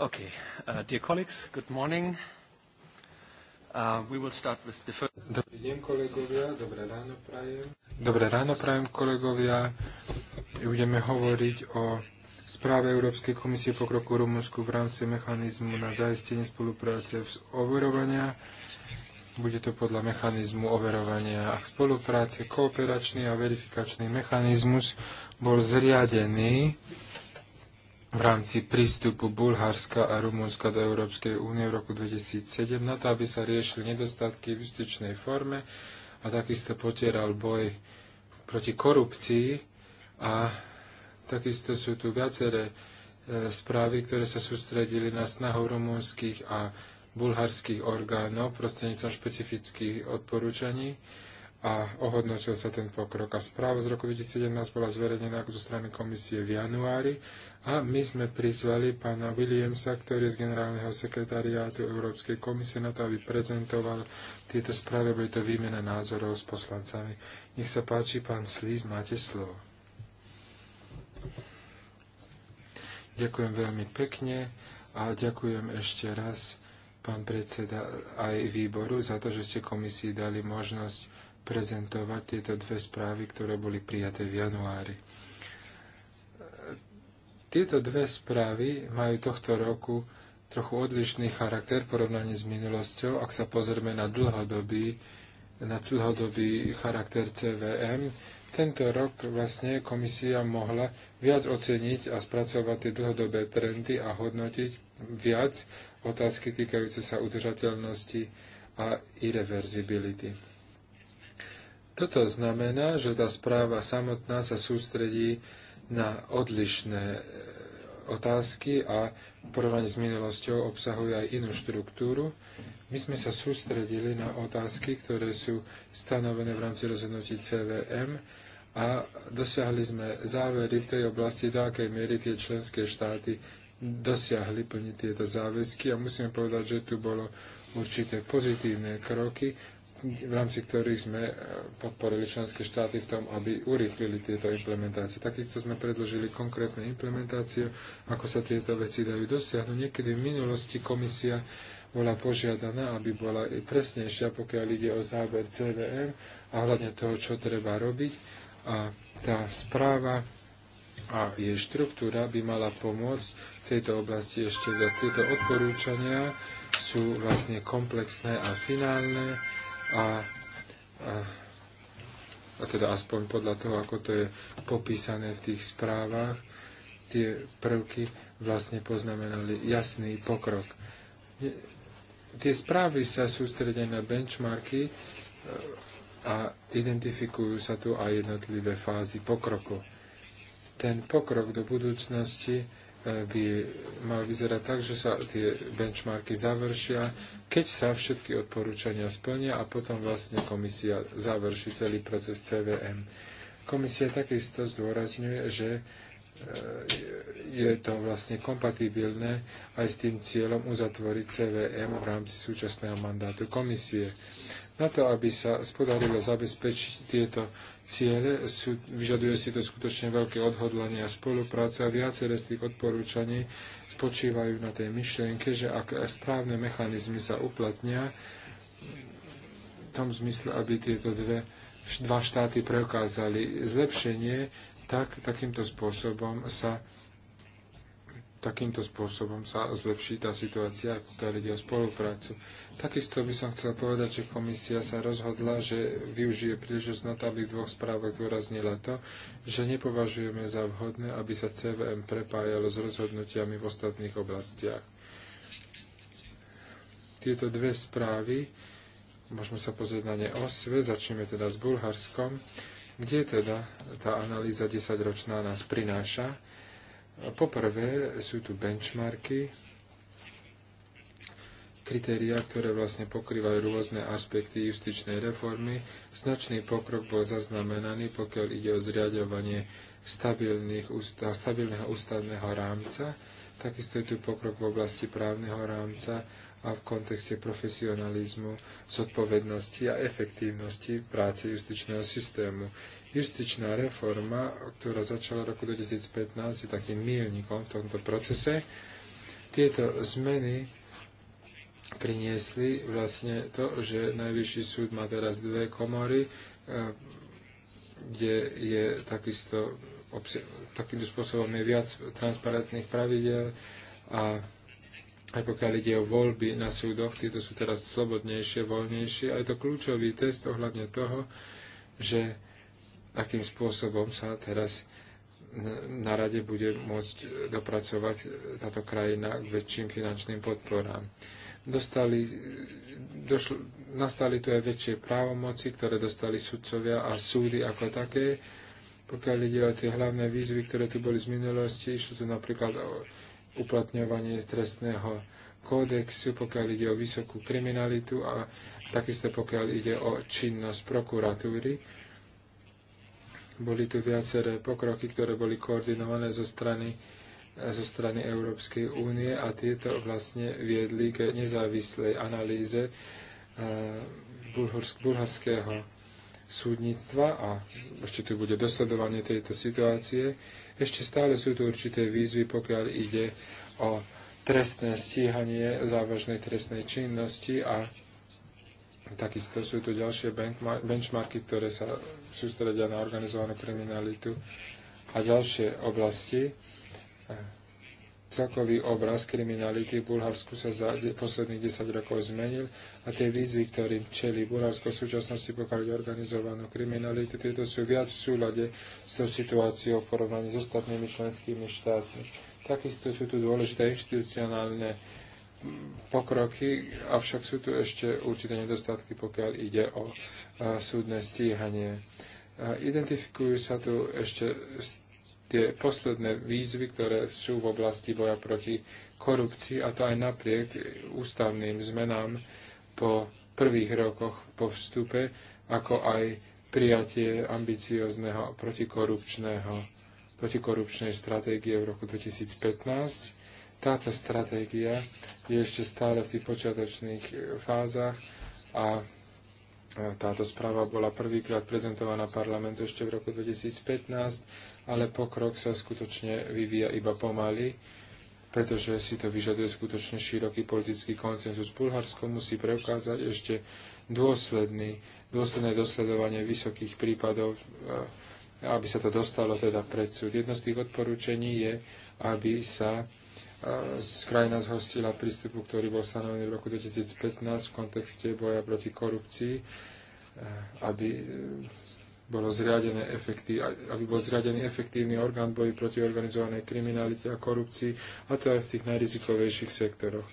Okay. Uh, dear colleagues, good morning. Uh, we will start with the first... Dobrý deň, kolegovia. Dobré ráno, prajem. Dobré ráno, prajem, kolegovia. Budeme hovoriť o správe Európskej komisie pokroku Rumunsku v rámci mechanizmu na zaistenie spolupráce v overovania. Bude to podľa mechanizmu overovania a spolupráce. Kooperačný a verifikačný mechanizmus bol zriadený v rámci prístupu Bulharska a Rumunska do Európskej únie v roku 2007 na to, aby sa riešili nedostatky v justičnej forme a takisto potieral boj proti korupcii a takisto sú tu viaceré e, správy, ktoré sa sústredili na snahu rumunských a bulharských orgánov prostredníctvom špecifických odporúčaní a ohodnotil sa ten pokrok. A správa z roku 2017 bola zverejnená zo strany komisie v januári a my sme prizvali pána Williamsa, ktorý je z generálneho sekretariátu Európskej komisie na to, aby prezentoval tieto správy, boli to výmena názorov s poslancami. Nech sa páči, pán Slíz, máte slovo. Ďakujem veľmi pekne a ďakujem ešte raz pán predseda aj výboru za to, že ste komisii dali možnosť prezentovať tieto dve správy, ktoré boli prijaté v januári. Tieto dve správy majú tohto roku trochu odlišný charakter v porovnaní s minulosťou, ak sa pozrieme na dlhodobý, na dlhodobý charakter CVM. Tento rok vlastne komisia mohla viac oceniť a spracovať tie dlhodobé trendy a hodnotiť viac otázky týkajúce sa udržateľnosti a irreverzibility toto znamená, že tá správa samotná sa sústredí na odlišné e, otázky a porovnaní s minulosťou obsahuje aj inú štruktúru. My sme sa sústredili na otázky, ktoré sú stanovené v rámci rozhodnutí CVM a dosiahli sme závery v tej oblasti, do akej miery tie členské štáty dosiahli plniť tieto záväzky a musíme povedať, že tu bolo určité pozitívne kroky v rámci ktorých sme e, podporili členské štáty v tom, aby urýchlili tieto implementácie. Takisto sme predložili konkrétne implementácie, ako sa tieto veci dajú dosiahnuť. Niekedy v minulosti komisia bola požiadaná, aby bola i presnejšia, pokiaľ ide o záber CVM a hľadne toho, čo treba robiť. A tá správa a jej štruktúra by mala pomôcť v tejto oblasti ešte za tieto odporúčania sú vlastne komplexné a finálne a, a, a teda aspoň podľa toho, ako to je popísané v tých správach, tie prvky vlastne poznamenali jasný pokrok. Tie správy sa sústredia na benchmarky e, a identifikujú sa tu aj jednotlivé fázy pokroku. Ten pokrok do budúcnosti E, by mal vyzerať tak, že sa tie benchmarky završia, keď sa všetky odporúčania splnia a potom vlastne komisia završí celý proces CVM. Komisia takisto zdôrazňuje, že e, je to vlastne kompatibilné aj s tým cieľom uzatvoriť CVM v rámci súčasného mandátu komisie. Na to, aby sa spodarilo zabezpečiť tieto ciele, sú, vyžaduje si to skutočne veľké odhodlanie a spolupráca. Viaceré z tých odporúčaní spočívajú na tej myšlienke, že ak správne mechanizmy sa uplatnia, v tom zmysle, aby tieto dve, dva štáty preukázali zlepšenie, tak takýmto spôsobom sa takýmto spôsobom sa zlepší tá situácia, aj pokiaľ ide o spoluprácu. Takisto by som chcel povedať, že komisia sa rozhodla, že využije príležitosť na to, aby v dvoch správach zdôraznila to, že nepovažujeme za vhodné, aby sa CVM prepájalo s rozhodnutiami v ostatných oblastiach. Tieto dve správy, môžeme sa pozrieť na ne o sve, začneme teda s Bulharskom, kde teda tá analýza 10-ročná nás prináša Poprvé sú tu benchmarky, kritéria, ktoré vlastne pokrývajú rôzne aspekty justičnej reformy. Značný pokrok bol zaznamenaný, pokiaľ ide o zriadovanie stabilného ústavného rámca. Takisto je tu pokrok v oblasti právneho rámca a v kontexte profesionalizmu, zodpovednosti a efektívnosti práce justičného systému. Justičná reforma, ktorá začala v roku 2015, je takým mílnikom v tomto procese. Tieto zmeny priniesli vlastne to, že Najvyšší súd má teraz dve komory, e, kde je takisto takýmto spôsobom je viac transparentných pravidel a aj pokiaľ ide o voľby na súdoch, tieto sú teraz slobodnejšie, voľnejšie a je to kľúčový test ohľadne toho, že akým spôsobom sa teraz na rade bude môcť dopracovať táto krajina k väčším finančným podporám. Dostali, došl, nastali tu aj väčšie právomoci, ktoré dostali sudcovia a súdy ako také. Pokiaľ ide o tie hlavné výzvy, ktoré tu boli z minulosti, išlo tu napríklad o uplatňovanie trestného kódexu, pokiaľ ide o vysokú kriminalitu a takisto pokiaľ ide o činnosť prokuratúry boli tu viaceré pokroky, ktoré boli koordinované zo strany, zo strany Európskej únie a tieto vlastne viedli k nezávislej analýze eh, bulharsk, bulharského súdnictva a ešte tu bude dosledovanie tejto situácie. Ešte stále sú tu určité výzvy, pokiaľ ide o trestné stíhanie závažnej trestnej činnosti a Takisto sú tu ďalšie benchmarky, ktoré sa sústredia na organizovanú kriminalitu a ďalšie oblasti. E, Celkový obraz kriminality v Bulharsku sa za posledných 10 rokov zmenil a tie výzvy, ktorým čeli Bulharsko v súčasnosti, pokiaľ organizovanú kriminalitu, tieto sú viac v súlade s tou situáciou v porovnaní s ostatnými členskými štátmi. Takisto sú tu dôležité inštitucionálne pokroky, avšak sú tu ešte určité nedostatky, pokiaľ ide o e, súdne stíhanie. E, identifikujú sa tu ešte tie posledné výzvy, ktoré sú v oblasti boja proti korupcii, a to aj napriek ústavným zmenám po prvých rokoch po vstupe, ako aj prijatie ambiciozného protikorupčného protikorupčnej stratégie v roku 2015 táto stratégia je ešte stále v tých počiatočných e, fázach a e, táto správa bola prvýkrát prezentovaná parlamentu ešte v roku 2015, ale pokrok sa skutočne vyvíja iba pomaly, pretože si to vyžaduje skutočne široký politický koncenzus. Bulharsko musí preukázať ešte dôsledný, dôsledné dosledovanie vysokých prípadov, e, aby sa to dostalo teda pred súd. Jedno z tých odporúčení je, aby sa z krajina zhostila prístupu, ktorý bol stanovený v roku 2015 v kontexte boja proti korupcii, e, aby e, bolo zriadené efekty, aby bol zriadený efektívny orgán boji proti organizovanej kriminalite a korupcii, a to aj v tých najrizikovejších sektoroch.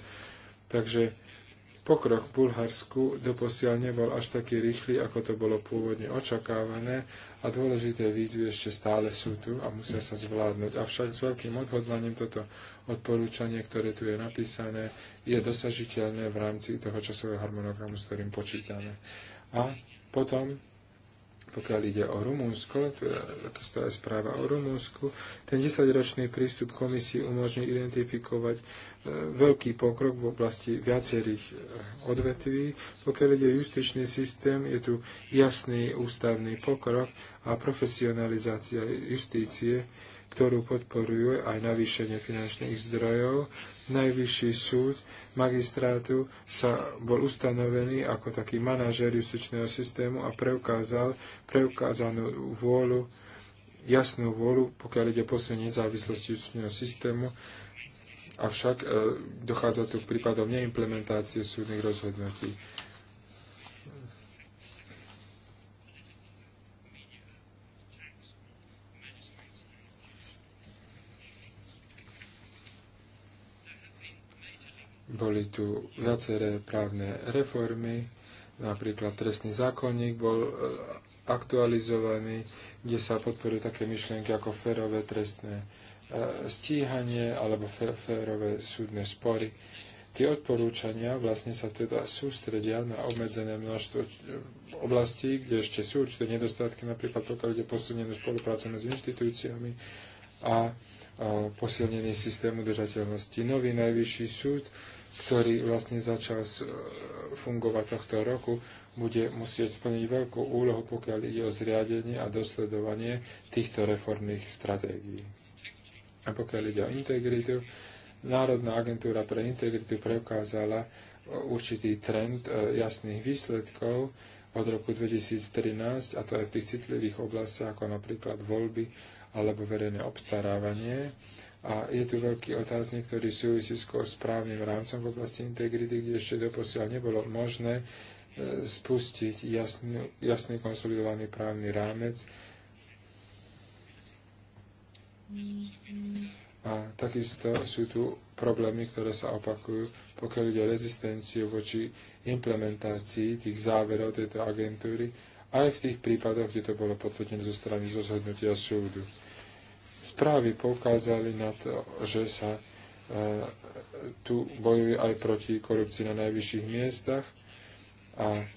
Takže Pokrok v Bulharsku doposiaľ nebol až taký rýchly, ako to bolo pôvodne očakávané a dôležité výzvy ešte stále sú tu a musia sa zvládnuť. Avšak s veľkým odhodlaním toto odporúčanie, ktoré tu je napísané, je dosažiteľné v rámci toho časového harmonogramu, s ktorým počítame. A potom pokiaľ ide o Rumúnsko, tu je takisto aj správa o Rumúnsku, ten 10-ročný prístup komisii umožní identifikovať e, veľký pokrok v oblasti viacerých e, odvetví. Pokiaľ ide o justičný systém, je tu jasný ústavný pokrok a profesionalizácia justície ktorú podporujú aj navýšenie finančných zdrojov. Najvyšší súd magistrátu sa bol ustanovený ako taký manažer justičného systému a preukázal preukázanú vôľu, jasnú vôľu, pokiaľ ide posilnenie nezávislosti justičného systému, avšak e, dochádza tu k prípadom neimplementácie súdnych rozhodnutí. Boli tu viaceré právne reformy, napríklad trestný zákonník bol e, aktualizovaný, kde sa podporujú také myšlienky ako férové trestné e, stíhanie alebo férové súdne spory. Tie odporúčania vlastne sa teda sústredia na obmedzené množstvo e, oblastí, kde ešte sú určité nedostatky, napríklad pokiaľ ide posilnenú spolupráce medzi inštitúciami a posilnený systém udržateľnosti. Nový najvyšší súd ktorý vlastne začal e, fungovať tohto roku, bude musieť splniť veľkú úlohu, pokiaľ ide o zriadenie a dosledovanie týchto reformných stratégií. A pokiaľ ide o integritu, Národná agentúra pre integritu preukázala e, určitý trend e, jasných výsledkov od roku 2013, a to aj v tých citlivých oblastiach, ako napríklad voľby alebo verejné obstarávanie. A je tu veľký otáznik, ktorý súvisí skôr s právnym rámcom v oblasti integrity, kde ešte doposiaľ nebolo možné e, spustiť jasný, jasný konsolidovaný právny rámec. A takisto sú tu problémy, ktoré sa opakujú, pokiaľ ide o rezistenciu voči implementácii tých záverov tejto agentúry, aj v tých prípadoch, kde to bolo potvrdené zo strany zozhodnutia súdu správy poukázali na to, že sa e, tu bojuje aj proti korupcii na najvyšších miestach a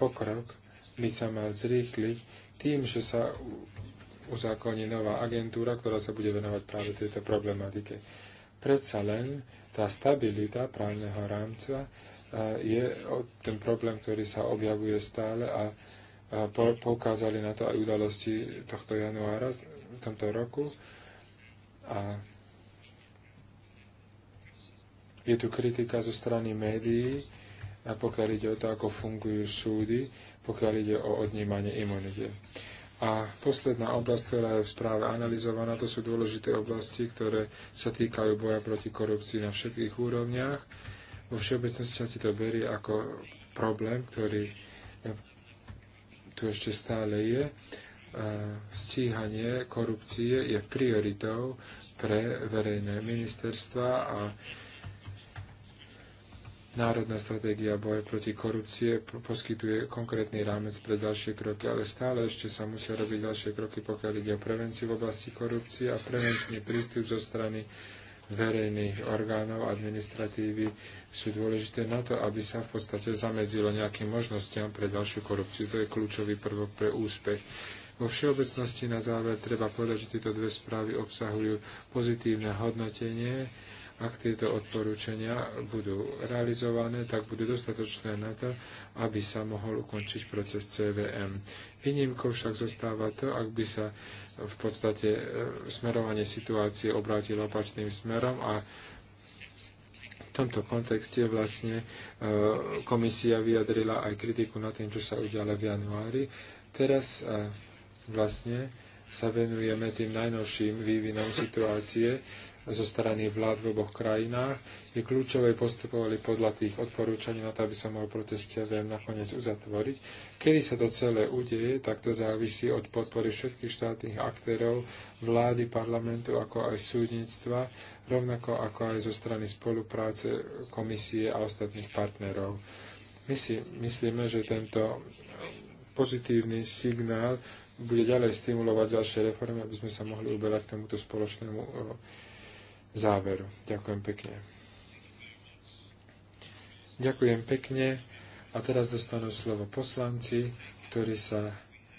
pokrok by sa mal zrýchliť tým, že sa uzákoní nová agentúra, ktorá sa bude venovať práve tejto problematike. Predsa len tá stabilita právneho rámca je ten problém, ktorý sa objavuje stále a poukázali na to aj udalosti tohto januára v tomto roku. A je tu kritika zo strany médií, a pokiaľ ide o to, ako fungujú súdy, pokiaľ ide o odnímanie imunity. A posledná oblasť, ktorá je v správe analyzovaná, to sú dôležité oblasti, ktoré sa týkajú boja proti korupcii na všetkých úrovniach vo všeobecnosti sa si to berie ako problém, ktorý tu ešte stále je. Stíhanie korupcie je prioritou pre verejné ministerstva a Národná stratégia boja proti korupcie poskytuje konkrétny rámec pre ďalšie kroky, ale stále ešte sa musia robiť ďalšie kroky, pokiaľ ide o prevenciu v oblasti korupcie a prevenčný prístup zo strany verejných orgánov administratívy sú dôležité na to, aby sa v podstate zamedzilo nejakým možnostiam pre ďalšiu korupciu. To je kľúčový prvok pre úspech. Vo všeobecnosti na záver treba povedať, že tieto dve správy obsahujú pozitívne hodnotenie ak tieto odporúčania budú realizované, tak budú dostatočné na to, aby sa mohol ukončiť proces CVM. Výnimkou však zostáva to, ak by sa v podstate e, smerovanie situácie obrátilo opačným smerom a v tomto kontexte vlastne e, komisia vyjadrila aj kritiku na tým, čo sa udialo v januári. Teraz e, vlastne sa venujeme tým najnovším vývinom situácie zo strany vlád v oboch krajinách, je kľúčové postupovali podľa tých odporúčaní na to, aby sa mohol proces CVM nakoniec uzatvoriť. Kedy sa to celé udeje, tak to závisí od podpory všetkých štátnych aktérov, vlády, parlamentu, ako aj súdnictva, rovnako ako aj zo strany spolupráce komisie a ostatných partnerov. My si myslíme, že tento pozitívny signál bude ďalej stimulovať ďalšie reformy, aby sme sa mohli uberať k tomuto spoločnému e, záveru. Ďakujem pekne. Ďakujem pekne a teraz dostanú slovo poslanci, ktorí sa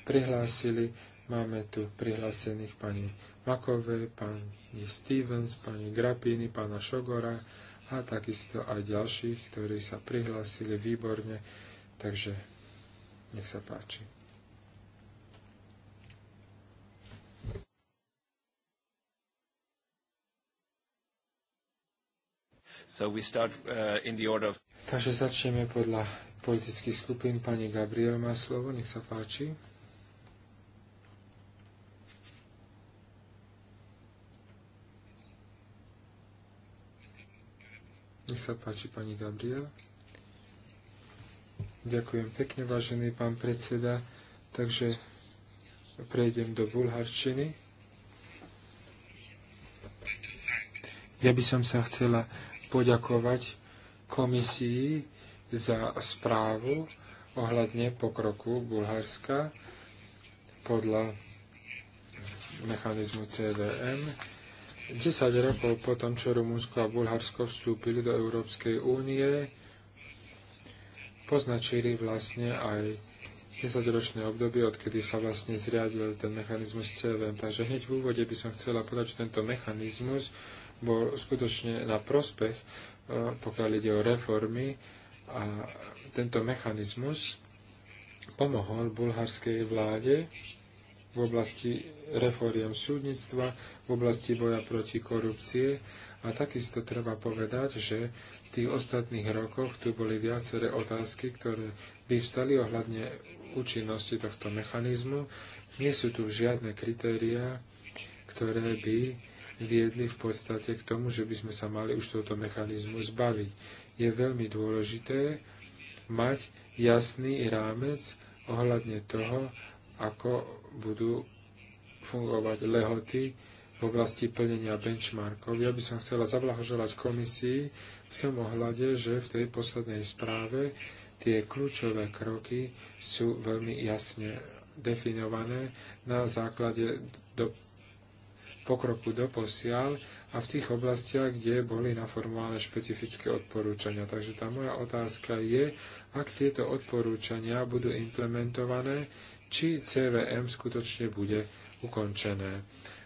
prihlásili. Máme tu prihlásených pani Makové, pani Stevens, pani Grapini, pána Šogora a takisto aj ďalších, ktorí sa prihlásili výborne. Takže nech sa páči. So we start, uh, in the order of... Takže začneme podľa politických skupín. Pani Gabriel má slovo, nech sa páči. Nech sa páči, pani Gabriel. Ďakujem pekne, vážený pán predseda. Takže prejdem do bulharčiny. Ja by som sa chcela poďakovať komisii za správu ohľadne pokroku Bulharska podľa mechanizmu CVM. 10 rokov po tom, čo Rumunsko a Bulharsko vstúpili do Európskej únie, poznačili vlastne aj 10-ročné obdobie, odkedy sa vlastne zriadil ten mechanizmus CVM. Takže hneď v úvode by som chcela povedať, že tento mechanizmus bol skutočne na prospech, e, pokiaľ ide o reformy a tento mechanizmus pomohol bulharskej vláde v oblasti reforiem súdnictva, v oblasti boja proti korupcie a takisto treba povedať, že v tých ostatných rokoch tu boli viaceré otázky, ktoré vyvstali ohľadne účinnosti tohto mechanizmu. Nie sú tu žiadne kritériá, ktoré by viedli v podstate k tomu, že by sme sa mali už tohoto mechanizmu zbaviť. Je veľmi dôležité mať jasný rámec ohľadne toho, ako budú fungovať lehoty v oblasti plnenia benchmarkov. Ja by som chcela zablahoželať komisii v tom ohľade, že v tej poslednej správe tie kľúčové kroky sú veľmi jasne definované na základe do pokroku doposiaľ a v tých oblastiach, kde boli naformované špecifické odporúčania. Takže tá moja otázka je, ak tieto odporúčania budú implementované, či CVM skutočne bude ukončené.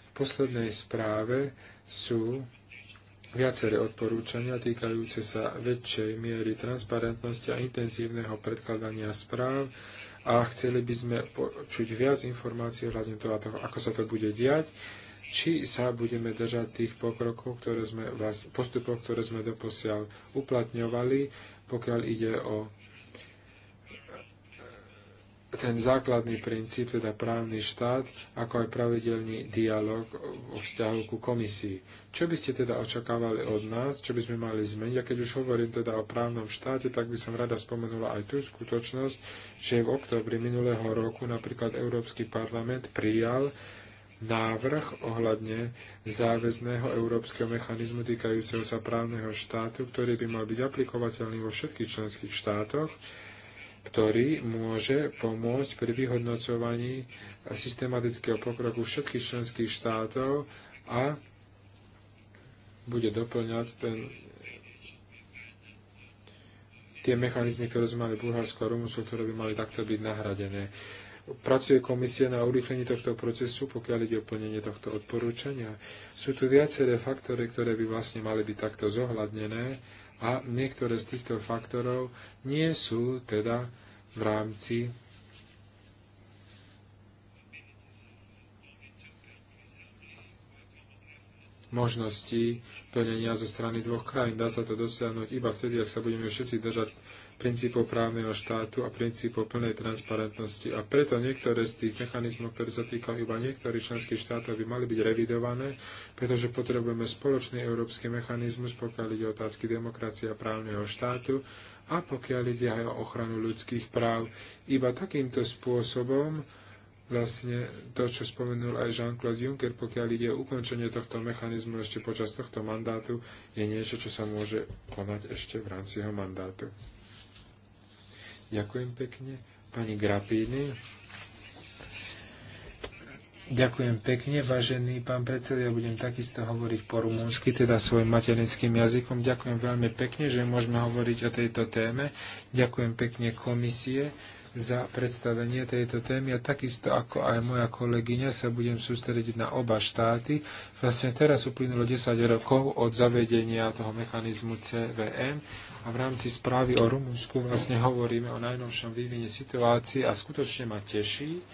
V poslednej správe sú viaceré odporúčania týkajúce sa väčšej miery transparentnosti a intenzívneho predkladania správ a chceli by sme počuť viac informácií hľadne toho, ako sa to bude diať či sa budeme držať tých pokrokov, ktoré sme, postupov, ktoré sme doposiaľ uplatňovali, pokiaľ ide o e, ten základný princíp, teda právny štát, ako aj pravidelný dialog o vzťahu ku komisii. Čo by ste teda očakávali od nás, čo by sme mali zmeniť? A keď už hovorím teda o právnom štáte, tak by som rada spomenula aj tú skutočnosť, že v oktobri minulého roku napríklad Európsky parlament prijal návrh ohľadne záväzného európskeho mechanizmu týkajúceho sa právneho štátu, ktorý by mal byť aplikovateľný vo všetkých členských štátoch, ktorý môže pomôcť pri vyhodnocovaní systematického pokroku všetkých členských štátov a bude doplňať ten, tie mechanizmy, ktoré sme mali v Bulharsku a Rumunsku, ktoré by mali takto byť nahradené pracuje komisia na urýchlení tohto procesu, pokiaľ ide o plnenie tohto odporúčania. Sú tu viaceré faktory, ktoré by vlastne mali byť takto zohľadnené a niektoré z týchto faktorov nie sú teda v rámci možností plnenia zo strany dvoch krajín. Dá sa to dosiahnuť iba vtedy, ak sa budeme všetci držať princípov právneho štátu a princípov plnej transparentnosti. A preto niektoré z tých mechanizmov, ktoré sa týkajú iba niektorých členských štátov, by mali byť revidované, pretože potrebujeme spoločný európsky mechanizmus, pokiaľ ide o otázky demokracie a právneho štátu a pokiaľ ide aj o ochranu ľudských práv. Iba takýmto spôsobom vlastne to, čo spomenul aj Jean-Claude Juncker, pokiaľ ide o ukončenie tohto mechanizmu ešte počas tohto mandátu, je niečo, čo sa môže konať ešte v rámci jeho mandátu. Ďakujem pekne. Pani Grapíny. Ďakujem pekne, vážený pán predseda. Ja budem takisto hovoriť po rumúnsky, teda svojim materinským jazykom. Ďakujem veľmi pekne, že môžeme hovoriť o tejto téme. Ďakujem pekne komisie za predstavenie tejto témy a takisto ako aj moja kolegyňa sa budem sústrediť na oba štáty. Vlastne teraz uplynulo 10 rokov od zavedenia toho mechanizmu CVM a v rámci správy o Rumunsku vlastne hovoríme o najnovšom vývine situácie a skutočne ma teší,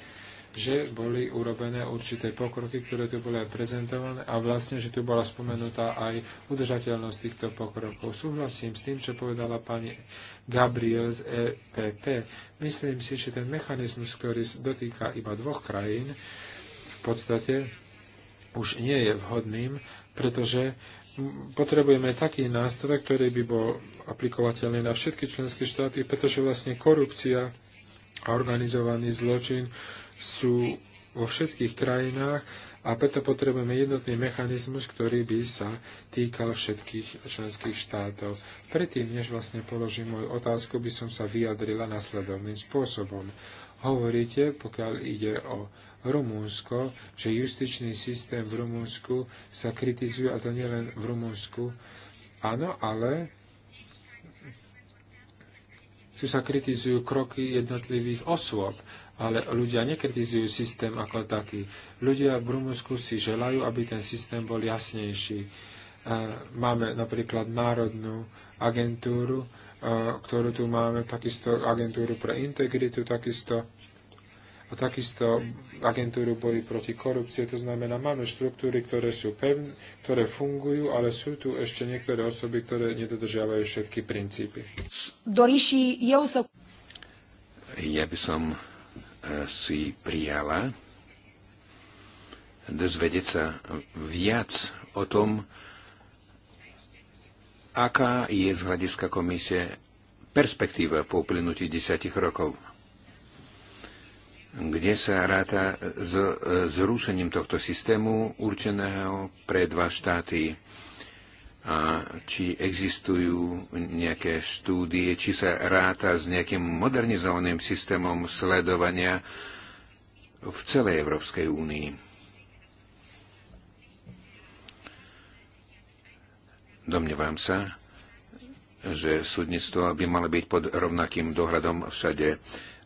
že boli urobené určité pokroky, ktoré tu boli aj prezentované a vlastne, že tu bola spomenutá aj udržateľnosť týchto pokrokov. Súhlasím s tým, čo povedala pani Gabriel z EPP. Myslím si, že ten mechanizmus, ktorý dotýka iba dvoch krajín, v podstate už nie je vhodným, pretože potrebujeme taký nástroj, ktorý by bol aplikovateľný na všetky členské štáty, pretože vlastne korupcia a organizovaný zločin sú vo všetkých krajinách a preto potrebujeme jednotný mechanizmus, ktorý by sa týkal všetkých členských štátov. Predtým, než vlastne položím moju otázku, by som sa vyjadrila nasledovným spôsobom. Hovoríte, pokiaľ ide o Rumúnsko, že justičný systém v Rumúnsku sa kritizuje, a to nielen v Rumúnsku. Áno, ale tu sa kritizujú kroky jednotlivých osôb ale ľudia nekritizujú systém ako taký. Ľudia v Rumunsku si želajú, aby ten systém bol jasnejší. E, máme napríklad národnú agentúru, e, ktorú tu máme, takisto agentúru pre integritu, takisto a takisto agentúru boji proti korupcie. To znamená, máme štruktúry, ktoré sú pevné, ktoré fungujú, ale sú tu ešte niektoré osoby, ktoré nedodržiavajú všetky princípy. Doriši, ja by som si prijala dozvedieť sa viac o tom, aká je z hľadiska komisie perspektíva po uplynutí desiatich rokov, kde sa ráta s zrušením tohto systému určeného pre dva štáty a či existujú nejaké štúdie, či sa ráta s nejakým modernizovaným systémom sledovania v celej Európskej únii. Domnievam sa, že súdnictvo by malo byť pod rovnakým dohľadom všade.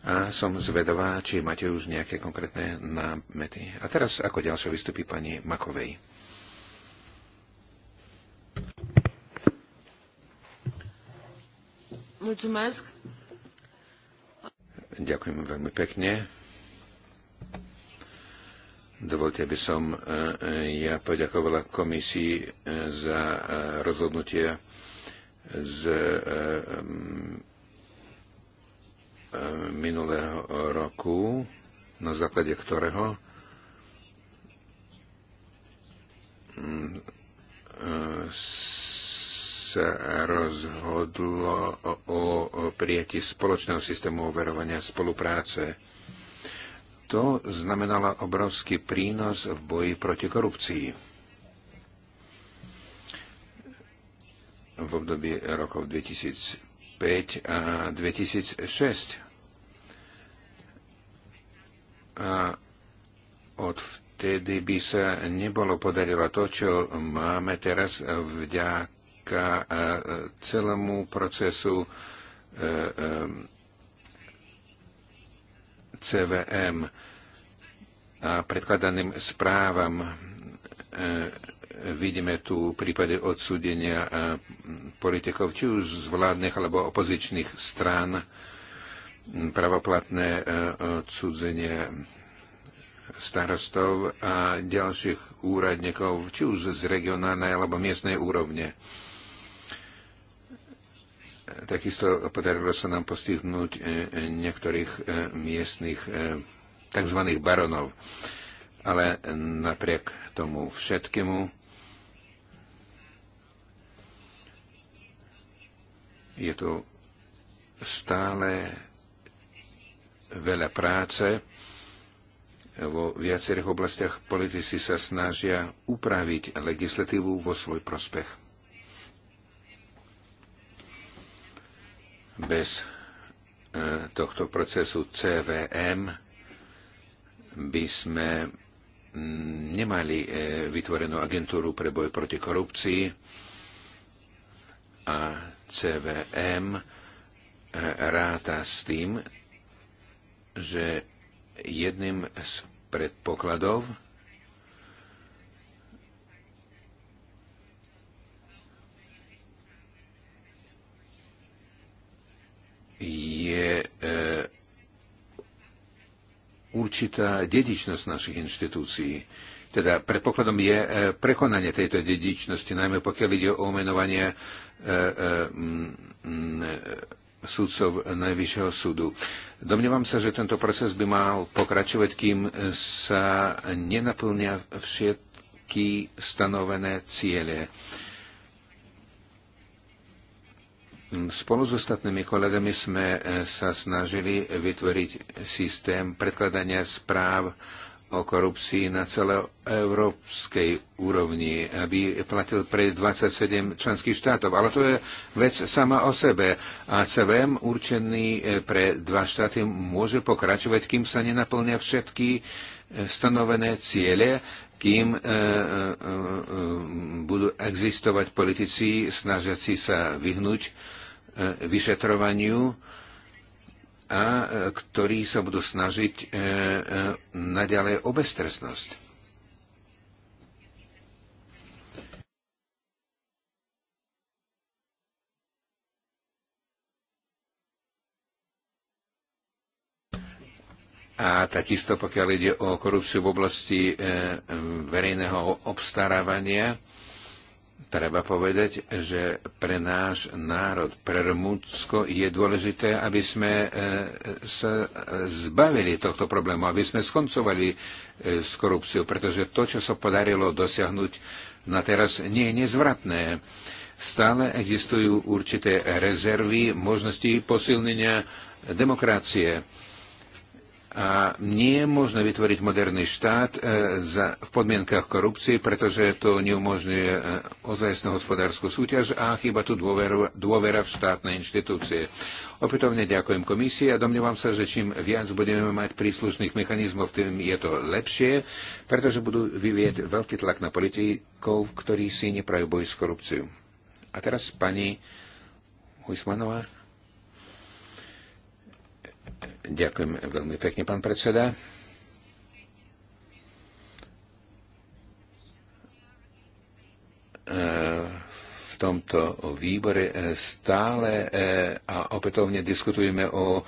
A som zvedavá, či máte už nejaké konkrétne námety. A teraz ako ďalšie vystupí pani Makovej. Mulțumesc. Ďakujem veľmi pekne. Dovolte, aby som e, e, ja poďakovala komisii e, za rozhodnutie z minulého roku, na základe ktorého mm, sa rozhodlo o prijatí spoločného systému overovania spolupráce. To znamenalo obrovský prínos v boji proti korupcii. V období rokov 2005 a 2006. A od vtedy by sa nebolo podarilo to, čo máme teraz vďaka vďaka e, e, celému procesu e, CVM a predkladaným správam vidíme tu prípady odsúdenia politikov, či už z vládnych alebo opozičných strán, pravoplatné odsudzenie starostov a ďalších úradníkov, či už z regionálnej alebo miestnej úrovne. Takisto podarilo sa nám postihnúť e, e, niektorých e, miestnych tzv. baronov. Ale napriek tomu všetkému je tu stále veľa práce. Vo viacerých oblastiach politici sa snažia upraviť legislatívu vo svoj prospech. Bez e, tohto procesu CVM by sme mm, nemali e, vytvorenú agentúru pre boj proti korupcii a CVM e, ráta s tým, že jedným z predpokladov určitá dedičnosť našich inštitúcií. Teda predpokladom je e, prekonanie tejto dedičnosti, najmä pokiaľ ide o omenovanie e, e, súdcov Najvyššieho súdu. Domnievam sa, že tento proces by mal pokračovať, kým sa nenaplnia všetky stanovené ciele. Spolu s ostatnými kolegami sme e, sa snažili vytvoriť systém predkladania správ o korupcii na celoeurópskej úrovni, aby platil pre 27 členských štátov. Ale to je vec sama o sebe. A CVM určený e, pre dva štáty môže pokračovať, kým sa nenaplnia všetky e, stanovené ciele, kým e, e, e, budú existovať politici snažiaci sa vyhnúť vyšetrovaniu a e, ktorí sa budú snažiť e, e, naďalej o beztrestnosť. A takisto, pokiaľ ide o korupciu v oblasti verejného obstarávania, Treba povedať, že pre náš národ, pre Rumúnsko je dôležité, aby sme e, sa zbavili tohto problému, aby sme skoncovali e, s korupciou, pretože to, čo sa podarilo dosiahnuť na teraz, nie je nezvratné. Stále existujú určité rezervy, možnosti posilnenia demokracie a nie je možné vytvoriť moderný štát e, za, v podmienkach korupcie, pretože to neumožňuje e, ozajstnú hospodárskú súťaž a chyba tu dôveru, dôvera v štátne inštitúcie. Opätovne ďakujem komisii a domnievam sa, že čím viac budeme mať príslušných mechanizmov, tým je to lepšie, pretože budú vyvieť veľký tlak na politikov, ktorí si neprajú boj s korupciou. A teraz pani Hujsmanová. Ďakujem veľmi pekne, pán predseda. E, v tomto výbore e, stále e, a opätovne diskutujeme o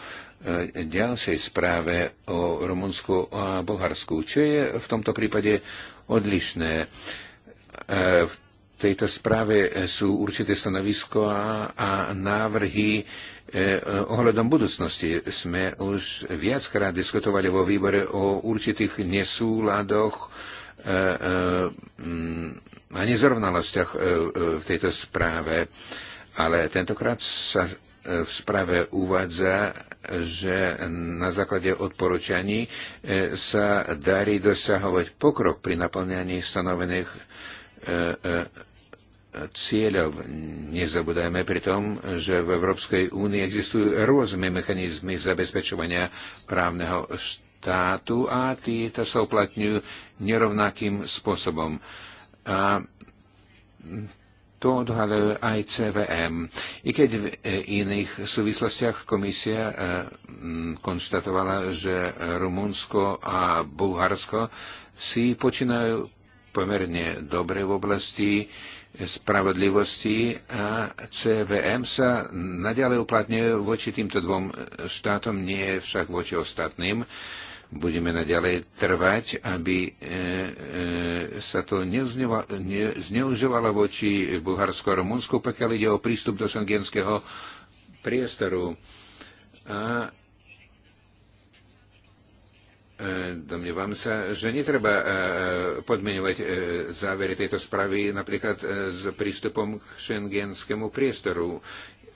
ďalšej správe o Rumunsku a Bulharsku. Čo je v tomto prípade odlišné? V tejto správe sú určité stanovisko a, a návrhy E, ohľadom budúcnosti sme už viackrát diskutovali vo výbore o určitých nesúladoch e, e, mm, a nezrovnalostiach v tejto správe, ale tentokrát sa v správe uvádza, že na základe odporúčaní sa darí dosahovať pokrok pri naplňaní stanovených cieľov. Nezabudajme pri tom, že v Európskej únii existujú rôzne mechanizmy zabezpečovania právneho štátu a tieto sa uplatňujú nerovnakým spôsobom. A to odhalil aj CVM. I keď v iných súvislostiach komisia eh, konštatovala, že Rumunsko a Bulharsko si počínajú pomerne dobre v oblasti spravodlivosti a CVM sa nadalej uplatňuje voči týmto dvom štátom, nie však voči ostatným. Budeme naďalej trvať, aby e, e, sa to zneužívalo voči Bulharsko a Rumunsku, pokiaľ ide o prístup do šengenského priestoru. A E, domnievam sa, že netreba e, e, podmenovať závery tejto správy napríklad s prístupom k šengenskému priestoru.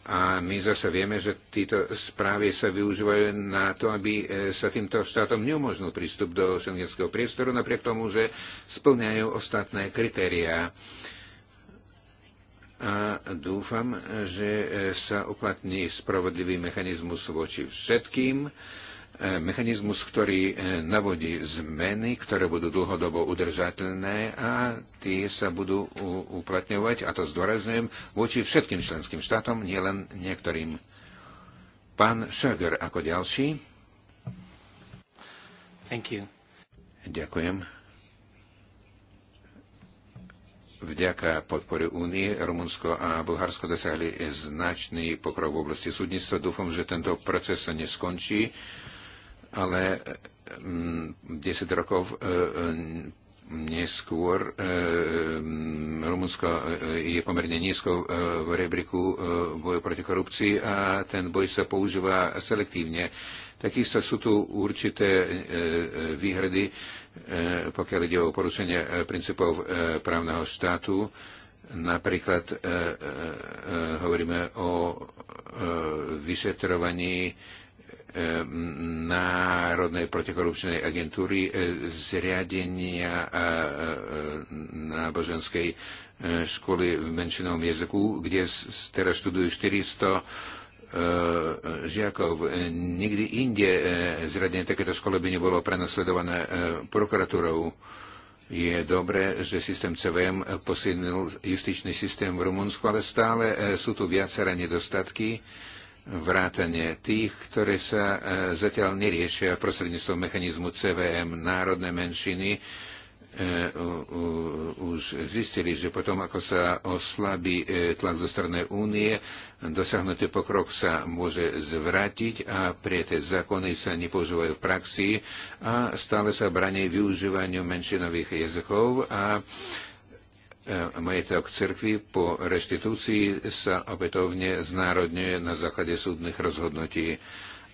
A my zase vieme, že títo správy sa využívajú na to, aby sa týmto štátom neumožnil prístup do šengenského priestoru, napriek tomu, že splňajú ostatné kritériá. A dúfam, že sa uplatní spravodlivý mechanizmus voči všetkým E, mechanizmus, ktorý e, navodí zmeny, ktoré budú dlhodobo udržateľné a tie sa budú uplatňovať, a to zdôrazňujem, voči všetkým členským štátom, nielen niektorým. Pán Šöger ako ďalší. Thank you. Ďakujem. Vďaka podpore únie Rumunsko a Bulharsko dosiahli značný pokrok v oblasti súdnictva. Dúfam, že tento proces sa neskončí ale 10 mm, rokov e, e, neskôr e, Rumunsko je pomerne nízko v rebriku boju proti korupcii a ten boj sa používa selektívne. Takisto sú tu určité výhrady, pokiaľ ide o porušenie princípov právneho štátu. Napríklad hovoríme o vyšetrovaní Národnej protikorupčnej agentúry, e, zriadenia e, e, náboženskej školy v menšinovom jazyku, kde teraz študujú 400 žiakov. Nikdy inde zriadenie takéto školy by nebolo prenasledované prokuratúrou. Je dobré, že systém CVM posilnil justičný systém v Rumunsku, ale stále sú tu viaceré nedostatky vrátane tých, ktoré sa e, zatiaľ neriešia prostredníctvom mechanizmu CVM. Národné menšiny e, už zistili, že potom, ako sa oslabí e, tlak zo strany únie, dosiahnutý pokrok sa môže zvrátiť a prijaté zákony sa nepoužívajú v praxi a stále sa branie využívaniu menšinových jazykov a E, majetok cirkvi po restitúcii sa opätovne znárodňuje na základe súdnych rozhodnutí.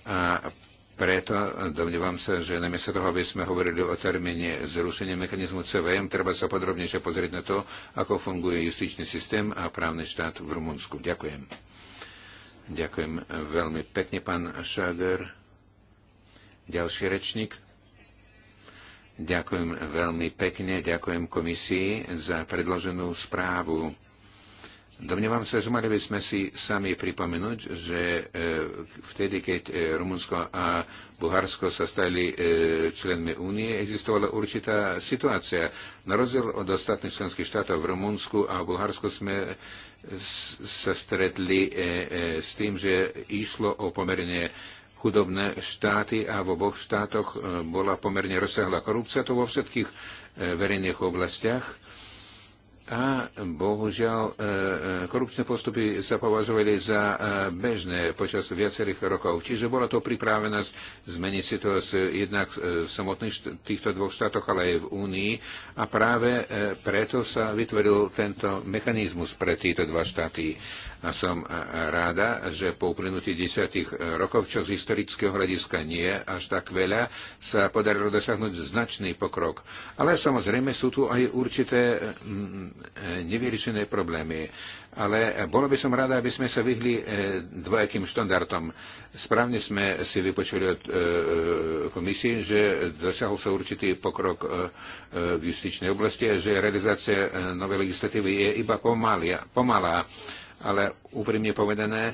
A preto domnívam sa, že namiesto toho, aby sme hovorili o termíne zrušenia mechanizmu CVM, treba sa podrobnejšie pozrieť na to, ako funguje justičný systém a právny štát v Rumunsku. Ďakujem. Ďakujem veľmi pekne, pán Šager. Ďalší rečník. Ďakujem veľmi pekne, ďakujem komisii za predloženú správu. Domnievam sa, že mali by sme si sami pripomenúť, že e, vtedy, keď e, Rumunsko a Bulharsko sa stali e, členmi únie, existovala určitá situácia. Na rozdiel od ostatných členských štátov v Rumunsku a Bulharsku sme sa stretli s tým, že išlo o pomerne chudobné štáty a v oboch štátoch e, bola pomerne rozsiahla korupcia, to vo všetkých e, verejných oblastiach. A bohužiaľ, e, korupčné postupy sa považovali za bežné počas viacerých rokov. Čiže bola to pripravenosť zmeniť si to jednak v samotných týchto dvoch štátoch, ale aj v Únii. A práve preto sa vytvoril tento mechanizmus pre tieto dva štáty. A som e, ráda, že po uplynutí desiatých e, rokov, čo z historického hľadiska nie až tak veľa, sa podarilo dosiahnuť značný pokrok. Ale samozrejme sú tu aj určité nevyriešené problémy. Ale bolo by som rada, aby sme sa vyhli e, dvojakým štandardom. Správne sme si vypočuli od komisie, že dosiahol sa určitý pokrok v justičnej oblasti a že realizácia novej legislatívy je iba pomalia, pomalá ale úprimne povedané, e,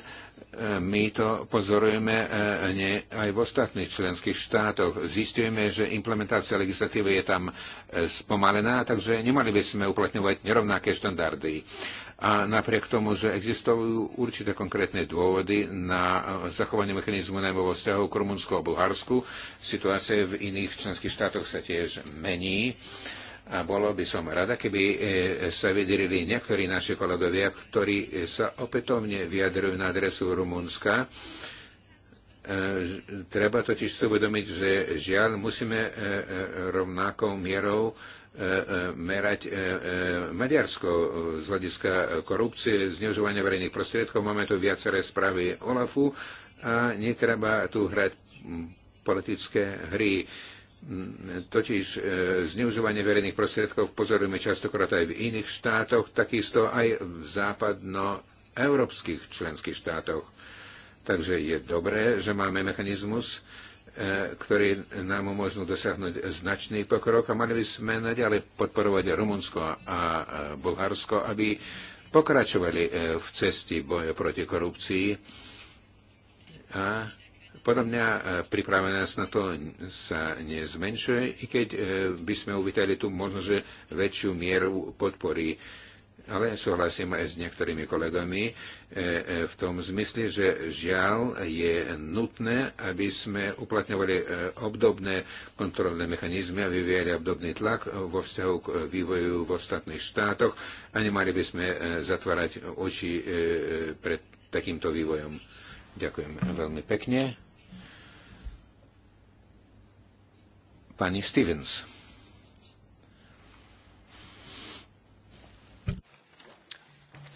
my to pozorujeme e, nie, aj v ostatných členských štátoch. Zistujeme, že implementácia legislatívy je tam e, spomalená, takže nemali by sme uplatňovať nerovnaké štandardy. A napriek tomu, že existujú určité konkrétne dôvody na zachovanie mechanizmu najmä vo vzťahu k Rumunsku a Bulharsku, situácia v iných členských štátoch sa tiež mení. A bolo by som rada, keby e, sa vydirili niektorí naši kolegovia, ktorí sa opätovne vyjadrujú na adresu Rumunska. E, treba totiž si uvedomiť, že žiaľ musíme e, rovnakou mierou merať Maďarsko z hľadiska korupcie, zneužívania verejných prostriedkov. Máme tu viaceré správy OLAFu a netreba tu hrať politické hry Totiž e, zneužívanie verejných prostriedkov pozorujeme častokrát aj v iných štátoch, takisto aj v západnoeurópskych členských štátoch. Takže je dobré, že máme mechanizmus, e, ktorý nám umožnú dosiahnuť značný pokrok a mali by sme naďalej podporovať Rumunsko a Bulharsko, aby pokračovali e, v cesti boja proti korupcii a podľa mňa e, pripravenosť na to sa nezmenšuje, i keď e, by sme uvítali tu možno, že väčšiu mieru podpory. Ale súhlasím aj s niektorými kolegami e, v tom zmysle, že žiaľ je nutné, aby sme uplatňovali obdobné kontrolné mechanizmy a vyvíjali obdobný tlak vo vzťahu k vývoju v ostatných štátoch a nemali by sme zatvárať oči pred takýmto vývojom. Ďakujem veľmi pekne. pani Stevens.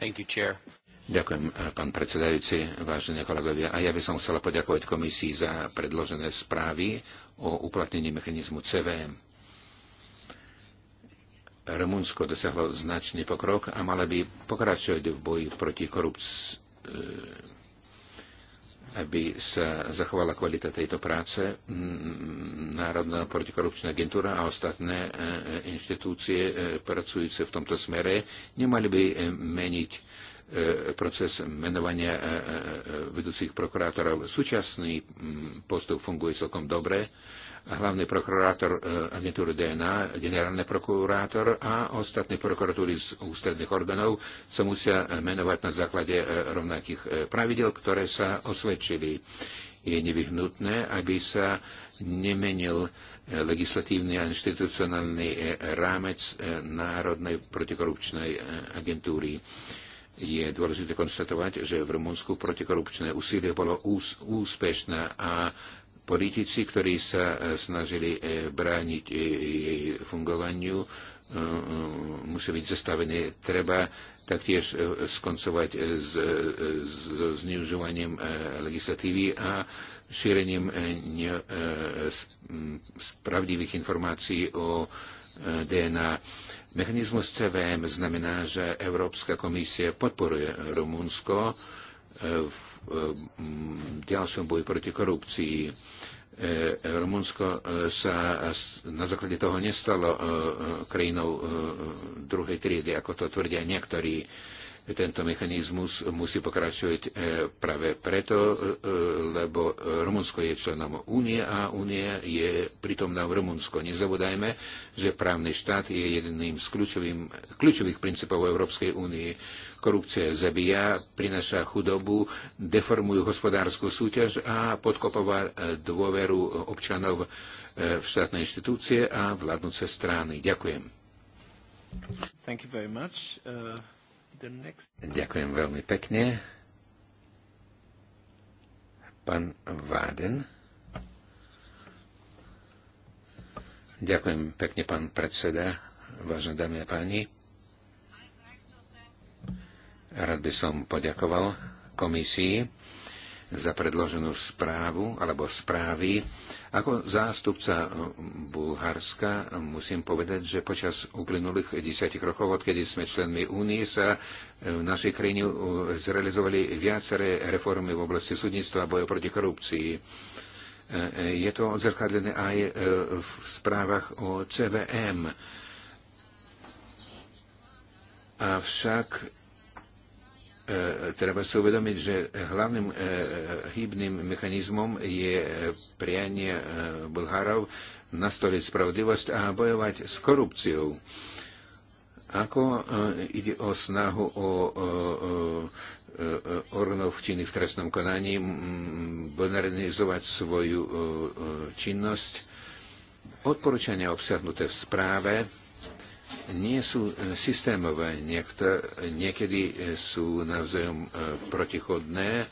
Thank you, chair. Ďakujem, eh, pán predsedajúci, vážení kolegovia. A ja by som chcela poďakovať komisii za predložené správy o uplatnení mechanizmu CVM. Rumunsko dosiahlo značný pokrok a mala by pokračovať v boji proti korupcii eh, aby sa zachovala kvalita tejto práce. Mm, Národná protikorupčná agentúra a ostatné e, e, inštitúcie e, pracujúce v tomto smere nemali by meniť proces menovania vedúcich prokurátorov. Súčasný mm, postup funguje celkom dobre hlavný prokurátor e, agentúry DNA, generálny prokurátor a ostatní prokuratúry z ústredných orgánov sa musia e, menovať na základe e, rovnakých pravidel, ktoré sa osvedčili. Je nevyhnutné, aby sa nemenil legislatívny a inštitucionálny rámec Národnej protikorupčnej agentúry je dôležité konštatovať, že v Rumunsku protikorupčné úsilie bolo ús, úspešné a politici, ktorí sa e, snažili e, brániť e, jej fungovaniu, musí byť zastavené. Treba taktiež skoncovať s, s zneužívaním legislatívy a šírením ne, spravdivých informácií o DNA. Mechanizmus CVM znamená, že Európska komisia podporuje Rumunsko v Eh, ďalšom boji proti korupcii. Eh, eh, Rumunsko sa na základe toho nestalo krajinou druhej triedy, ako to tvrdia niektorí tento mechanizmus musí pokračovať e, práve preto, e, e, lebo Rumunsko je členom únie a únie je pritomná v Rumunsko. Nezabúdajme, že právny štát je jedným z kľúčových princípov Európskej únie. Korupcia zabíja, prináša chudobu, deformujú hospodárskú súťaž a podkopová dôveru občanov v štátne inštitúcie a vládnuce strany. Ďakujem. Thank you very much. Uh... Ďakujem veľmi pekne. Pán Váden. Ďakujem pekne, pán predseda, vážne dámy a páni. Rád by som poďakoval komisii za predloženú správu alebo správy. Ako zástupca Bulharska musím povedať, že počas uplynulých desiatich rokov, odkedy sme členmi únie, sa v našej krajine zrealizovali viaceré reformy v oblasti súdnictva a boja proti korupcii. Je to odzrkadlené aj v správach o CVM. Avšak E, treba si uvedomiť, že hlavným e, hybným mechanizmom je e, prianie e, Bulharov nastoliť spravodlivosť a bojovať s korupciou. Ako e, ide o snahu o e, orgánov činných v trestnom konaní modernizovať svoju činnosť. Odporúčania obsiahnuté v správe nie sú e, systémové, niekto, niekedy e, sú navzájom e, protichodné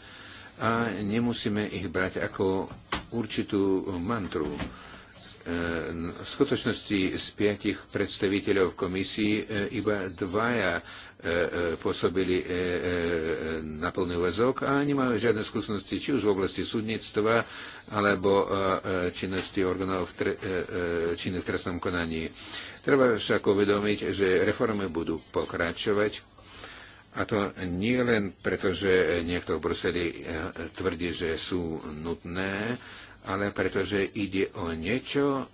a nemusíme ich brať ako určitú mantru. V skutočnosti z piatich predstaviteľov komisii iba dvaja pôsobili na plný väzok a nemajú žiadne skúsenosti či už v oblasti súdnictva alebo činnosti orgánov činných v trestnom konaní. Treba však uvedomiť, že reformy budú pokračovať, a to nie len preto, že niekto v Bruseli eh, tvrdí, že sú nutné, ale preto, že ide o niečo,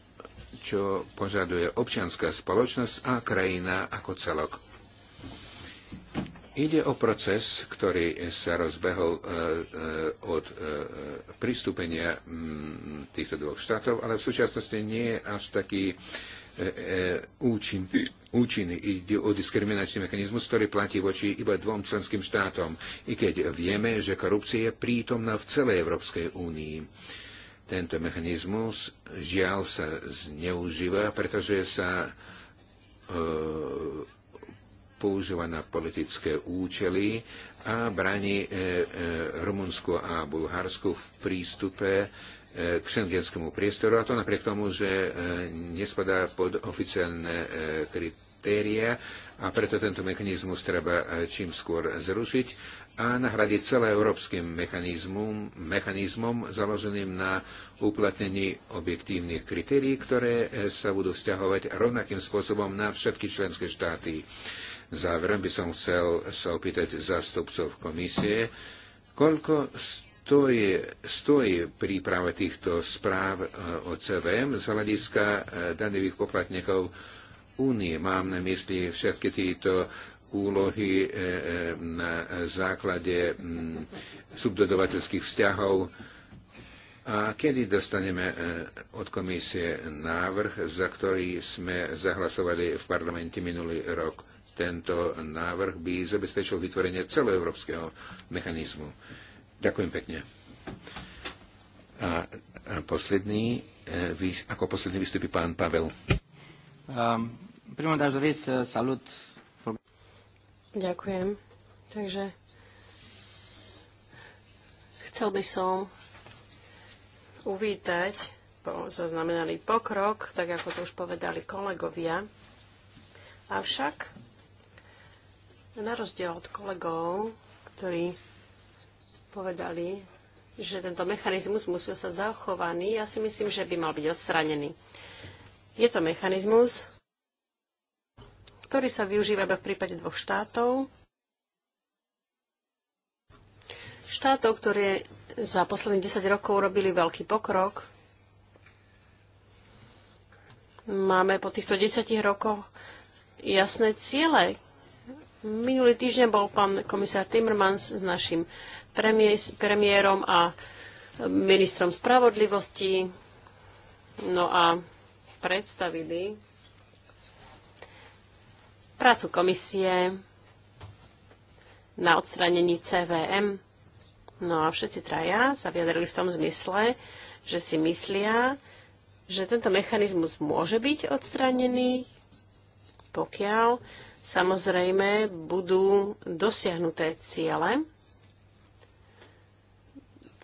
čo požaduje občianská spoločnosť a krajina ako celok. Ide o proces, ktorý sa rozbehol eh, eh, od pristúpenia mm, týchto dvoch štátov, ale v súčasnosti nie je až taký účin, účinný. o diskriminačný mechanizmus, ktorý platí voči iba dvom členským štátom, i keď vieme, že korupcia je prítomná v celej Európskej únii. Tento mechanizmus žiaľ sa zneužíva, pretože sa e, používa na politické účely a bráni e, e, Rumunsku a Bulharsku v prístupe e, E, k šengenskému priestoru, a to napriek tomu, že e, nespadá pod oficiálne e, kritéria a preto tento mechanizmus treba čím skôr zrušiť a nahradiť celé európskym mechanizmom, mechanizmom založeným na uplatnení objektívnych kritérií, ktoré sa budú vzťahovať rovnakým spôsobom na všetky členské štáty. Záverom by som chcel sa opýtať zástupcov komisie, koľko z je, stoje príprava týchto správ eh, o CVM z hľadiska eh, daňových poplatníkov únie. Mám na mysli všetky tieto úlohy eh, na základe mm, subdodovateľských vzťahov. A kedy dostaneme od komisie návrh, za ktorý sme zahlasovali v parlamente minulý rok? Tento návrh by zabezpečil vytvorenie celoeurópskeho mechanizmu. Ďakujem pekne. A, a posledný, e, ako posledný vystupí pán Pavel. Um, salut. Ďakujem. Takže chcel by som uvítať, bo zaznamenali pokrok, tak ako to už povedali kolegovia. Avšak, na rozdiel od kolegov, ktorí povedali, že tento mechanizmus musí ostať zachovaný. Ja si myslím, že by mal byť odstranený. Je to mechanizmus, ktorý sa využíva iba v prípade dvoch štátov. Štátov, ktoré za posledných 10 rokov robili veľký pokrok. Máme po týchto 10 rokoch jasné ciele. Minulý týždeň bol pán komisár Timmermans s našim premiérom a ministrom spravodlivosti. No a predstavili prácu komisie na odstranení CVM. No a všetci traja sa vyjadrili v tom zmysle, že si myslia, že tento mechanizmus môže byť odstranený, pokiaľ samozrejme budú dosiahnuté ciele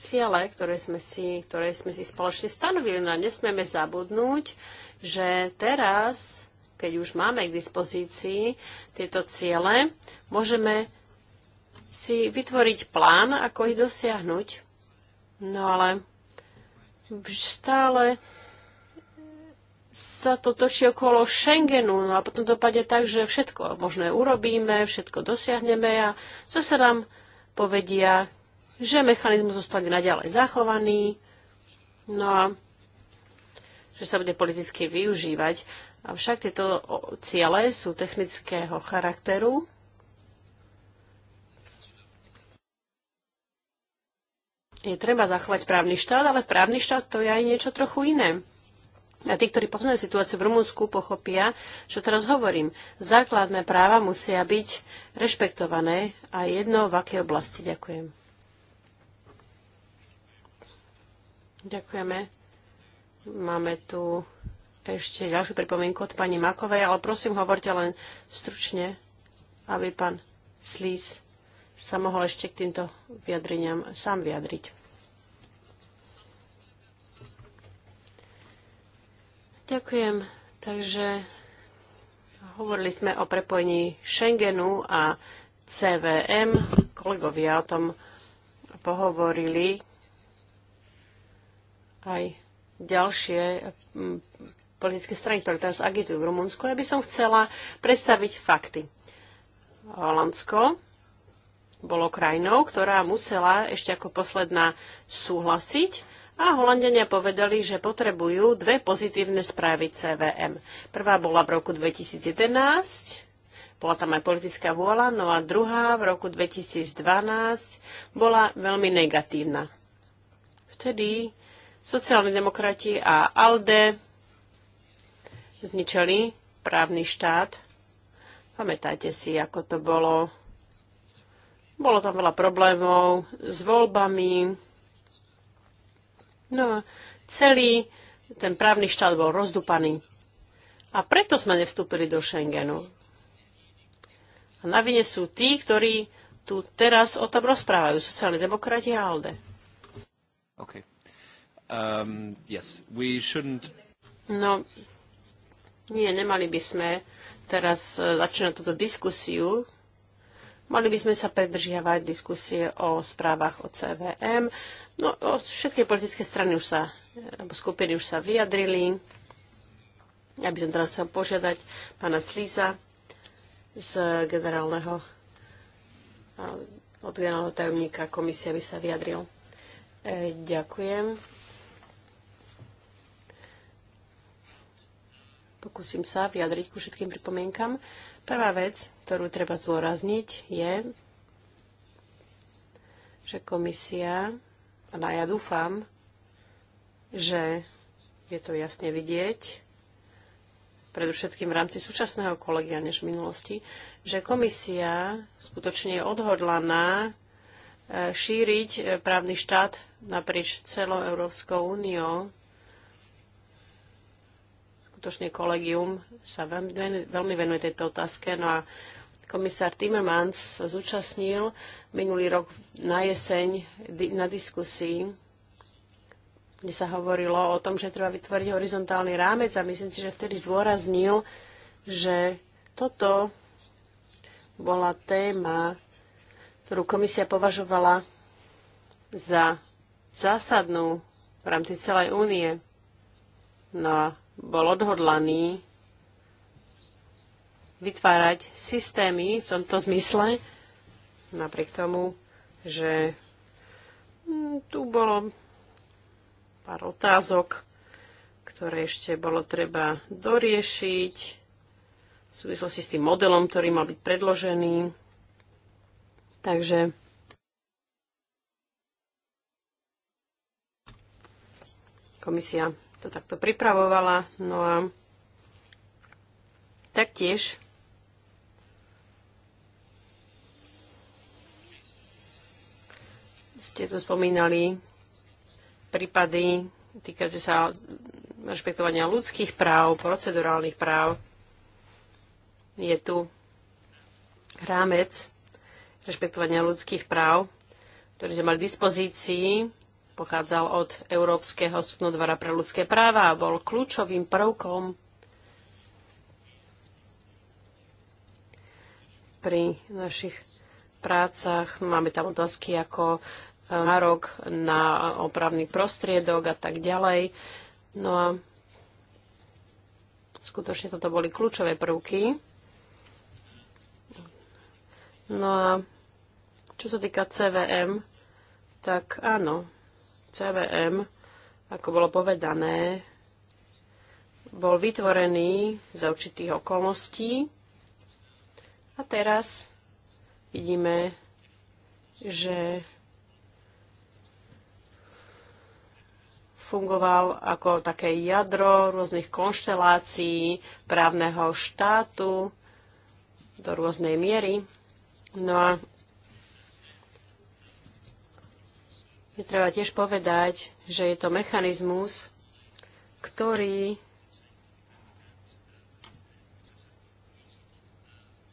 ciele, ktoré sme si, ktoré sme si spoločne stanovili. No a nesmieme zabudnúť, že teraz, keď už máme k dispozícii tieto ciele, môžeme si vytvoriť plán, ako ich dosiahnuť. No ale stále sa to točí okolo Schengenu no a potom to padne tak, že všetko možné urobíme, všetko dosiahneme a zase nám povedia, že mechanizmus zostane naďalej zachovaný, no a že sa bude politicky využívať. Avšak tieto ciele sú technického charakteru. Je treba zachovať právny štát, ale právny štát to je aj niečo trochu iné. A tí, ktorí poznajú situáciu v Rumunsku, pochopia, čo teraz hovorím. Základné práva musia byť rešpektované a jedno v akej oblasti. Ďakujem. Ďakujeme. Máme tu ešte ďalšiu pripomienku od pani Makovej, ale prosím, hovorte len stručne, aby pán Slís sa mohol ešte k týmto vyjadreniam sám vyjadriť. Ďakujem. Takže hovorili sme o prepojení Schengenu a CVM. Kolegovia o tom pohovorili aj ďalšie mm, politické strany, ktoré teraz agitujú v Rumunsku. Ja by som chcela predstaviť fakty. Holandsko bolo krajinou, ktorá musela ešte ako posledná súhlasiť a Holandania povedali, že potrebujú dve pozitívne správy CVM. Prvá bola v roku 2011, bola tam aj politická vôľa, no a druhá v roku 2012 bola veľmi negatívna. Vtedy Sociálni demokrati a ALDE zničili právny štát. Pamätajte si, ako to bolo. Bolo tam veľa problémov s voľbami. No a celý ten právny štát bol rozdupaný. A preto sme nevstúpili do Schengenu. A na vine sú tí, ktorí tu teraz o tom rozprávajú, sociálni demokrati a ALDE. Okay. Um, yes, we shouldn't... No, nie, nemali by sme teraz e, začínať túto diskusiu. Mali by sme sa predržiavať diskusie o správach o CVM. No, o všetky politické strany už sa, alebo skupiny už sa vyjadrili. Ja by som teraz chcel požiadať pána Slíza z generálneho od generálneho tajomníka komisie, aby sa vyjadril. E, ďakujem. Pokúsim sa vyjadriť ku všetkým pripomienkam. Prvá vec, ktorú treba zdôrazniť, je, že komisia, a no ja dúfam, že je to jasne vidieť, predovšetkým v rámci súčasného kolegia než v minulosti, že komisia skutočne je odhodlaná eh, šíriť eh, právny štát naprieč celou Európskou úniou skutočne kolegium sa veľmi venuje tejto otázke. No a komisár Timmermans sa zúčastnil minulý rok na jeseň na diskusii, kde sa hovorilo o tom, že treba vytvoriť horizontálny rámec a myslím si, že vtedy zdôraznil, že toto bola téma, ktorú komisia považovala za zásadnú v rámci celej únie. No a bol odhodlaný vytvárať systémy v tomto zmysle, napriek tomu, že hm, tu bolo pár otázok, ktoré ešte bolo treba doriešiť v súvislosti s tým modelom, ktorý mal byť predložený. Takže komisia to takto pripravovala. No a taktiež ste tu spomínali prípady týkajúce sa rešpektovania ľudských práv, procedurálnych práv. Je tu rámec rešpektovania ľudských práv, ktorý sme mali v dispozícii pochádzal od Európskeho súdnodvora pre ľudské práva a bol kľúčovým prvkom pri našich prácach. Máme tam otázky ako e, nárok na opravný prostriedok a tak ďalej. No a skutočne toto boli kľúčové prvky. No a čo sa týka CVM, tak áno, CVM, ako bolo povedané, bol vytvorený za určitých okolností a teraz vidíme, že fungoval ako také jadro rôznych konštelácií právneho štátu do rôznej miery. No a je treba tiež povedať, že je to mechanizmus, ktorý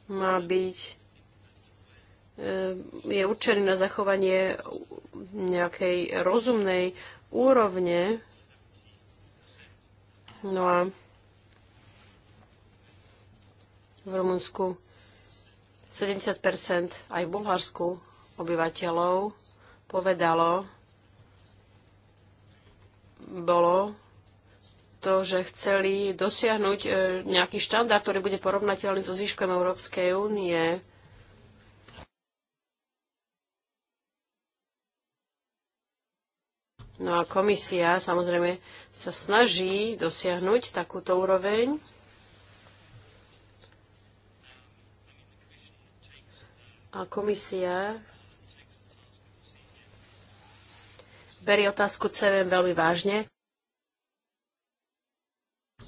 má byť e, je určený na zachovanie nejakej rozumnej úrovne. No a v Rumunsku 70 aj v Bulharsku obyvateľov povedalo, bolo to, že chceli dosiahnuť e, nejaký štandard, ktorý bude porovnateľný so zvyškom Európskej únie. No a komisia samozrejme sa snaží dosiahnuť takúto úroveň. A komisia berie otázku CVM veľmi vážne.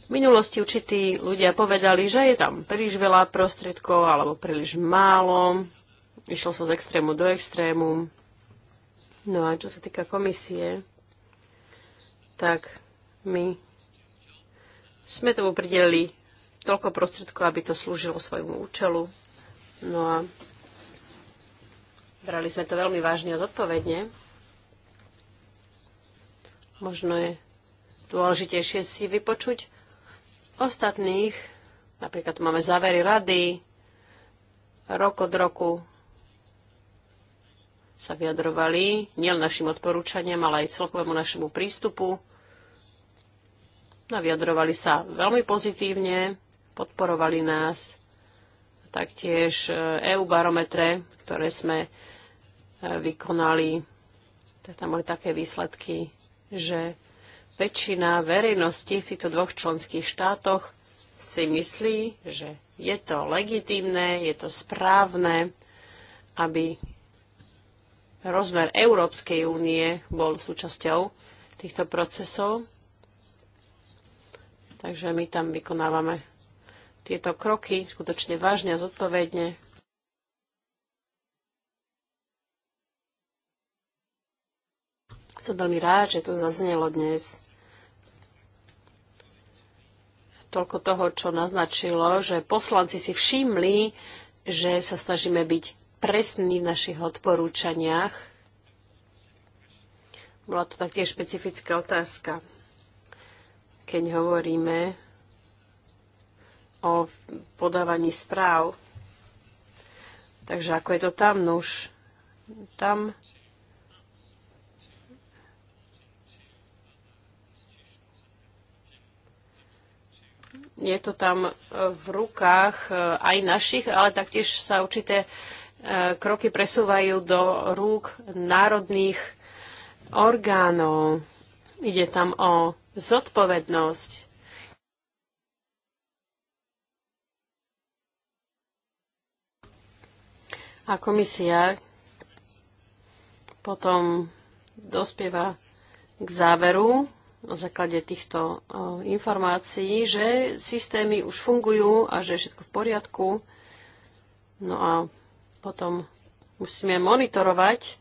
V minulosti určití ľudia povedali, že je tam príliš veľa prostriedkov alebo príliš málo. Išlo sa z extrému do extrému. No a čo sa týka komisie, tak my sme tomu pridelili toľko prostriedkov, aby to slúžilo svojmu účelu. No a brali sme to veľmi vážne a zodpovedne. Možno je dôležitejšie si vypočuť ostatných. Napríklad máme závery rady. Rok od roku sa vyjadrovali nielen našim odporúčaniam, ale aj celkovému našemu prístupu. No, vyjadrovali sa veľmi pozitívne, podporovali nás. Taktiež EU e barometre, ktoré sme e, vykonali, tak tam boli také výsledky že väčšina verejnosti v týchto dvoch členských štátoch si myslí, že je to legitimné, je to správne, aby rozmer Európskej únie bol súčasťou týchto procesov. Takže my tam vykonávame tieto kroky skutočne vážne a zodpovedne Som veľmi rád, že to zaznelo dnes. Toľko toho, čo naznačilo, že poslanci si všimli, že sa snažíme byť presní v našich odporúčaniach. Bola to taktiež špecifická otázka, keď hovoríme o podávaní správ. Takže ako je to tam? No už tam je to tam e, v rukách e, aj našich, ale taktiež sa určité e, kroky presúvajú do rúk národných orgánov. Ide tam o zodpovednosť. A komisia potom dospieva k záveru, na základe týchto e, informácií, že systémy už fungujú a že je všetko v poriadku. No a potom musíme monitorovať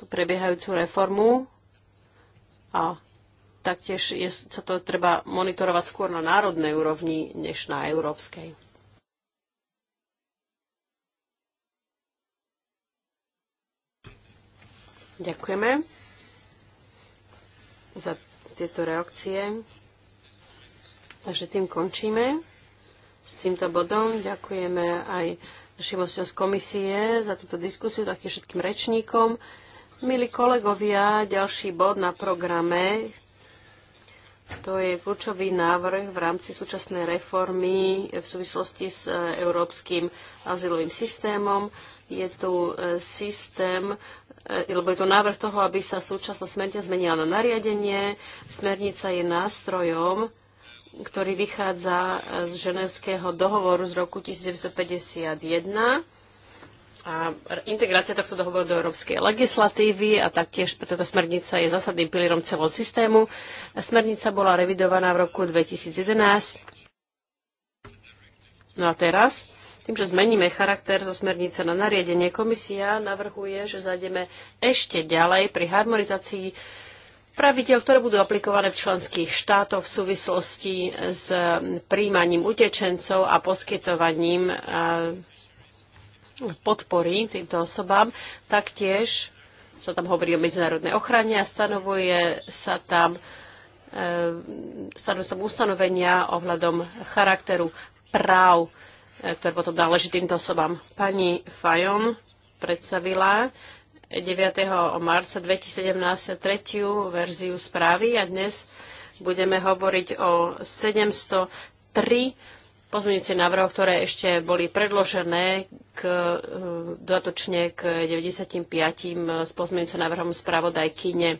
tú prebiehajúcu reformu a taktiež je, sa to treba monitorovať skôr na národnej úrovni, než na európskej. Ďakujeme za tieto reakcie. Takže tým končíme s týmto bodom. Ďakujeme aj našim osťom z komisie za túto diskusiu, takým všetkým rečníkom. Milí kolegovia, ďalší bod na programe to je kľúčový návrh v rámci súčasnej reformy v súvislosti s e, európskym azylovým systémom. Je tu e, systém, e, lebo je to návrh toho, aby sa súčasná smernica zmenila na nariadenie. Smernica je nástrojom, ktorý vychádza z Ženevského dohovoru z roku 1951 a integrácia tohto dohovoru do európskej legislatívy a taktiež táto smernica je zásadným pilierom celého systému. Smernica bola revidovaná v roku 2011. No a teraz, tým, že zmeníme charakter zo smernice na nariadenie, komisia navrhuje, že zajdeme ešte ďalej pri harmonizácii pravidel, ktoré budú aplikované v členských štátoch v súvislosti s príjmaním utečencov a poskytovaním podpory týmto osobám. Taktiež sa tam hovorí o medzinárodnej ochrane a stanovuje sa tam e, stanovuje sa tam ustanovenia ohľadom charakteru práv, e, ktoré potom náleží týmto osobám. Pani Fajon predstavila 9. marca 2017 tretiu verziu správy a dnes budeme hovoriť o 703 pozmeňujúcich návrhov, ktoré ešte boli predložené k, e, dodatočne k 95. E, s pozmeňujúcim návrhom spravodajkyne.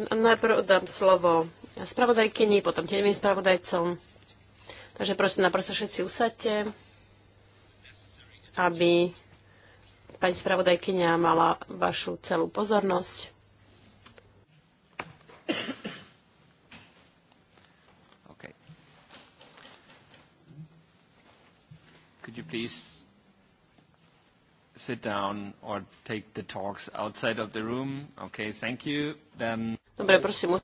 No, najprv dám slovo spravodajkyni, potom tieňovým spravodajcom. Takže prosím, naprosto sa všetci usadte, aby pani spravodajkynia mala vašu celú pozornosť. could you please sit down or take the talks outside of the room? Okay, thank you. Then... Dobre, prosím,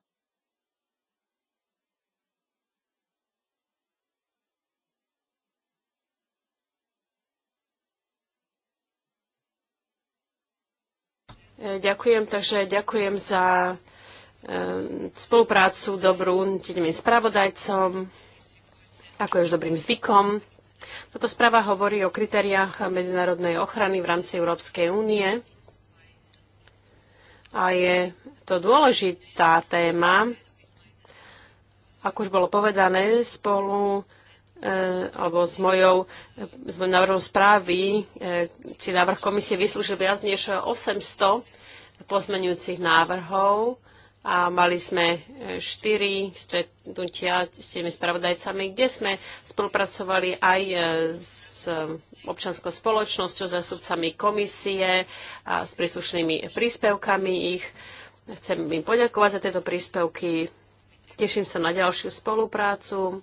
e, Ďakujem, takže ďakujem za e, spoluprácu dobrú tým spravodajcom, ako je už dobrým zvykom. Toto správa hovorí o kritériách medzinárodnej ochrany v rámci Európskej únie a je to dôležitá téma. Ako už bolo povedané, spolu e, alebo s mojou, e, s mojou návrhom správy, či e, návrh komisie vyslúžil viac než 800 pozmenujúcich návrhov a mali sme e, štyri stretnutia s tými spravodajcami, kde sme spolupracovali aj e, s e, občanskou spoločnosťou, sudcami komisie a s príslušnými príspevkami ich. Chcem im poďakovať za tieto príspevky. Teším sa na ďalšiu spoluprácu.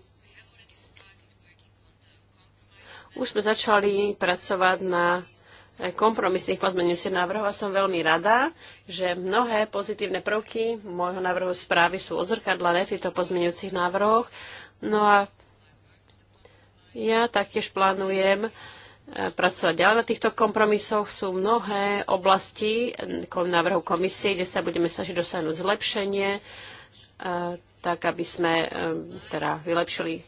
Už sme začali pracovať na kompromisných pozmeňujúcich návrhov a som veľmi rada, že mnohé pozitívne prvky môjho návrhu správy sú odzrkadlené v týchto pozmeňujúcich návrhoch. No a ja taktiež plánujem e, pracovať ďalej na týchto kompromisoch. Sú mnohé oblasti e, návrhu komisie, kde sa budeme snažiť dosiahnuť zlepšenie, e, tak aby sme teda vylepšili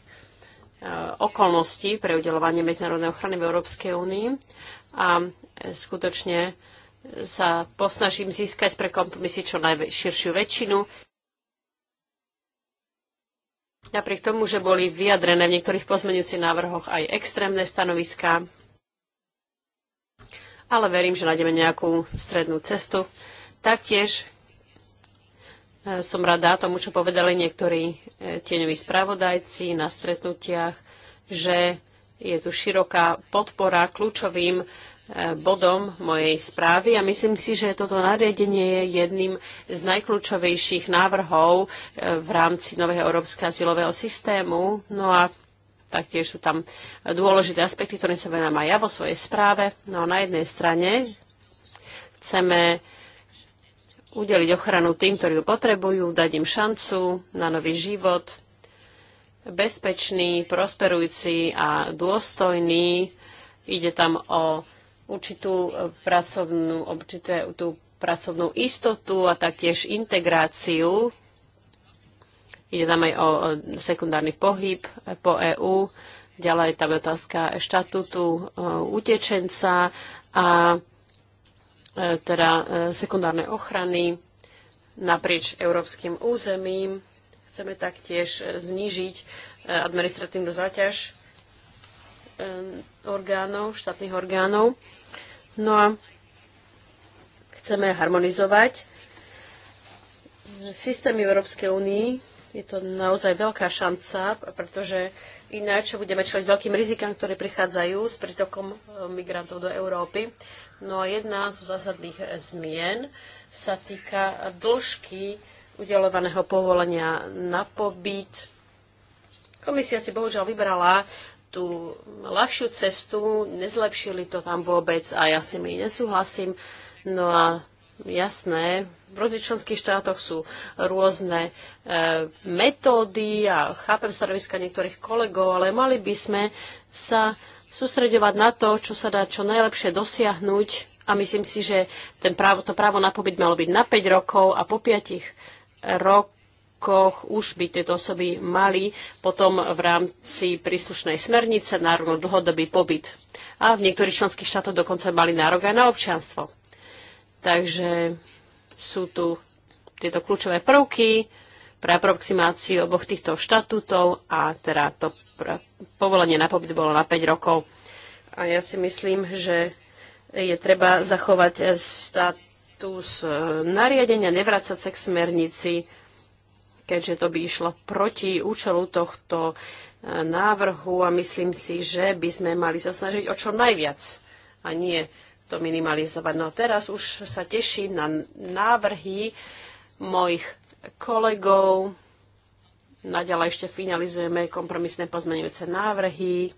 okolnosti pre udelovanie medzinárodnej ochrany v Európskej únii a skutočne sa posnažím získať pre kompromisy čo najširšiu väčšinu. Napriek tomu, že boli vyjadrené v niektorých pozmeňujúcich návrhoch aj extrémne stanoviská, ale verím, že nájdeme nejakú strednú cestu. Taktiež e, som rada tomu, čo povedali niektorí e, tieňoví spravodajci na stretnutiach, že je tu široká podpora kľúčovým eh, bodom mojej správy a myslím si, že toto nariadenie je jedným z najkľúčovejších návrhov eh, v rámci nového európskeho azylového systému. No a taktiež sú tam dôležité aspekty, ktoré sa venám aj ja vo svojej správe. No a na jednej strane chceme udeliť ochranu tým, ktorí ju potrebujú, dať im šancu na nový život, bezpečný, prosperujúci a dôstojný. Ide tam o určitú pracovnú, určité, tú pracovnú istotu a taktiež integráciu. Ide tam aj o sekundárny pohyb po EÚ. Ďalej tam je otázka štatútu e, utečenca a e, teda e, sekundárnej ochrany naprieč európskym územím. Chceme taktiež znížiť e, administratívnu záťaž e, orgánov, štátnych orgánov. No a chceme harmonizovať systémy Európskej únii. Je to naozaj veľká šanca, pretože ináč budeme čeliť veľkým rizikám, ktoré prichádzajú s pritokom e, migrantov do Európy. No a jedna zo zásadných zmien sa týka dĺžky udelovaného povolenia na pobyt. Komisia si bohužiaľ vybrala tú ľahšiu cestu, nezlepšili to tam vôbec a ja s nimi nesúhlasím. No a Jasné, v rôznych štátoch sú rôzne e, metódy a chápem stanoviska niektorých kolegov, ale mali by sme sa sústredovať na to, čo sa dá čo najlepšie dosiahnuť a myslím si, že ten právo, to právo na pobyt malo byť na 5 rokov a po 5 rokoch už by tieto osoby mali potom v rámci príslušnej smernice nárok dlhodobý pobyt. A v niektorých členských štátoch dokonca mali nárok aj na občianstvo. Takže sú tu tieto kľúčové prvky pre aproximáciu oboch týchto štatútov a teda to povolenie na pobyt bolo na 5 rokov. A ja si myslím, že je treba zachovať stat, tu z e, nariadenia nevrácať sa k smernici, keďže to by išlo proti účelu tohto e, návrhu a myslím si, že by sme mali sa snažiť o čo najviac a nie to minimalizovať. No teraz už sa teším na návrhy mojich kolegov. Naďalej ešte finalizujeme kompromisné pozmeňujúce návrhy.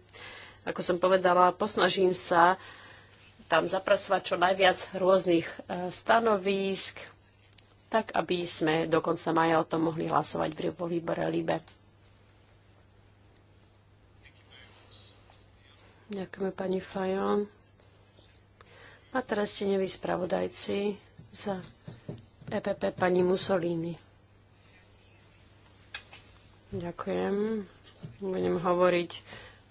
Ako som povedala, posnažím sa tam zapracovať čo najviac rôznych e, stanovísk, tak aby sme do konca maja o tom mohli hlasovať v výbore LIBE. Ďakujeme pani Fajon. A teraz ste neví spravodajci za EPP pani Mussolini. Ďakujem. Budem hovoriť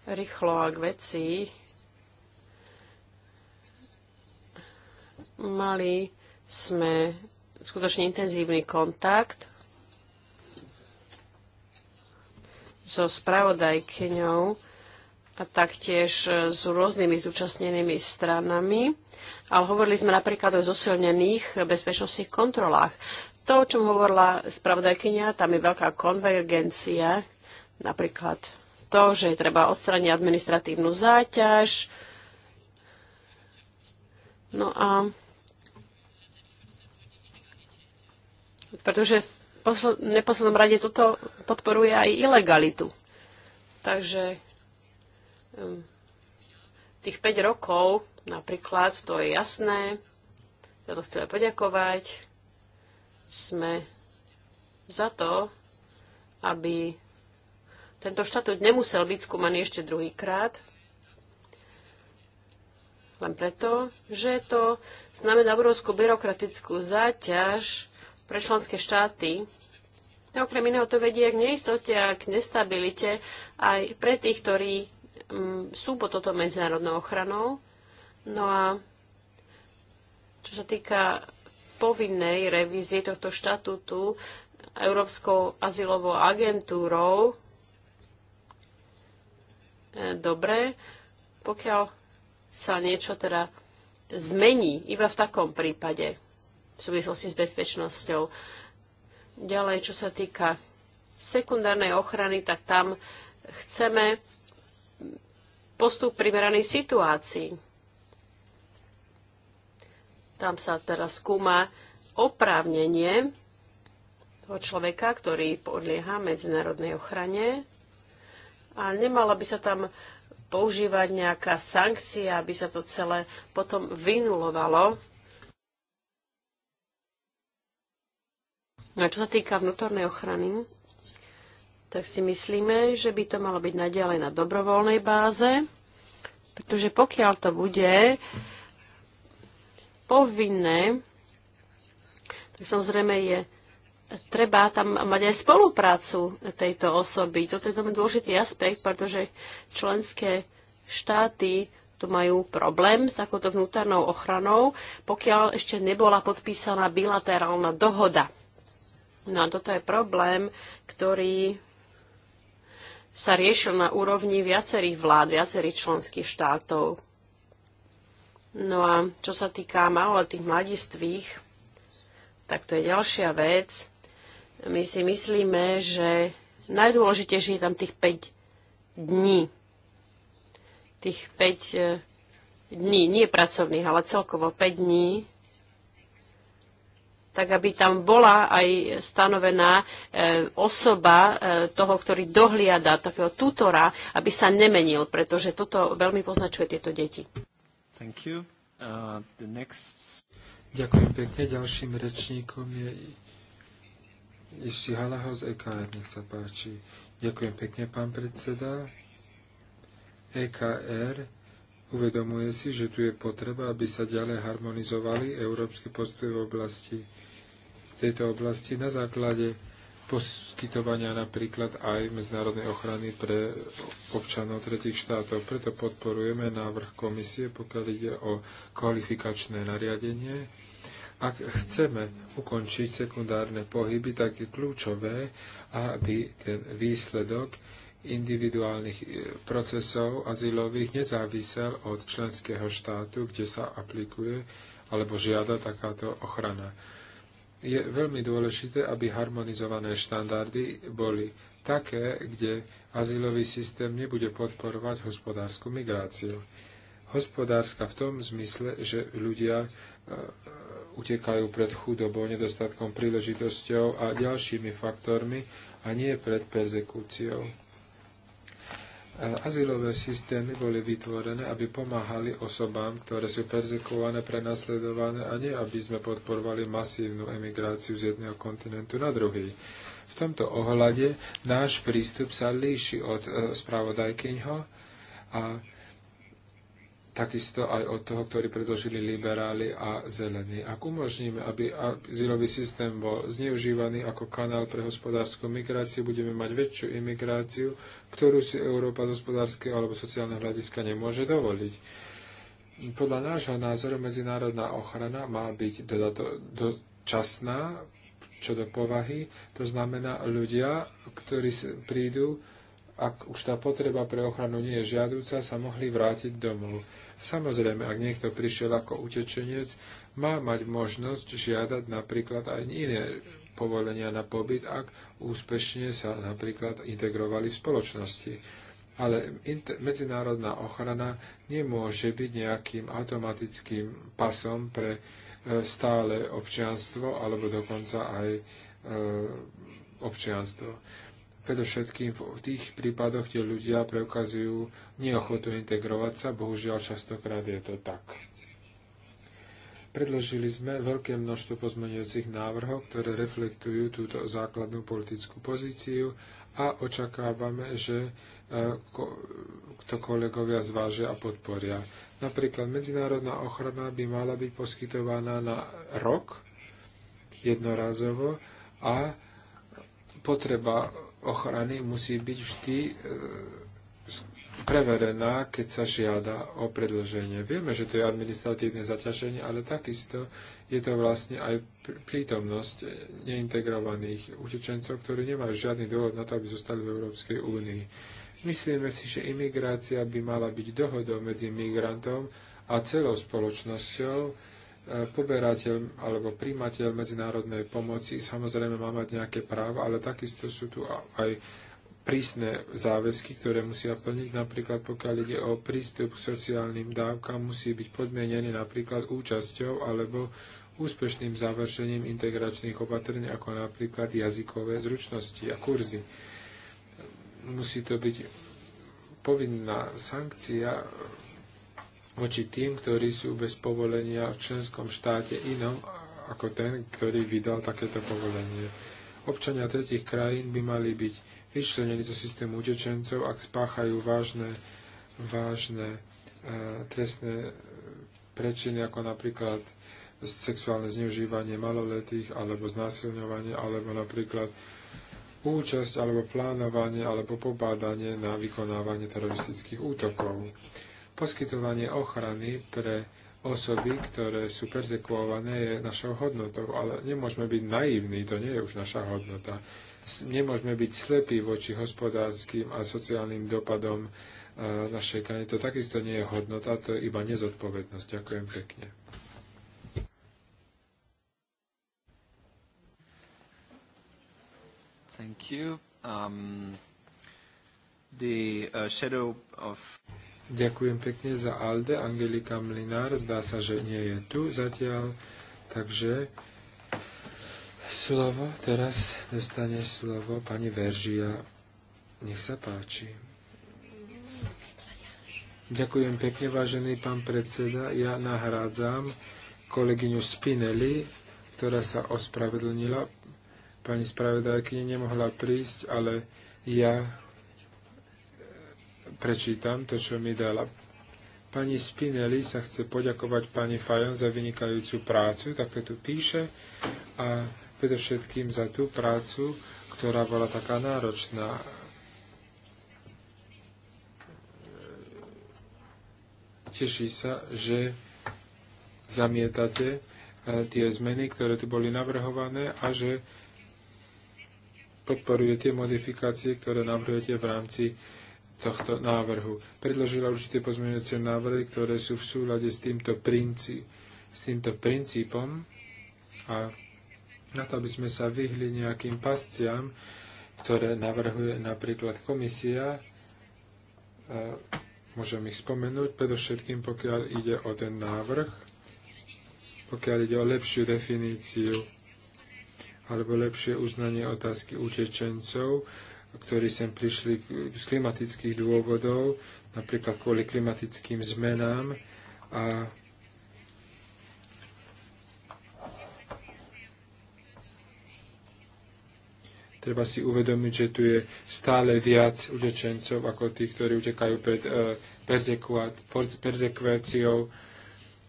rýchlo a k veci Mali sme skutočne intenzívny kontakt so spravodajkyňou a taktiež s rôznymi zúčastnenými stranami, ale hovorili sme napríklad o zosilnených bezpečnostných kontrolách. To, o čom hovorila spravodajkyňa, tam je veľká konvergencia, napríklad to, že treba odstrániť administratívnu záťaž. No a pretože v posl- neposlednom rade toto podporuje aj ilegalitu. Takže tých 5 rokov napríklad, to je jasné, za to chcem poďakovať. Sme za to, aby tento štatút nemusel byť skúmaný ešte druhýkrát, len preto, že to znamená obrovskú byrokratickú záťaž pre členské štáty. A okrem iného to vedie k neistote a k nestabilite aj pre tých, ktorí m, mm, sú pod toto medzinárodnou ochranou. No a čo sa týka povinnej revízie tohto štatútu Európskou azylovou agentúrou, e, dobre, pokiaľ sa niečo teda zmení iba v takom prípade v súvislosti s bezpečnosťou. Ďalej, čo sa týka sekundárnej ochrany, tak tam chceme postup primeraný situácii. Tam sa teraz skúma oprávnenie toho človeka, ktorý podlieha medzinárodnej ochrane. A nemala by sa tam používať nejaká sankcia, aby sa to celé potom vynulovalo. No a čo sa týka vnútornej ochrany, tak si myslíme, že by to malo byť naďalej na dobrovoľnej báze, pretože pokiaľ to bude povinné, tak samozrejme je treba tam mať aj spoluprácu tejto osoby. Toto je veľmi dôležitý aspekt, pretože členské štáty tu majú problém s takouto vnútornou ochranou, pokiaľ ešte nebola podpísaná bilaterálna dohoda No a toto je problém, ktorý sa riešil na úrovni viacerých vlád, viacerých členských štátov. No a čo sa týka maloletých mladistvých, tak to je ďalšia vec. My si myslíme, že najdôležitejšie je tam tých 5 dní. Tých 5 eh, dní, nie pracovných, ale celkovo 5 dní tak aby tam bola aj stanovená e, osoba e, toho, ktorý dohliada, takého tutora, aby sa nemenil, pretože toto veľmi poznačuje tieto deti. Thank you. Uh, the next... Ďakujem pekne. Ďalším rečníkom je Išsi Halaho z EKR. Nech sa páči. Ďakujem pekne, pán predseda. EKR uvedomuje si, že tu je potreba, aby sa ďalej harmonizovali európsky postoje v oblasti tejto oblasti na základe poskytovania napríklad aj medzinárodnej ochrany pre občanov tretich štátov. Preto podporujeme návrh komisie, pokiaľ ide o kvalifikačné nariadenie. Ak chceme ukončiť sekundárne pohyby, tak je kľúčové, aby ten výsledok individuálnych e, procesov azylových nezávisel od členského štátu, kde sa aplikuje alebo žiada takáto ochrana je veľmi dôležité, aby harmonizované štandardy boli také, kde azylový systém nebude podporovať hospodárskú migráciu. Hospodárska v tom zmysle, že ľudia e, utekajú pred chudobou, nedostatkom príležitosťou a ďalšími faktormi a nie pred persekúciou azylové systémy boli vytvorené, aby pomáhali osobám, ktoré sú perzekované, prenasledované a nie, aby sme podporovali masívnu emigráciu z jedného kontinentu na druhý. V tomto ohľade náš prístup sa líši od e, spravodajkyňho a takisto aj od toho, ktorý predložili liberáli a zelení. Ak umožníme, aby azylový systém bol zneužívaný ako kanál pre hospodárskú migráciu, budeme mať väčšiu imigráciu, ktorú si Európa z hospodárskeho alebo sociálneho hľadiska nemôže dovoliť. Podľa nášho názoru medzinárodná ochrana má byť dodato, dočasná, čo do povahy, to znamená ľudia, ktorí prídu ak už tá potreba pre ochranu nie je žiadúca, sa mohli vrátiť domov. Samozrejme, ak niekto prišiel ako utečenec, má mať možnosť žiadať napríklad aj iné povolenia na pobyt, ak úspešne sa napríklad integrovali v spoločnosti. Ale medzinárodná ochrana nemôže byť nejakým automatickým pasom pre e, stále občianstvo alebo dokonca aj e, občianstvo predovšetkým v tých prípadoch, kde ľudia preukazujú neochotu integrovať sa, bohužiaľ častokrát je to tak. Predložili sme veľké množstvo pozmeňujúcich návrhov, ktoré reflektujú túto základnú politickú pozíciu a očakávame, že e, to kolegovia zvážia a podporia. Napríklad medzinárodná ochrana by mala byť poskytovaná na rok jednorazovo a potreba ochrany musí byť vždy e, preverená, keď sa žiada o predlženie. Vieme, že to je administratívne zaťaženie, ale takisto je to vlastne aj prítomnosť neintegrovaných utečencov, ktorí nemajú žiadny dôvod na to, aby zostali v Európskej únii. Myslíme si, že imigrácia by mala byť dohodou medzi migrantom a celou spoločnosťou, poberateľ alebo príjmateľ medzinárodnej pomoci samozrejme má mať nejaké práva, ale takisto sú tu aj prísne záväzky, ktoré musia plniť. Napríklad pokiaľ ide o prístup k sociálnym dávkam, musí byť podmienený napríklad účasťou alebo úspešným završením integračných opatrení, ako napríklad jazykové zručnosti a kurzy. Musí to byť povinná sankcia voči tým, ktorí sú bez povolenia v členskom štáte inom ako ten, ktorý vydal takéto povolenie. Občania tretich krajín by mali byť vyčlenení zo systému utečencov, ak spáchajú vážne, vážne e, trestné prečiny, ako napríklad sexuálne zneužívanie maloletých, alebo znásilňovanie, alebo napríklad účasť alebo plánovanie alebo pobádanie na vykonávanie teroristických útokov. Poskytovanie ochrany pre osoby, ktoré sú persekuované, je našou hodnotou, ale nemôžeme byť naivní, to nie je už naša hodnota. Nemôžeme byť slepí voči hospodárskym a sociálnym dopadom e, našej krajiny. To takisto nie je hodnota, to je iba nezodpovednosť. Ďakujem pekne. Thank you. Um, the uh, shadow of Ďakujem pekne za Alde. Angelika Mlinár zdá sa, že nie je tu zatiaľ, takže slovo teraz dostane slovo pani Veržia. Nech sa páči. Ďakujem pekne, vážený pán predseda. Ja nahrádzam kolegyňu Spinelli, ktorá sa ospravedlnila. Pani spravodajkyne nemohla prísť, ale ja prečítam to, čo mi dala. Pani Spinelli sa chce poďakovať pani Fajon za vynikajúcu prácu, tak to tu píše, a predovšetkým za tú prácu, ktorá bola taká náročná. Teší sa, že zamietate e, tie zmeny, ktoré tu boli navrhované a že podporujete modifikácie, ktoré navrhujete v rámci tohto návrhu. Predložila určité pozmeňujúce návrhy, ktoré sú v súlade s týmto, princí, s týmto princípom a na to, aby sme sa vyhli nejakým pasciam, ktoré navrhuje napríklad komisia, e, môžem ich spomenúť, predovšetkým pokiaľ ide o ten návrh, pokiaľ ide o lepšiu definíciu alebo lepšie uznanie otázky utečencov, ktorí sem prišli z klimatických dôvodov, napríklad kvôli klimatickým zmenám a treba si uvedomiť, že tu je stále viac utečencov ako tých, ktorí utekajú pred e, perzekváciou.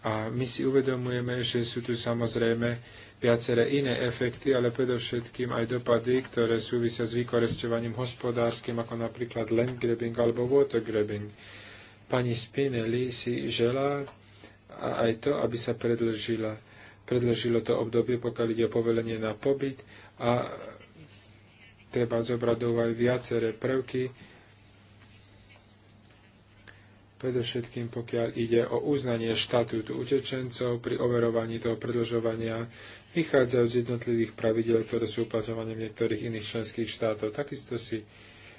A my si uvedomujeme, že sú tu samozrejme viaceré iné efekty, ale predovšetkým aj dopady, ktoré súvisia s vykoresťovaním hospodárskym, ako napríklad land grabbing alebo water grabbing. Pani Spinelli si želá aj to, aby sa predlžila, predlžilo to obdobie, pokiaľ ide o povelenie na pobyt a treba zobrať do úvahy viaceré prvky, predovšetkým pokiaľ ide o uznanie štatútu utečencov pri overovaní toho predlžovania vychádzajú z jednotlivých pravidel, ktoré sú uplatňované v niektorých iných členských štátov. Takisto si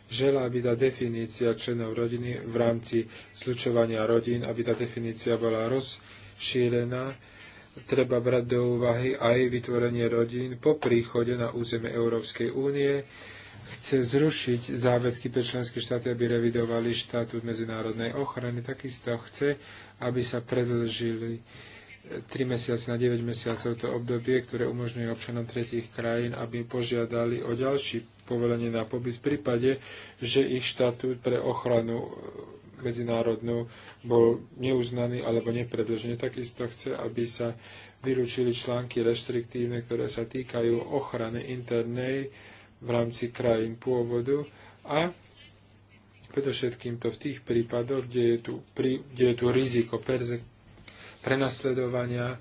želá, aby tá definícia členov rodiny v rámci slučovania rodín, aby tá definícia bola rozšírená, treba brať do úvahy aj vytvorenie rodín po príchode na územie Európskej únie. Chce zrušiť záväzky pre členské štáty, aby revidovali štátu medzinárodnej ochrany. Takisto chce, aby sa predlžili 3 mesiace na 9 mesiacov to obdobie, ktoré umožňuje občanom tretich krajín, aby požiadali o ďalší povolenie na pobyt v prípade, že ich štatút pre ochranu e, medzinárodnú bol neuznaný alebo nepredlžený. Takisto chce, aby sa vylúčili články reštriktívne, ktoré sa týkajú ochrany internej v rámci krajín pôvodu a predovšetkým to v tých prípadoch, kde je tu, pri, kde je tu riziko perze, prenasledovania.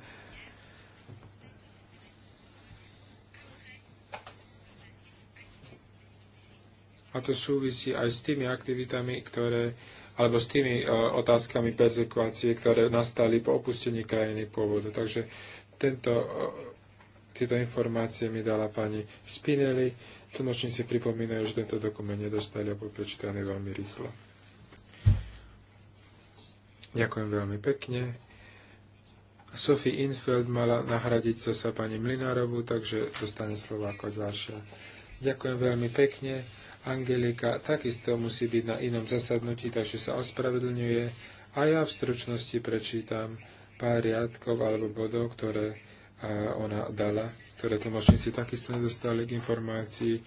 A to súvisí aj s tými aktivitami, ktoré, alebo s tými e, otázkami persekuácie, ktoré nastali po opustení krajiny pôvodu. Takže tento, e, tieto informácie mi dala pani Spinelli. Tlmočníci pripomínajú, že tento dokument nedostali a bol prečítaný veľmi rýchlo. Ďakujem veľmi pekne. Sophie Infeld mala nahradiť sa pani Mlinárovú, takže dostane slovo ako ďalšia. Ďakujem veľmi pekne. Angelika takisto musí byť na inom zasadnutí, takže sa ospravedlňuje. A ja v stručnosti prečítam pár riadkov alebo bodov, ktoré ona dala, ktoré tlmočníci takisto nedostali k informácii.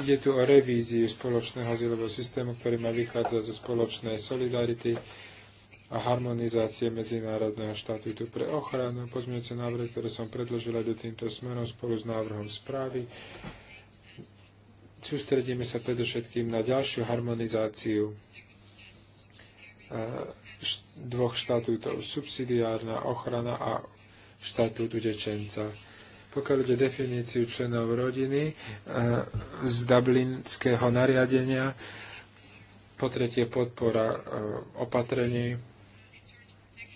Ide tu o revíziu spoločného azylového systému, ktorý má vychádzať zo spoločnej solidarity a harmonizácie medzinárodného štatútu pre ochranu. Pozmeňujúce návrhy, ktoré som predložila do týmto smerom spolu s návrhom správy. Sústredíme sa predovšetkým na ďalšiu harmonizáciu e, dvoch štatútov, subsidiárna ochrana a štatút utečenca. Pokiaľ ide definíciu členov rodiny e, z dublinského nariadenia, po tretie podpora e, opatrení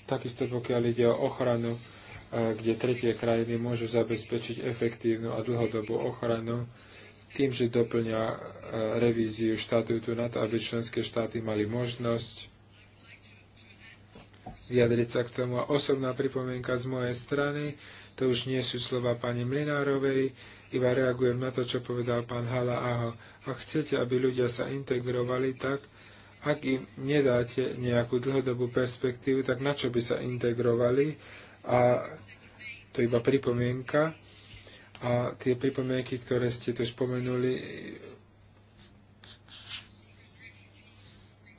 Takisto pokiaľ ide o ochranu, e, kde tretie krajiny môžu zabezpečiť efektívnu a dlhodobú ochranu tým, že doplňa e, revíziu štatútu na to, aby členské štáty mali možnosť vyjadriť sa k tomu. A osobná pripomienka z mojej strany, to už nie sú slova pani Mlinárovej, iba reagujem na to, čo povedal pán Hala Aho. Ak chcete, aby ľudia sa integrovali tak, ak im nedáte nejakú dlhodobú perspektívu, tak na čo by sa integrovali? A to je iba pripomienka. A tie pripomienky, ktoré ste tu spomenuli,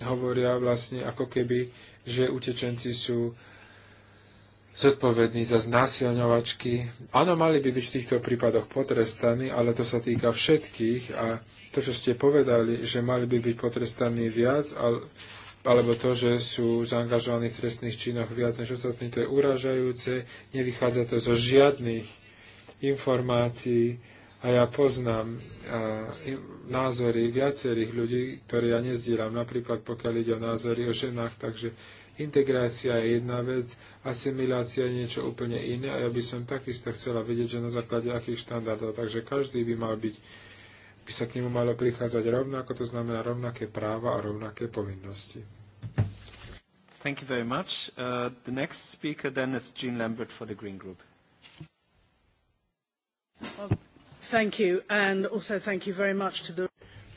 hovoria vlastne ako keby, že utečenci sú zodpovední za znásilňovačky. Áno, mali by byť v týchto prípadoch potrestaní, ale to sa týka všetkých a to, čo ste povedali, že mali by byť potrestaní viac, alebo to, že sú zaangažovaní v trestných činoch viac než ostatní, to je uražajúce, nevychádza to zo žiadnych informácií a ja poznám a, názory viacerých ľudí, ktoré ja nezdielam, napríklad pokiaľ ide o názory o ženách, takže Integrácia je jedna vec, asimilácia je niečo úplne iné a ja by som takisto chcela vedieť, že na základe akých štandardov. Takže každý by mal byť, by sa k nemu malo prichádzať rovnako, to znamená rovnaké práva a rovnaké povinnosti. Thank you very much. Uh, the next speaker then is Jean Lambert for the Green Group. Well, thank you, and also thank you very much to the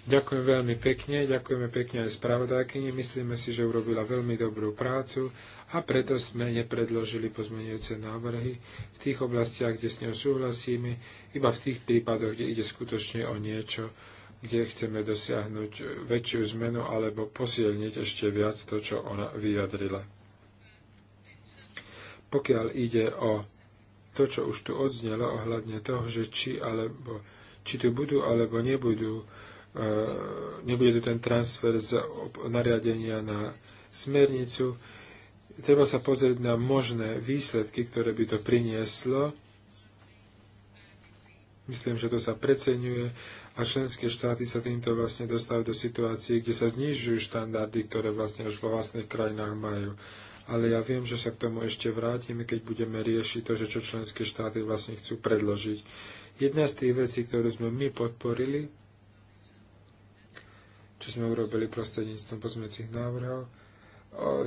Ďakujem veľmi pekne, ďakujeme pekne aj spravodajkyni. Myslíme si, že urobila veľmi dobrú prácu a preto sme nepredložili pozmeňujúce návrhy v tých oblastiach, kde s ňou súhlasíme, iba v tých prípadoch, kde ide skutočne o niečo, kde chceme dosiahnuť väčšiu zmenu alebo posilniť ešte viac to, čo ona vyjadrila. Pokiaľ ide o to, čo už tu odznelo ohľadne toho, že či, alebo, či tu budú alebo nebudú E, nebude tu ten transfer z nariadenia na smernicu. Treba sa pozrieť na možné výsledky, ktoré by to prinieslo. Myslím, že to sa preceňuje a členské štáty sa týmto vlastne dostávajú do situácií, kde sa znižujú štandardy, ktoré vlastne už vo vlastných krajinách majú. Ale ja viem, že sa k tomu ešte vrátime, keď budeme riešiť to, že čo členské štáty vlastne chcú predložiť. Jedna z tých vecí, ktorú sme my podporili, čo sme urobili prostredníctvom pozmeňujúcich návrhov.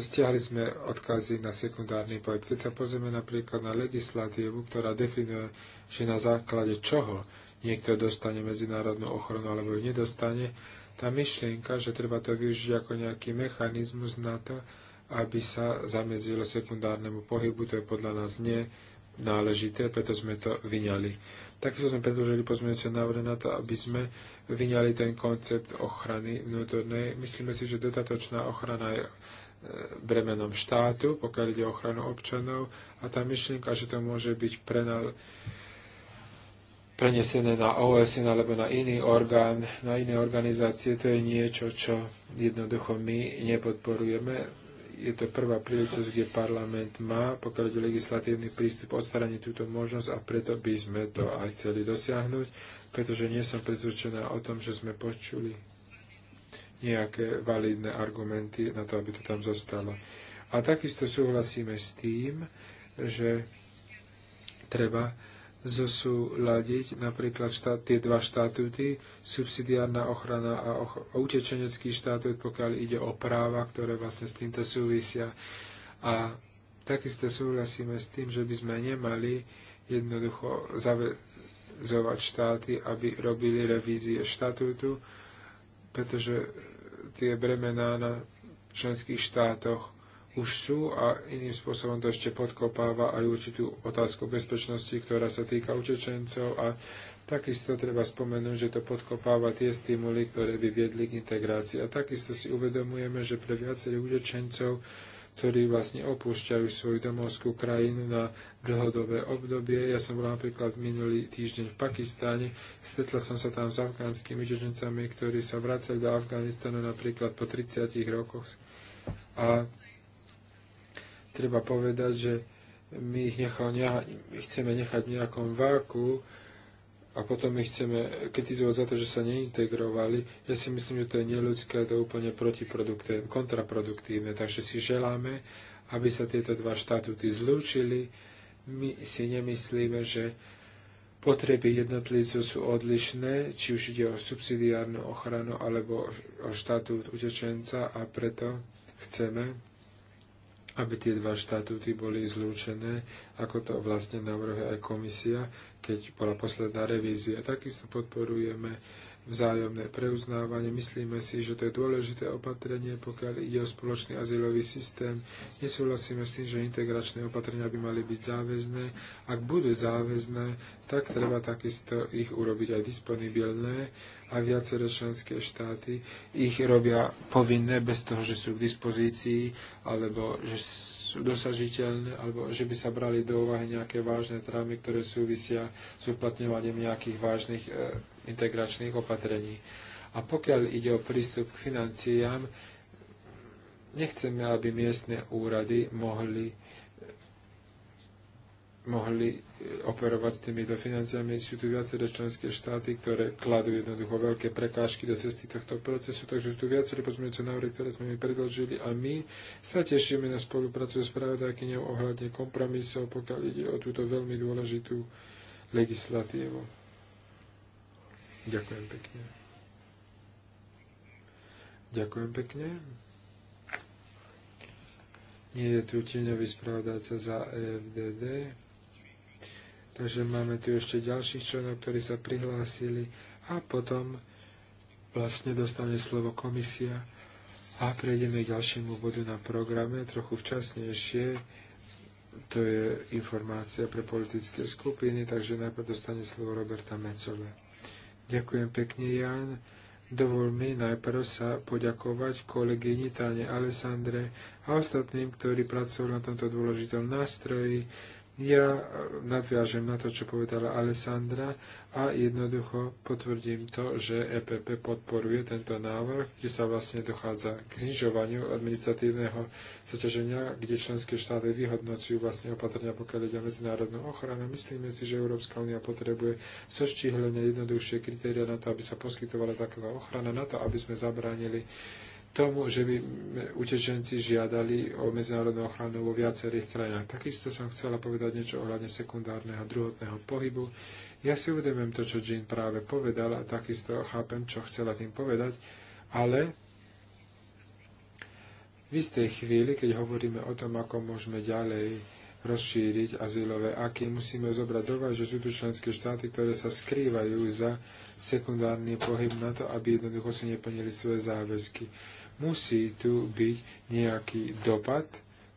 Stiahli sme odkazy na sekundárny pohyb. Keď sa pozrieme napríklad na legislatívu, ktorá definuje, že na základe čoho niekto dostane medzinárodnú ochranu alebo ju nedostane, tá myšlienka, že treba to využiť ako nejaký mechanizmus na to, aby sa zamezilo sekundárnemu pohybu, to je podľa nás nie náležité, preto sme to vyňali. Takisto sme predložili pozmeňujúce návrhy na to, aby sme vyňali ten koncept ochrany vnútornej. Myslíme si, že dodatočná ochrana je e, bremenom štátu, pokiaľ ide o ochranu občanov a tá myšlienka, že to môže byť nás prenesené na OSN alebo na iný orgán, na iné organizácie, to je niečo, čo jednoducho my nepodporujeme je to prvá príležitosť, kde parlament má, pokiaľ je legislatívny prístup, odstraniť túto možnosť a preto by sme to aj chceli dosiahnuť, pretože nie som presvedčená o tom, že sme počuli nejaké validné argumenty na to, aby to tam zostalo. A takisto súhlasíme s tým, že treba zosúľadiť napríklad štát, tie dva štatúty, subsidiárna ochrana a och- utečenecký štatút, pokiaľ ide o práva, ktoré vlastne s týmto súvisia. A takisto súhlasíme s tým, že by sme nemali jednoducho zavezovať štáty, aby robili revízie štatútu, pretože tie bremená na členských štátoch už sú a iným spôsobom to ešte podkopáva aj určitú otázku bezpečnosti, ktorá sa týka utečencov a takisto treba spomenúť, že to podkopáva tie stimuly, ktoré by viedli k integrácii. A takisto si uvedomujeme, že pre viacerých utečencov ktorí vlastne opúšťajú svoju domovskú krajinu na dlhodobé obdobie. Ja som bol napríklad minulý týždeň v Pakistáne, stretla som sa tam s afgánskymi utečencami, ktorí sa vracali do Afganistanu napríklad po 30 rokoch. A treba povedať, že my ich nechal, my chceme nechať v nejakom váku a potom ich chceme kritizovať za to, že sa neintegrovali. Ja si myslím, že to je neľudské, to je úplne protiproduktívne, kontraproduktívne. Takže si želáme, aby sa tieto dva štatúty zlúčili. My si nemyslíme, že potreby jednotlivcov sú odlišné, či už ide o subsidiárnu ochranu alebo o štatút utečenca a preto chceme, aby tie dva štatúty boli zlúčené, ako to vlastne navrhuje aj komisia, keď bola posledná revízia. Takisto podporujeme vzájomné preuznávanie. Myslíme si, že to je dôležité opatrenie, pokiaľ ide o spoločný azylový systém. Nesúhlasíme s tým, že integračné opatrenia by mali byť záväzné. Ak budú záväzné, tak treba takisto ich urobiť aj disponibilné a viaceré členské štáty ich robia povinné bez toho, že sú k dispozícii alebo že sú dosažiteľné alebo že by sa brali do úvahy nejaké vážne trámy, ktoré súvisia s uplatňovaním nejakých vážnych e, integračných opatrení. A pokiaľ ide o prístup k financiám, nechceme, aby miestne úrady mohli mohli eh, operovať s týmito financiami. Sú tu viaceré členské štáty, ktoré kladú jednoducho veľké prekážky do cesty tohto procesu, takže sú tu viaceré pozmeňujúce návrhy, ktoré sme mi predložili a my sa tešíme na spoluprácu s pravodajkyňou ohľadne kompromisov, pokiaľ ide o túto veľmi dôležitú legislatívu. Ďakujem pekne. Ďakujem pekne. Nie je tu tieňový spravodajca za EFDD. Takže máme tu ešte ďalších členov, ktorí sa prihlásili a potom vlastne dostane slovo komisia a prejdeme k ďalšiemu bodu na programe, trochu včasnejšie. To je informácia pre politické skupiny, takže najprv dostane slovo Roberta Mecole. Ďakujem pekne, Jan. Dovol mi najprv sa poďakovať kolegyni Táne Alessandre a ostatným, ktorí pracovali na tomto dôležitom nástroji. Ja nadviažem na to, čo povedala Alessandra a jednoducho potvrdím to, že EPP podporuje tento návrh, kde sa vlastne dochádza k znižovaniu administratívneho zaťaženia, kde členské štáty vyhodnocujú vlastne opatrenia, pokiaľ ide o medzinárodnú ochranu. Myslíme si, že Európska únia potrebuje soštíhlenie jednoduchšie kritéria na to, aby sa poskytovala taková ochrana, na to, aby sme zabránili tomu, že by utečenci žiadali o medzinárodnú ochranu vo viacerých krajinách. Takisto som chcela povedať niečo ohľadne sekundárneho druhotného pohybu. Ja si uvedomujem to, čo Jean práve povedal a takisto chápem, čo chcela tým povedať, ale v istej chvíli, keď hovoríme o tom, ako môžeme ďalej rozšíriť azylové aky, musíme zobrať do že sú tu členské štáty, ktoré sa skrývajú za sekundárny pohyb na to, aby jednoducho si neplnili svoje záväzky musí tu byť nejaký dopad,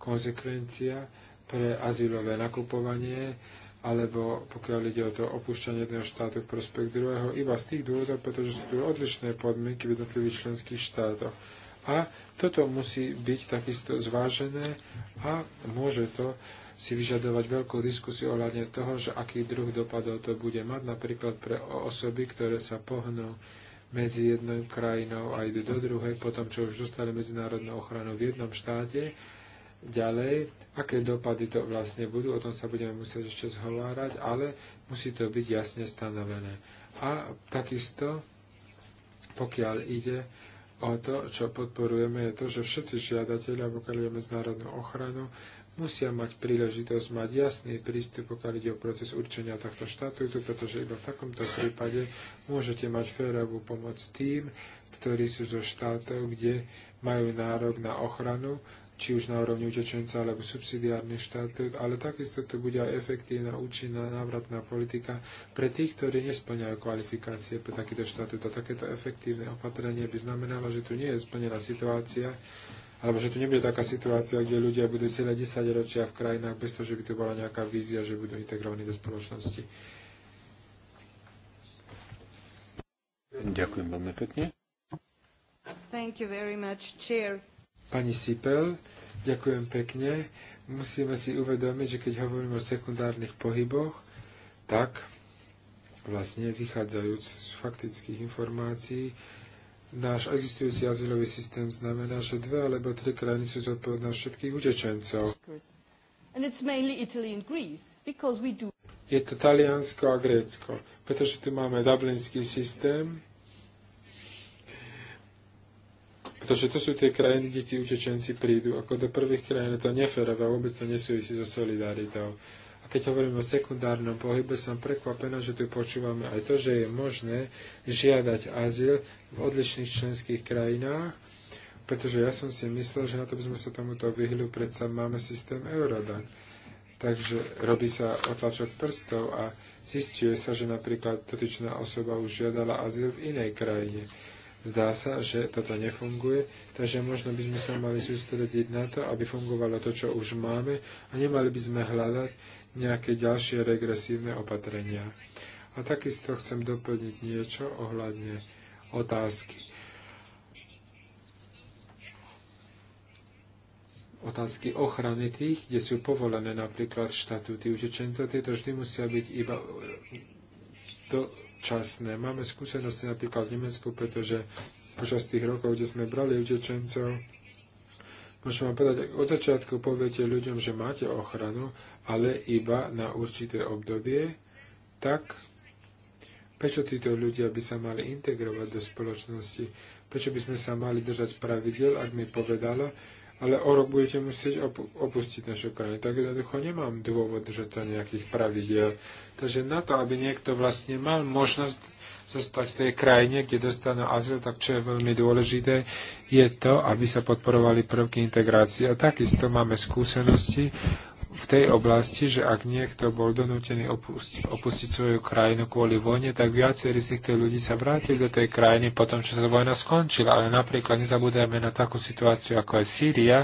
konsekvencia pre azylové nakupovanie, alebo pokiaľ ide o to opúšťanie jedného štátu v prospech druhého, iba z tých dôvodov, pretože sú tu odlišné podmienky v jednotlivých členských štátoch. A toto musí byť takisto zvážené a môže to si vyžadovať veľkú diskusiu ohľadne toho, že aký druh dopadov to bude mať, napríklad pre osoby, ktoré sa pohnú medzi jednou krajinou a idú do druhej, potom čo už dostali medzinárodnú ochranu v jednom štáte, ďalej, aké dopady to vlastne budú, o tom sa budeme musieť ešte zhovárať, ale musí to byť jasne stanovené. A takisto, pokiaľ ide o to, čo podporujeme, je to, že všetci žiadatelia, pokiaľ je medzinárodnú ochranu, musia mať príležitosť mať jasný prístup, pokiaľ ide o proces určenia tohto štatútu, pretože iba v takomto prípade môžete mať férovú pomoc tým, ktorí sú zo štátov, kde majú nárok na ochranu, či už na úrovni utečenca alebo subsidiárny štát, ale takisto to bude aj efektívna, účinná návratná politika pre tých, ktorí nesplňajú kvalifikácie pre takýto štát. A takéto efektívne opatrenie by znamenalo, že tu nie je splnená situácia, alebo že tu nebude taká situácia, kde ľudia budú celé 10 ročia v krajinách bez toho, že by tu bola nejaká vízia, že budú integrovaní do spoločnosti. Ďakujem veľmi pekne. Thank you very much, chair. Pani Sipel, ďakujem pekne. Musíme si uvedomiť, že keď hovoríme o sekundárnych pohyboch, tak vlastne vychádzajúc z faktických informácií, náš existujúci azylový systém znamená, že dve alebo tri krajiny sú zodpovedné všetkých utečencov. Je to Taliansko a Grécko, pretože tu máme dublinský systém, pretože to sú tie krajiny, kde tí utečenci prídu. Ako do prvých krajín to neférové, vôbec to nesúvisí so solidaritou. Keď hovorím o sekundárnom pohybe, som prekvapená, že tu počúvame aj to, že je možné žiadať azyl v odlišných členských krajinách, pretože ja som si myslel, že na to by sme sa tomuto vyhli, predsa máme systém Eurodan. Takže robí sa otlačok prstov a zistuje sa, že napríklad dotyčná osoba už žiadala azyl v inej krajine. Zdá sa, že toto nefunguje, takže možno by sme sa mali sústrediť na to, aby fungovalo to, čo už máme a nemali by sme hľadať nejaké ďalšie regresívne opatrenia. A takisto chcem doplniť niečo ohľadne otázky. Otázky ochrany tých, kde sú povolené napríklad štatúty utečencov, tieto vždy musia byť iba dočasné. Máme skúsenosti napríklad v Nemecku, pretože počas tých rokov, kde sme brali utečencov, môžem vám povedať, od začiatku poviete ľuďom, že máte ochranu ale iba na určité obdobie, tak prečo títo ľudia by sa mali integrovať do spoločnosti? Prečo by sme sa mali držať pravidel, ak mi povedala, ale o rok budete musieť opustiť našu krajinu. Tak jednoducho nemám dôvod držať sa nejakých pravidel. Takže na to, aby niekto vlastne mal možnosť zostať v tej krajine, kde dostanú azyl, tak čo je veľmi dôležité, je to, aby sa podporovali prvky integrácie. A takisto máme skúsenosti v tej oblasti, že ak niekto bol donútený opustiť, opustiť svoju krajinu kvôli vojne, tak viacerí z týchto ľudí sa vrátili do tej krajiny potom čo sa vojna skončila. Ale napríklad nezabúdajme na takú situáciu, ako je Sýria.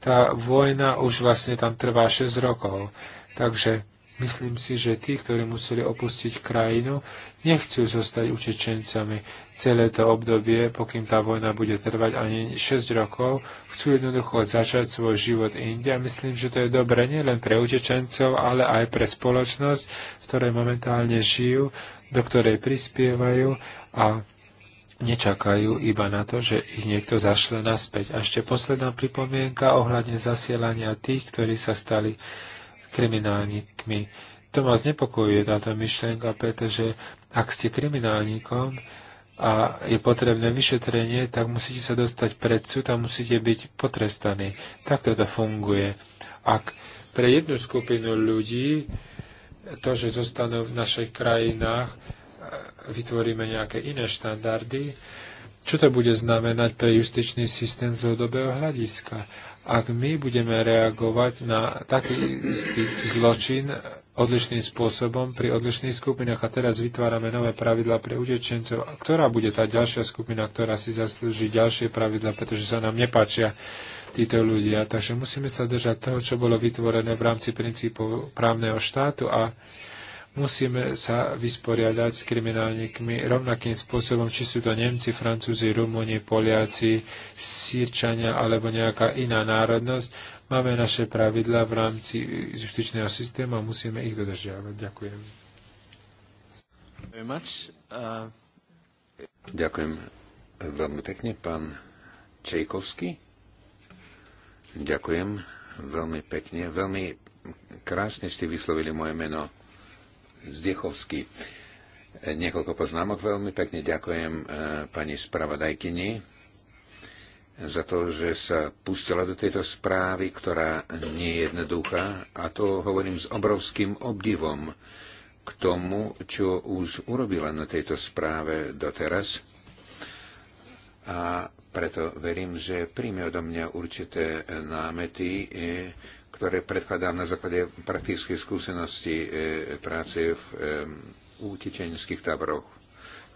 Tá vojna už vlastne tam trvá 6 rokov. Takže Myslím si, že tí, ktorí museli opustiť krajinu, nechcú zostať utečencami celé to obdobie, pokým tá vojna bude trvať ani 6 rokov. Chcú jednoducho začať svoj život inde a myslím, že to je dobre nielen pre utečencov, ale aj pre spoločnosť, v ktorej momentálne žijú, do ktorej prispievajú a nečakajú iba na to, že ich niekto zašle naspäť. A ešte posledná pripomienka ohľadne zasielania tých, ktorí sa stali kriminálnikmi. To ma znepokojuje táto myšlienka, pretože ak ste kriminálnikom a je potrebné vyšetrenie, tak musíte sa dostať pred súd a musíte byť potrestaní. Takto to funguje. Ak pre jednu skupinu ľudí to, že zostanú v našich krajinách, vytvoríme nejaké iné štandardy, čo to bude znamenať pre justičný systém z hľadiska? ak my budeme reagovať na taký zločin odlišným spôsobom pri odlišných skupinách a teraz vytvárame nové pravidla pre utečencov, a ktorá bude tá ďalšia skupina, ktorá si zaslúži ďalšie pravidla, pretože sa nám nepáčia títo ľudia. Takže musíme sa držať toho, čo bolo vytvorené v rámci princípov právneho štátu a Musíme sa vysporiadať s kriminálnikmi rovnakým spôsobom, či sú to Nemci, Francúzi, Rumúni, Poliaci, Sýrčania alebo nejaká iná národnosť. Máme naše pravidla v rámci justičného systému a musíme ich dodržiavať. Ďakujem. Uh, Ďakujem veľmi pekne, pán Čejkovský. Ďakujem veľmi pekne, veľmi krásne ste vyslovili moje meno. Zdechovský. Niekoľko poznámok. Veľmi pekne ďakujem e, pani spravodajkyni za to, že sa pustila do tejto správy, ktorá nie je jednoduchá. A to hovorím s obrovským obdivom k tomu, čo už urobila na tejto správe doteraz. A preto verím, že príjme odo mňa určité námety, e, ktoré predkladám na základe praktickej skúsenosti e, práce v utečenských e, táboroch.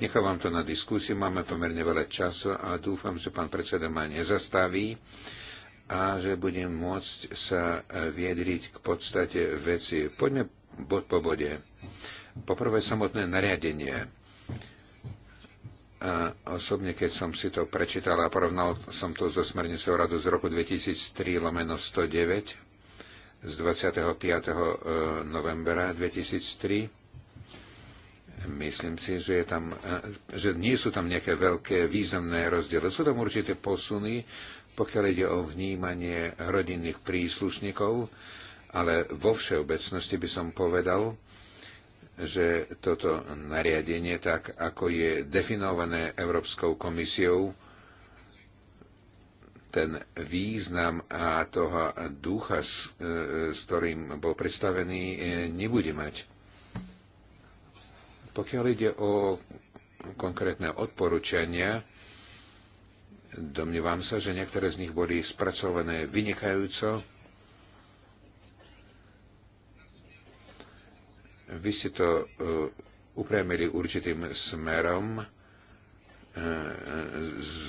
Nechávam to na diskusiu, máme pomerne veľa času a dúfam, že pán predseda ma nezastaví a že budem môcť sa viedriť k podstate veci. Poďme bod po bode. Poprvé samotné nariadenie. A osobne, keď som si to prečítal a porovnal som to so smernicou radu z roku 2003 lomeno 109, z 25. E, novembra 2003. Myslím si, že, je tam, e, že nie sú tam nejaké veľké významné rozdiely. Sú tam určité posuny, pokiaľ ide o vnímanie rodinných príslušníkov, ale vo všeobecnosti by som povedal, že toto nariadenie, tak ako je definované Európskou komisiou, ten význam a toho ducha, s, e, s ktorým bol predstavený, e, nebude mať. Pokiaľ ide o konkrétne odporúčania, domnívam sa, že niektoré z nich boli spracované vynikajúco. Vy ste to e, upremili určitým smerom E, e,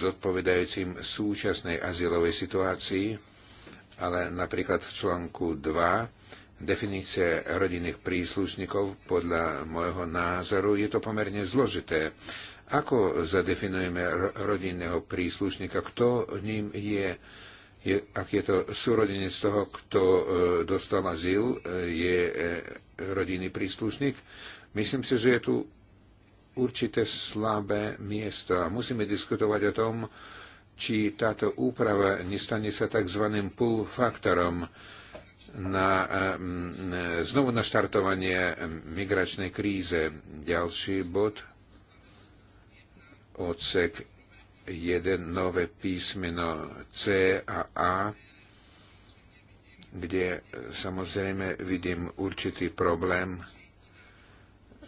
zodpovedajúcim súčasnej azylovej situácii, ale napríklad v článku 2 definície rodinných príslušníkov podľa môjho názoru je to pomerne zložité. Ako zadefinujeme rodinného príslušníka? Kto ním je? je ak je to súrodenec toho, kto e, dostal azyl, e, je e, rodinný príslušník? Myslím si, že je tu určité slabé miesto a musíme diskutovať o tom, či táto úprava nestane sa tzv. pull faktorom na eh, mm, znovu naštartovanie mm, migračnej kríze. Ďalší bod, odsek 1, nové písmeno C a A, kde eh, samozrejme vidím určitý problém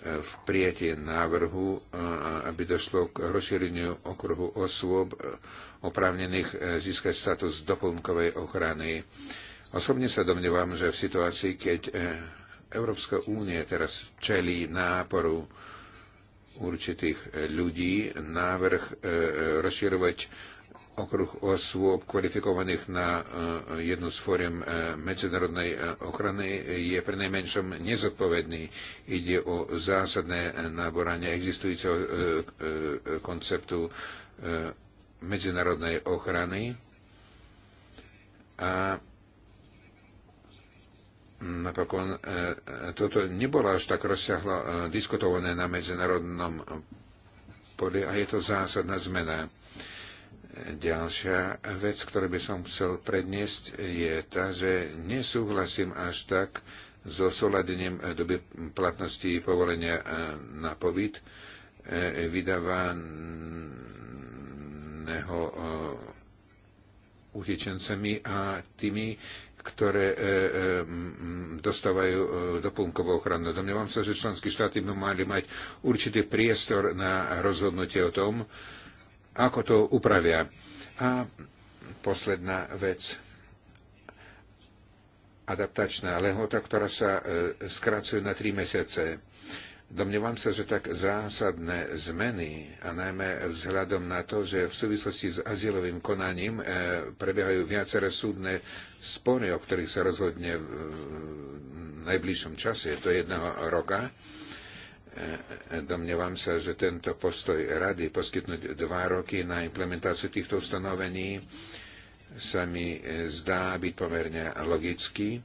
v prijatie návrhu, aby došlo k rozšíreniu okruhu osôb e, oprávnených e, získať status doplnkovej ochrany. Osobne sa domnievam, že v situácii, keď e, Európska únie teraz čelí náporu určitých ľudí, návrh rozširovať okruh osôb kvalifikovaných na eh, jednu z fóriem eh, medzinárodnej eh, ochrany je pre najmenšom nezodpovedný. Ide o zásadné naboranie existujúceho konceptu medzinárodnej ochrany a napokon toto nebolo až tak rozsiahlo diskutované na medzinárodnom poli a je to zásadná zmena. Ďalšia vec, ktorú by som chcel predniesť, je tá, že nesúhlasím až tak so soladením doby platnosti povolenia e, na pobyt e, vydávaného e, utečencami a tými, ktoré dostávajú doplnkovú ochranu. Domnievam sa, že členské štáty by mali mať určitý priestor na rozhodnutie o tom, ako to upravia. A posledná vec. Adaptačná lehota, ktorá sa e, skracuje na tri mesiace. Domnievam sa, že tak zásadné zmeny, a najmä vzhľadom na to, že v súvislosti s azylovým konaním e, prebiehajú viaceré súdne spory, o ktorých sa rozhodne v najbližšom čase, to jedného roka, Domnievam sa, že tento postoj rady poskytnúť dva roky na implementáciu týchto ustanovení sa mi zdá byť pomerne logický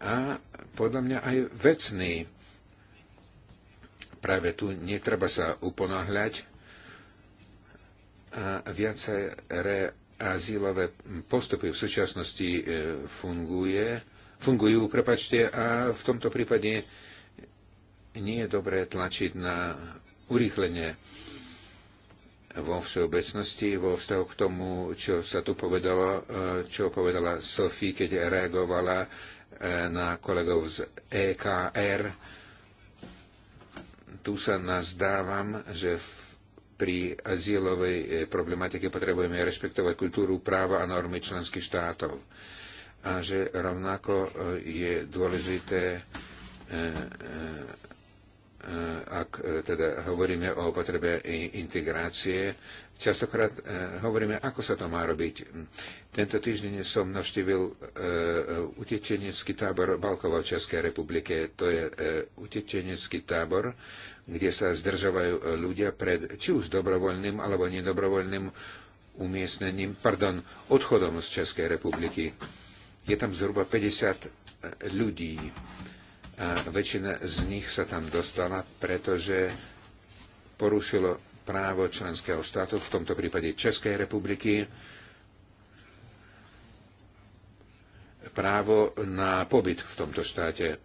a podľa mňa aj vecný. Práve tu netreba sa uponáhľať a viaceré azylové postupy v súčasnosti e, funguje, fungujú, prepačte, a v tomto prípade nie je dobré tlačiť na urýchlenie vo všeobecnosti, vo vzťahu k tomu, čo sa tu povedalo, eh, čo povedala Sofie, keď reagovala eh, na kolegov z EKR. Tu sa nazdávam, že v, pri azylovej eh, problematike potrebujeme rešpektovať kultúru práva a normy členských štátov. A že rovnako je dôležité Eh, ak eh, teda hovoríme o potrebe integrácie, častokrát eh, hovoríme, ako sa to má robiť. Tento týždeň som navštívil utečenecký tábor Balkova v Českej republike. To je utečenecký tábor, kde sa zdržovajú ľudia pred či už dobrovoľným alebo nedobrovoľným umiestnením, pardon, odchodom z Českej republiky. Je tam zhruba 50 ľudí a väčšina z nich sa tam dostala, pretože porušilo právo členského štátu, v tomto prípade Českej republiky, právo na pobyt v tomto štáte.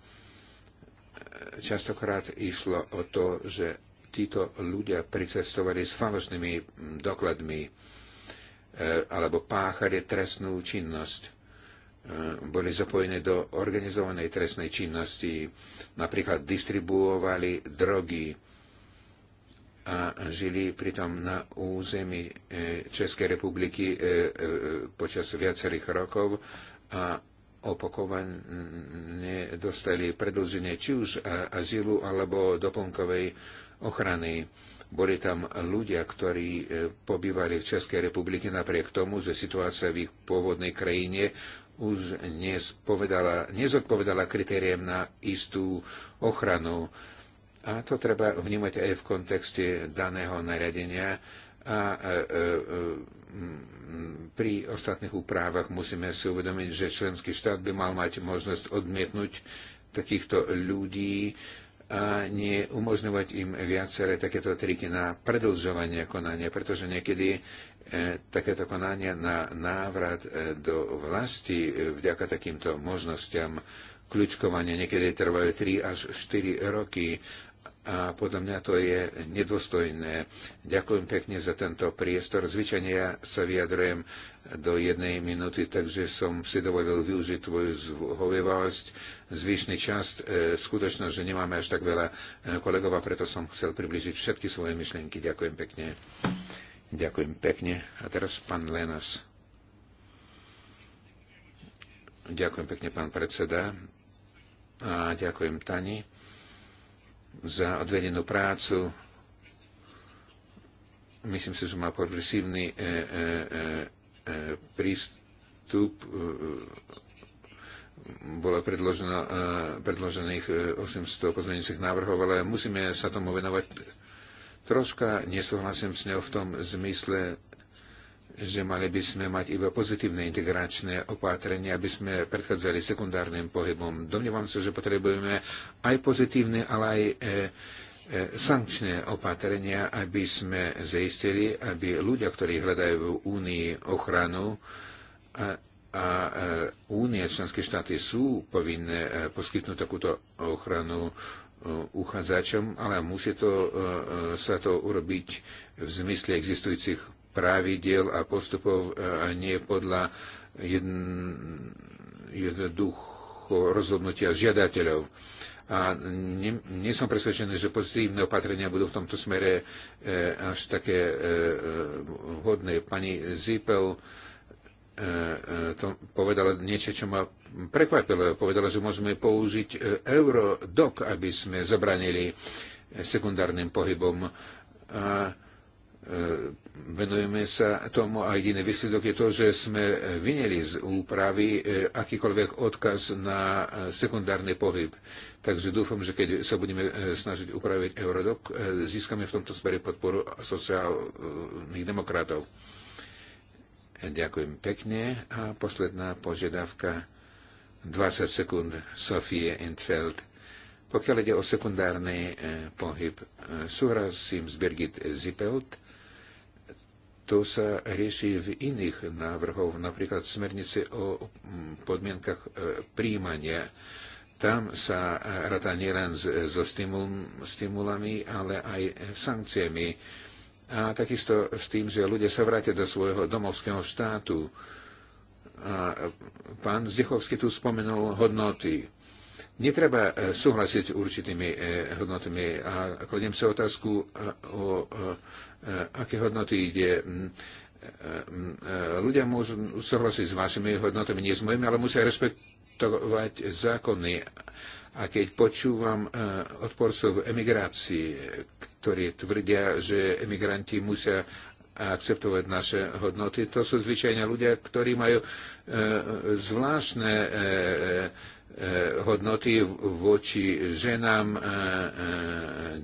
Častokrát išlo o to, že títo ľudia pricestovali s falošnými dokladmi e, alebo páchali trestnú činnosť E, boli zapojené do organizovanej trestnej činnosti, napríklad distribuovali drogy a žili pritom na území e, Českej republiky e, počas viacerých rokov a opakovane dostali predlženie či už azylu alebo doplnkovej ochrany. Boli tam ľudia, ktorí pobývali v Českej republike napriek tomu, že situácia v ich pôvodnej krajine už nezodpovedala kritériem na istú ochranu. A to treba vnímať aj v kontexte daného nariadenia a e, e, pri ostatných úpravách musíme si uvedomiť, že členský štát by mal mať možnosť odmietnúť takýchto ľudí a neumožňovať im viaceré takéto triky na predlžovanie konania, pretože niekedy E, takéto konania na návrat e, do vlasti e, vďaka takýmto možnostiam kľúčkovania niekedy trvajú 3 až 4 roky a podľa mňa to je nedôstojné. Ďakujem pekne za tento priestor. Zvyčajne ja sa vyjadrujem do jednej minúty, takže som si dovolil využiť tvoju zhovievalosť. Zvyšný čas, e, skutočnosť, že nemáme až tak veľa kolegov a preto som chcel približiť všetky svoje myšlienky. Ďakujem pekne. Ďakujem pekne. A teraz pán Lenas. Ďakujem pekne, pán predseda. A ďakujem Tani za odvedenú prácu. Myslím si, že má progresívny e, e, e, e prístup. E, e, Bolo predložených 800 pozmeňujúcich návrhov, ale musíme sa tomu venovať Troška nesúhlasím s ňou v tom zmysle, že mali by sme mať iba pozitívne integračné opatrenia, aby sme predchádzali sekundárnym pohybom. Domnievam sa, že potrebujeme aj pozitívne, ale aj e, e sankčné opatrenia, aby sme zaistili, aby ľudia, ktorí hľadajú v Únii ochranu, a, a e, Únie, členské štáty sú povinné e, poskytnúť takúto ochranu Eh, uchádzačom, ale musí to, eh, sa to urobiť v zmysle existujúcich pravidel a postupov eh, a nie podľa jedn, jednoducho rozhodnutia žiadateľov. A nie, nie som presvedčený, že pozitívne opatrenia budú v tomto smere až také vhodné. Pani Zipel, E, e, to povedala niečo, čo ma prekvapilo. Povedala, že môžeme použiť e, eurodok, aby sme zabranili sekundárnym pohybom. A venujeme sa tomu a jediný výsledok je to, že sme vyneli z úpravy akýkoľvek odkaz na sekundárny pohyb. Takže dúfam, že keď sa budeme snažiť upraviť eurodok, získame v tomto smere podporu sociálnych demokratov. Ďakujem pekne. A posledná požiadavka 20 sekúnd Sofie Entfeld. Pokiaľ ide o sekundárny e, pohyb, e, súhlasím s Birgit Zippelt, to sa rieši v iných návrhov, napríklad v smernici o podmienkach e, príjmania. Tam sa rata nielen so stimulami, ale aj sankciami a takisto s tým, že ľudia sa vrátia do svojho domovského štátu. A pán Zdechovský tu spomenul hodnoty. Netreba e, súhlasiť určitými e, hodnotami a kladiem sa otázku, e, o aké hodnoty ide. Ľudia môžu súhlasiť s vašimi hodnotami, nie s mojimi, ale musia rešpektovať zákony a keď počúvam eh, odporcov emigrácii, ktorí tvrdia, že emigranti musia akceptovať naše hodnoty, to sú zvyčajne ľudia, ktorí majú eh, zvláštne eh, hodnoty voči ženám,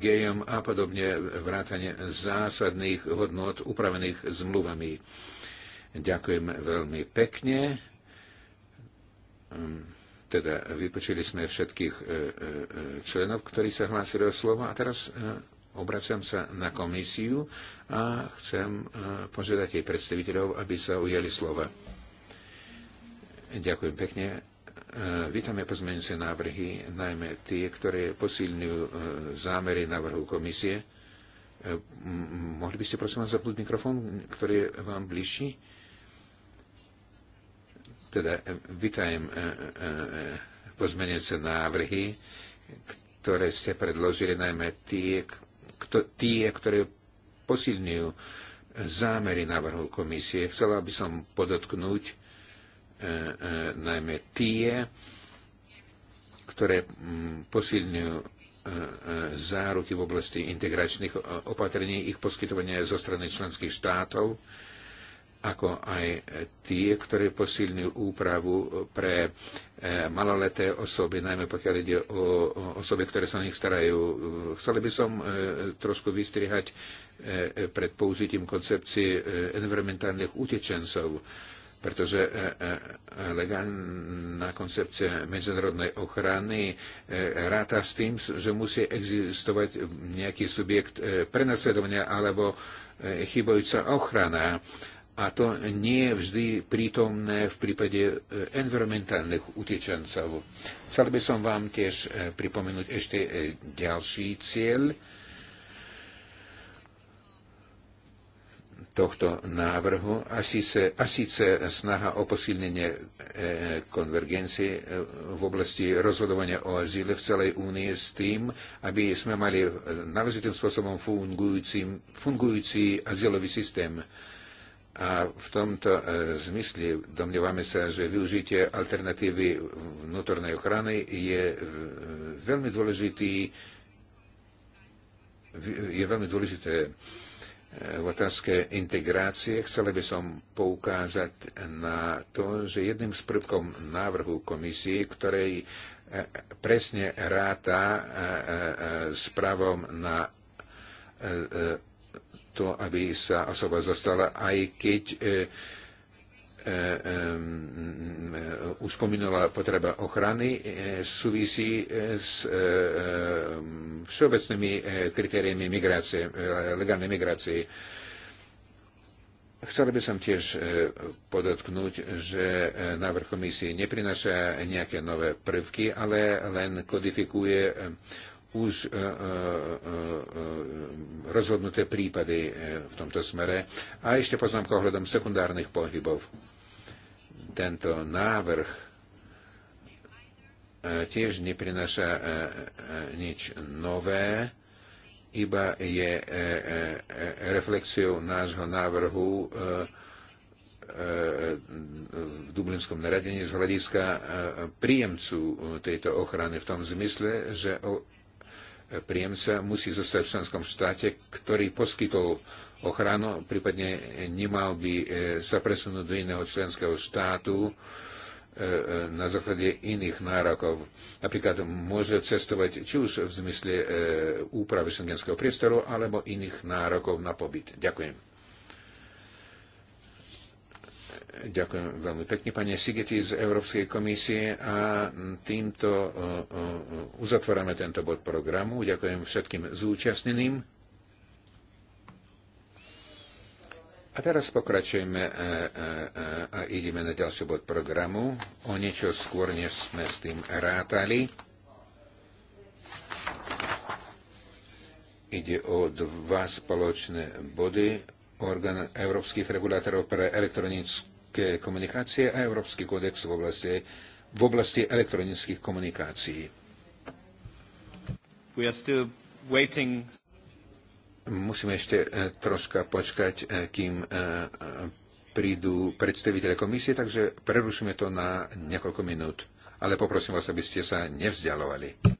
gejom a podobne vrátane zásadných hodnot upravených zmluvami. Ďakujem veľmi pekne. Hm. Teda vypočuli sme všetkých e, e, e, členov, ktorí sa hlásili o slovo a teraz obraciam sa na komisiu a chcem požiadať jej predstaviteľov, aby sa ujeli slova. Ďakujem pekne. Vítame pozmeňujúce návrhy, najmä tie, ktoré posilňujú zámery návrhu komisie. Mohli by ste prosím vás zapnúť mikrofón, ktorý vám bližší? Teda e, vítajem e, e, pozmenujúce návrhy, ktoré ste predložili, najmä tie, kto, tie ktoré posilňujú zámery návrhu komisie. Chcela by som podotknúť najmä tie, ktoré mm, posilňujú záruky v oblasti integračných opatrení, ich poskytovania zo strany členských štátov, ako aj tie, ktoré posilňujú úpravu pre e, maloleté osoby, najmä pokiaľ ide o osoby, ktoré sa o nich starajú. Chcel by som e, trošku vystrihať e, pred použitím koncepcie environmentálnych utečencov, pretože legálna koncepcia medzinárodnej ochrany ráta s tým, že musí existovať nejaký subjekt prenasledovania alebo chybajúca ochrana a to nie je vždy prítomné v prípade e, environmentálnych utečencov. Chcel by som vám tiež e, pripomenúť ešte e, ďalší cieľ tohto návrhu a síce, snaha o posilnenie konvergencie v oblasti rozhodovania o azyle v celej únie s tým, aby sme mali náležitým spôsobom fungujúci, fungujúci azylový systém. A v tomto e, zmysle domnievame sa, že využitie alternatívy vnútornej ochrany je e, veľmi dôležitý je veľmi dôležité e, v otázke integrácie. Chcela by som poukázať na to, že jedným z prvkom návrhu komisie, ktorej presne ráta s právom na to, aby sa osoba zostala, aj keď e, e, e, už spomínala potreba ochrany, e, súvisí e, s e, e všeobecnými e, kritériami migrácie, legálnej migrácie. Chcel by som tiež podotknúť, že návrh komisie neprináša nejaké nové prvky, ale len kodifikuje už e, e, e, rozhodnuté prípady v tomto smere. A ešte poznámka ohľadom sekundárnych pohybov. Tento návrh tiež neprináša nič nové, iba je reflexiou nášho návrhu v Dublinskom naradení z hľadiska príjemcu tejto ochrany v tom zmysle, že príjemca musí zostať v členskom štáte, ktorý poskytol ochranu, prípadne nemal by e, sa presunúť do iného členského štátu e, e, na základe iných nárokov. Napríklad môže cestovať či už v zmysle úpravy šengenského priestoru alebo iných nárokov na pobyt. Ďakujem. Ďakujem veľmi pekne, pani Sigeti z Európskej komisie a týmto uzatvárame tento bod programu. Ďakujem všetkým zúčastneným. A teraz pokračujeme a, a, a, a ideme na ďalší bod programu. O niečo skôr, než sme s tým rátali. Ide o dva spoločné body orgán európskych regulátorov pre elektronickú elektronické komunikácie a Európsky kódex v oblasti, v oblasti elektronických komunikácií. We are still waiting. Musíme ešte e, troška počkať, e, kým e, prídu predstaviteľe komisie, takže prerušíme to na niekoľko minút. Ale poprosím vás, aby ste sa nevzdialovali.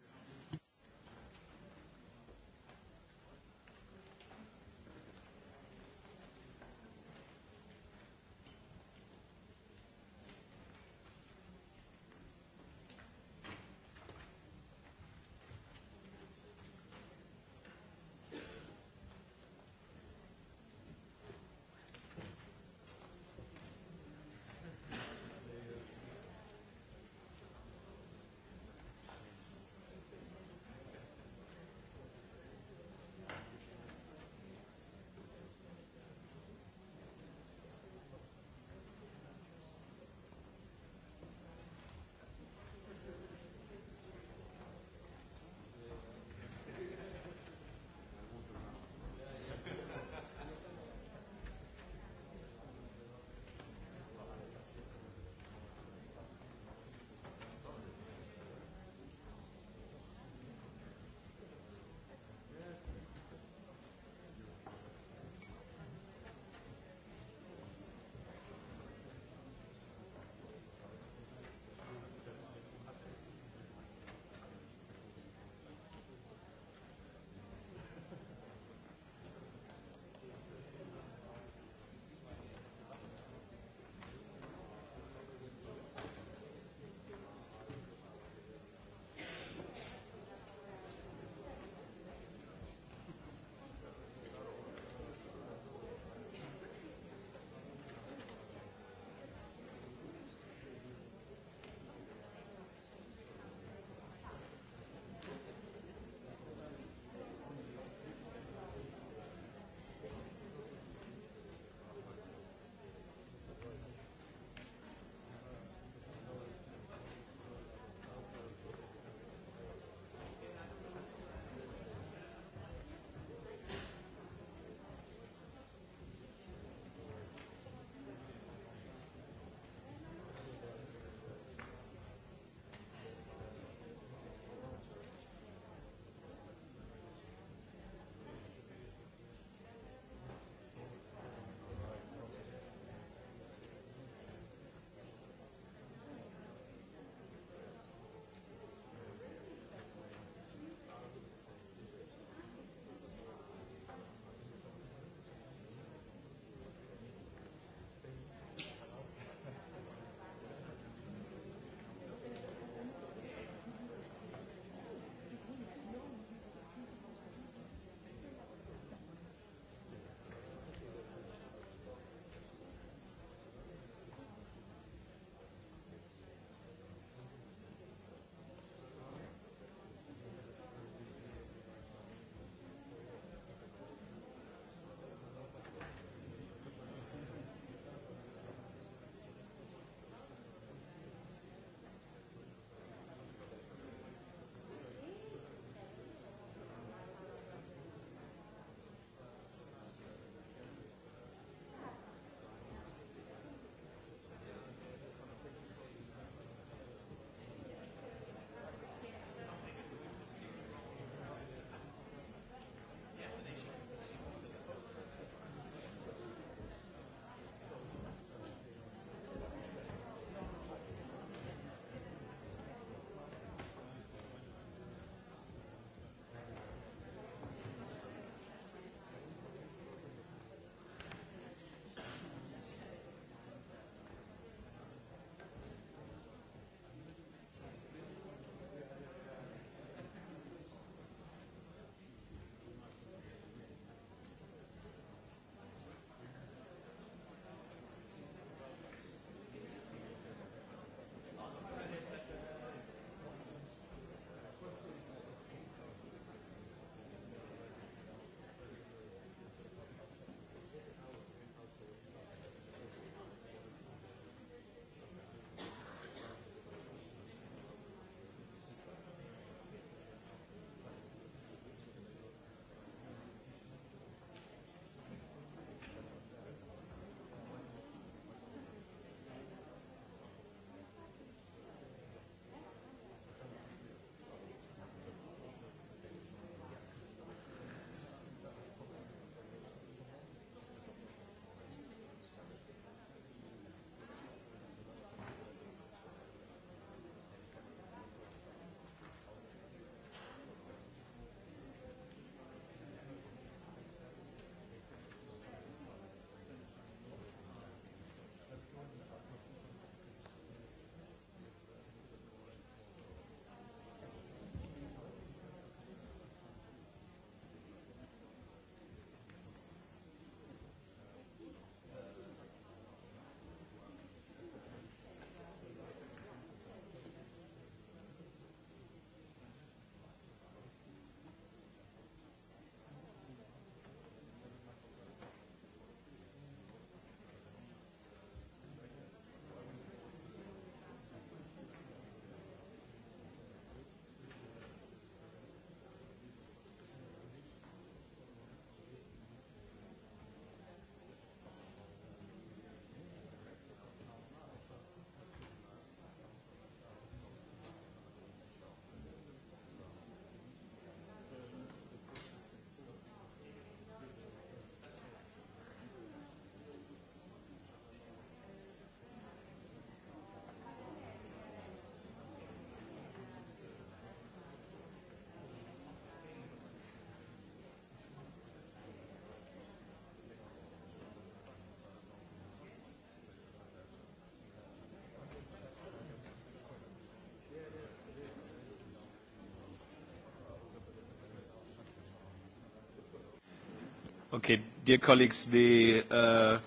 Okay, dear colleagues, the, uh...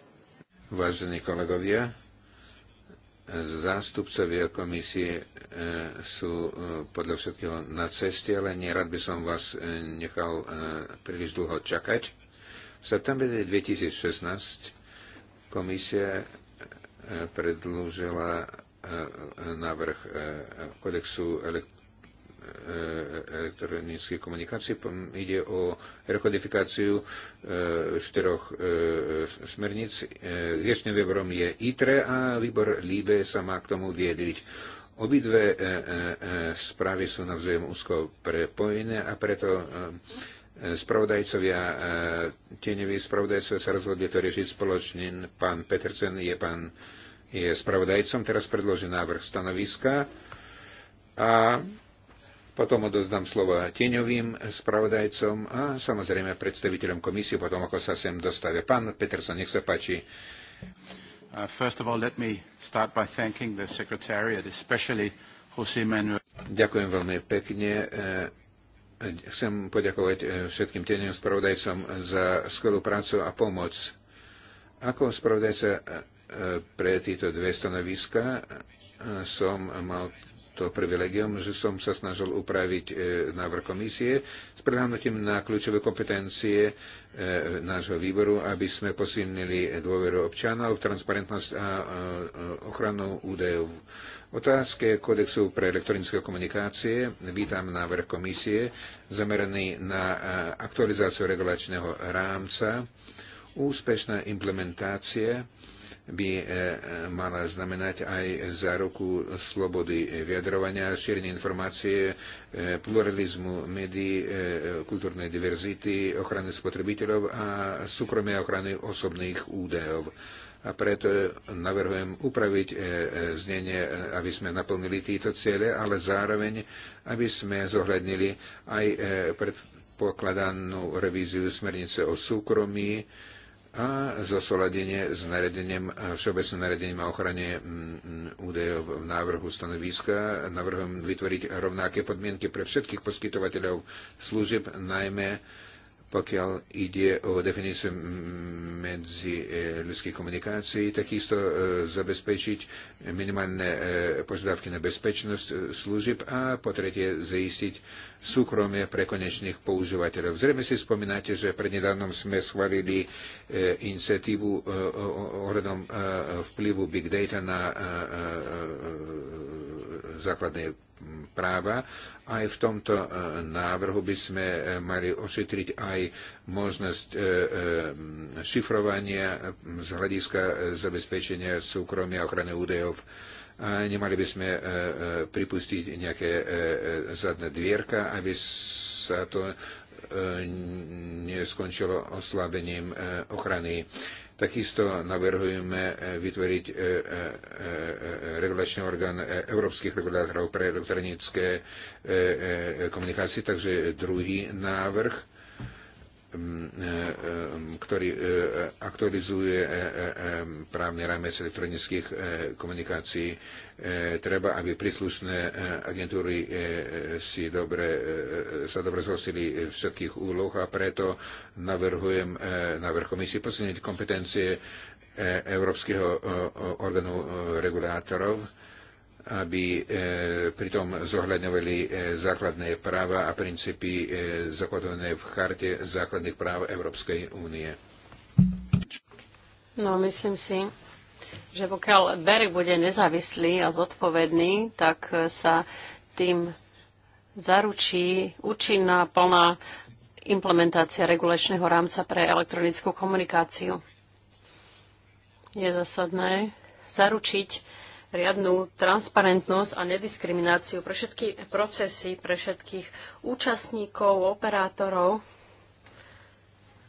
Vážení kolegovia, zástupcovia komisie uh, sú uh, podľa všetkého na ceste, ale nerad by som vás uh, nechal príliš dlho čakať. V septembri 2016 komisia predlúžila návrh kodexu elektronického elektronické komunikácie. Ide o rekodifikáciu e, štyroch e, smerníc. Dnešným výborom je ITRE a výbor LIBE sa má k tomu viedriť. Obidve e, správy sú navzájom úzko prepojené a preto spravodajcovia, tieňoví spravodajcovia sa rozhodli to riešiť spoločne. Pán Petersen je, pán, je spravodajcom, teraz predloží návrh stanoviska a potom odozdám slovo tieňovým spravodajcom a samozrejme predstaviteľom komisie, potom ako sa sem dostave. Pán Peterson, nech sa páči. Uh, Ďakujem veľmi pekne. Uh, chcem poďakovať uh, všetkým tieňovým spravodajcom za skvelú prácu a pomoc. Ako spravodajca pre tieto dve stanoviska som mal to privilegium, že som sa snažil upraviť e, návrh komisie s prehľadnutím na kľúčové kompetencie e, nášho výboru, aby sme posilnili dôveru občanov, transparentnosť a e, ochranu údajov. Otázke kodexu pre elektronické komunikácie vítam návrh komisie zameraný na e, aktualizáciu regulačného rámca, úspešná implementácia by e, mala znamenať aj záruku slobody vyjadrovania, šírenie informácie, e, pluralizmu médií, e, kultúrnej diverzity, ochrany spotrebiteľov a súkromia ochrany osobných údajov. A preto navrhujem upraviť znenie, aby sme naplnili tieto ciele, ale zároveň, aby sme zohľadnili aj predpokladanú revíziu smernice o súkromí, a zosoladenie s nariadením, všeobecným naredením a ochrane mm, mm, údajov v návrhu stanoviska. Navrhujem vytvoriť rovnaké podmienky pre všetkých poskytovateľov služieb, najmä pokiaľ ide o definíciu medzi e, ľudskej komunikácii, takisto e, zabezpečiť minimálne e, požiadavky na bezpečnosť služieb a po tretie zaistiť súkromie pre konečných používateľov. Zrejme si spomínate, že prednedávnom sme schválili iniciatívu ohľadom vplyvu Big Data na základné práva. Aj v tomto e, návrhu by sme e, mali ošetriť aj možnosť e, šifrovania z hľadiska zabezpečenia súkromia a ochrany údajov. A nemali by sme pripustiť nejaké zadné dvierka, aby sa to neskončilo oslabením ochrany Takisto navrhujeme e, vytvoriť e, e, regulačný orgán európskych regulátorov pre elektronické komunikácie, takže druhý návrh, ktorý aktualizuje právny rámec elektronických komunikácií. E, treba, aby príslušné e, agentúry e, si dobre, sa dobre zhostili všetkých úloh a preto navrhujem návrh komisie posilniť kompetencie Európskeho orgánu regulátorov aby pritom zohľadňovali základné práva a princípy zakotvené v charte základných práv Európskej únie. No, myslím si, že pokiaľ BEREK bude nezávislý a zodpovedný, tak sa tým zaručí účinná plná implementácia regulačného rámca pre elektronickú komunikáciu. Je zasadné zaručiť riadnu transparentnosť a nediskrimináciu pre všetky procesy, pre všetkých účastníkov, operátorov.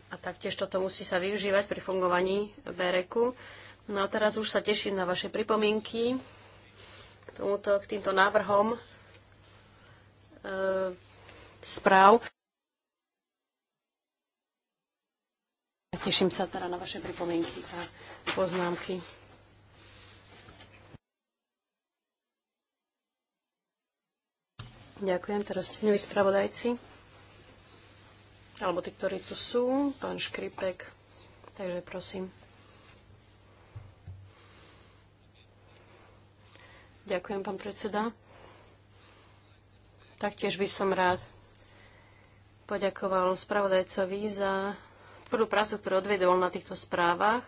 A taktiež toto musí sa využívať pri fungovaní BEREKu No a teraz už sa teším na vaše pripomienky k, tomuto, k týmto návrhom e, správ. Teším sa teda na vaše pripomienky a poznámky. Ďakujem. Teraz tieňoví spravodajci. Alebo tí, ktorí tu sú. Pán Škripek. Takže prosím. Ďakujem, pán predseda. Taktiež by som rád poďakoval spravodajcovi za tvrdú prácu, ktorú odvedol na týchto správach.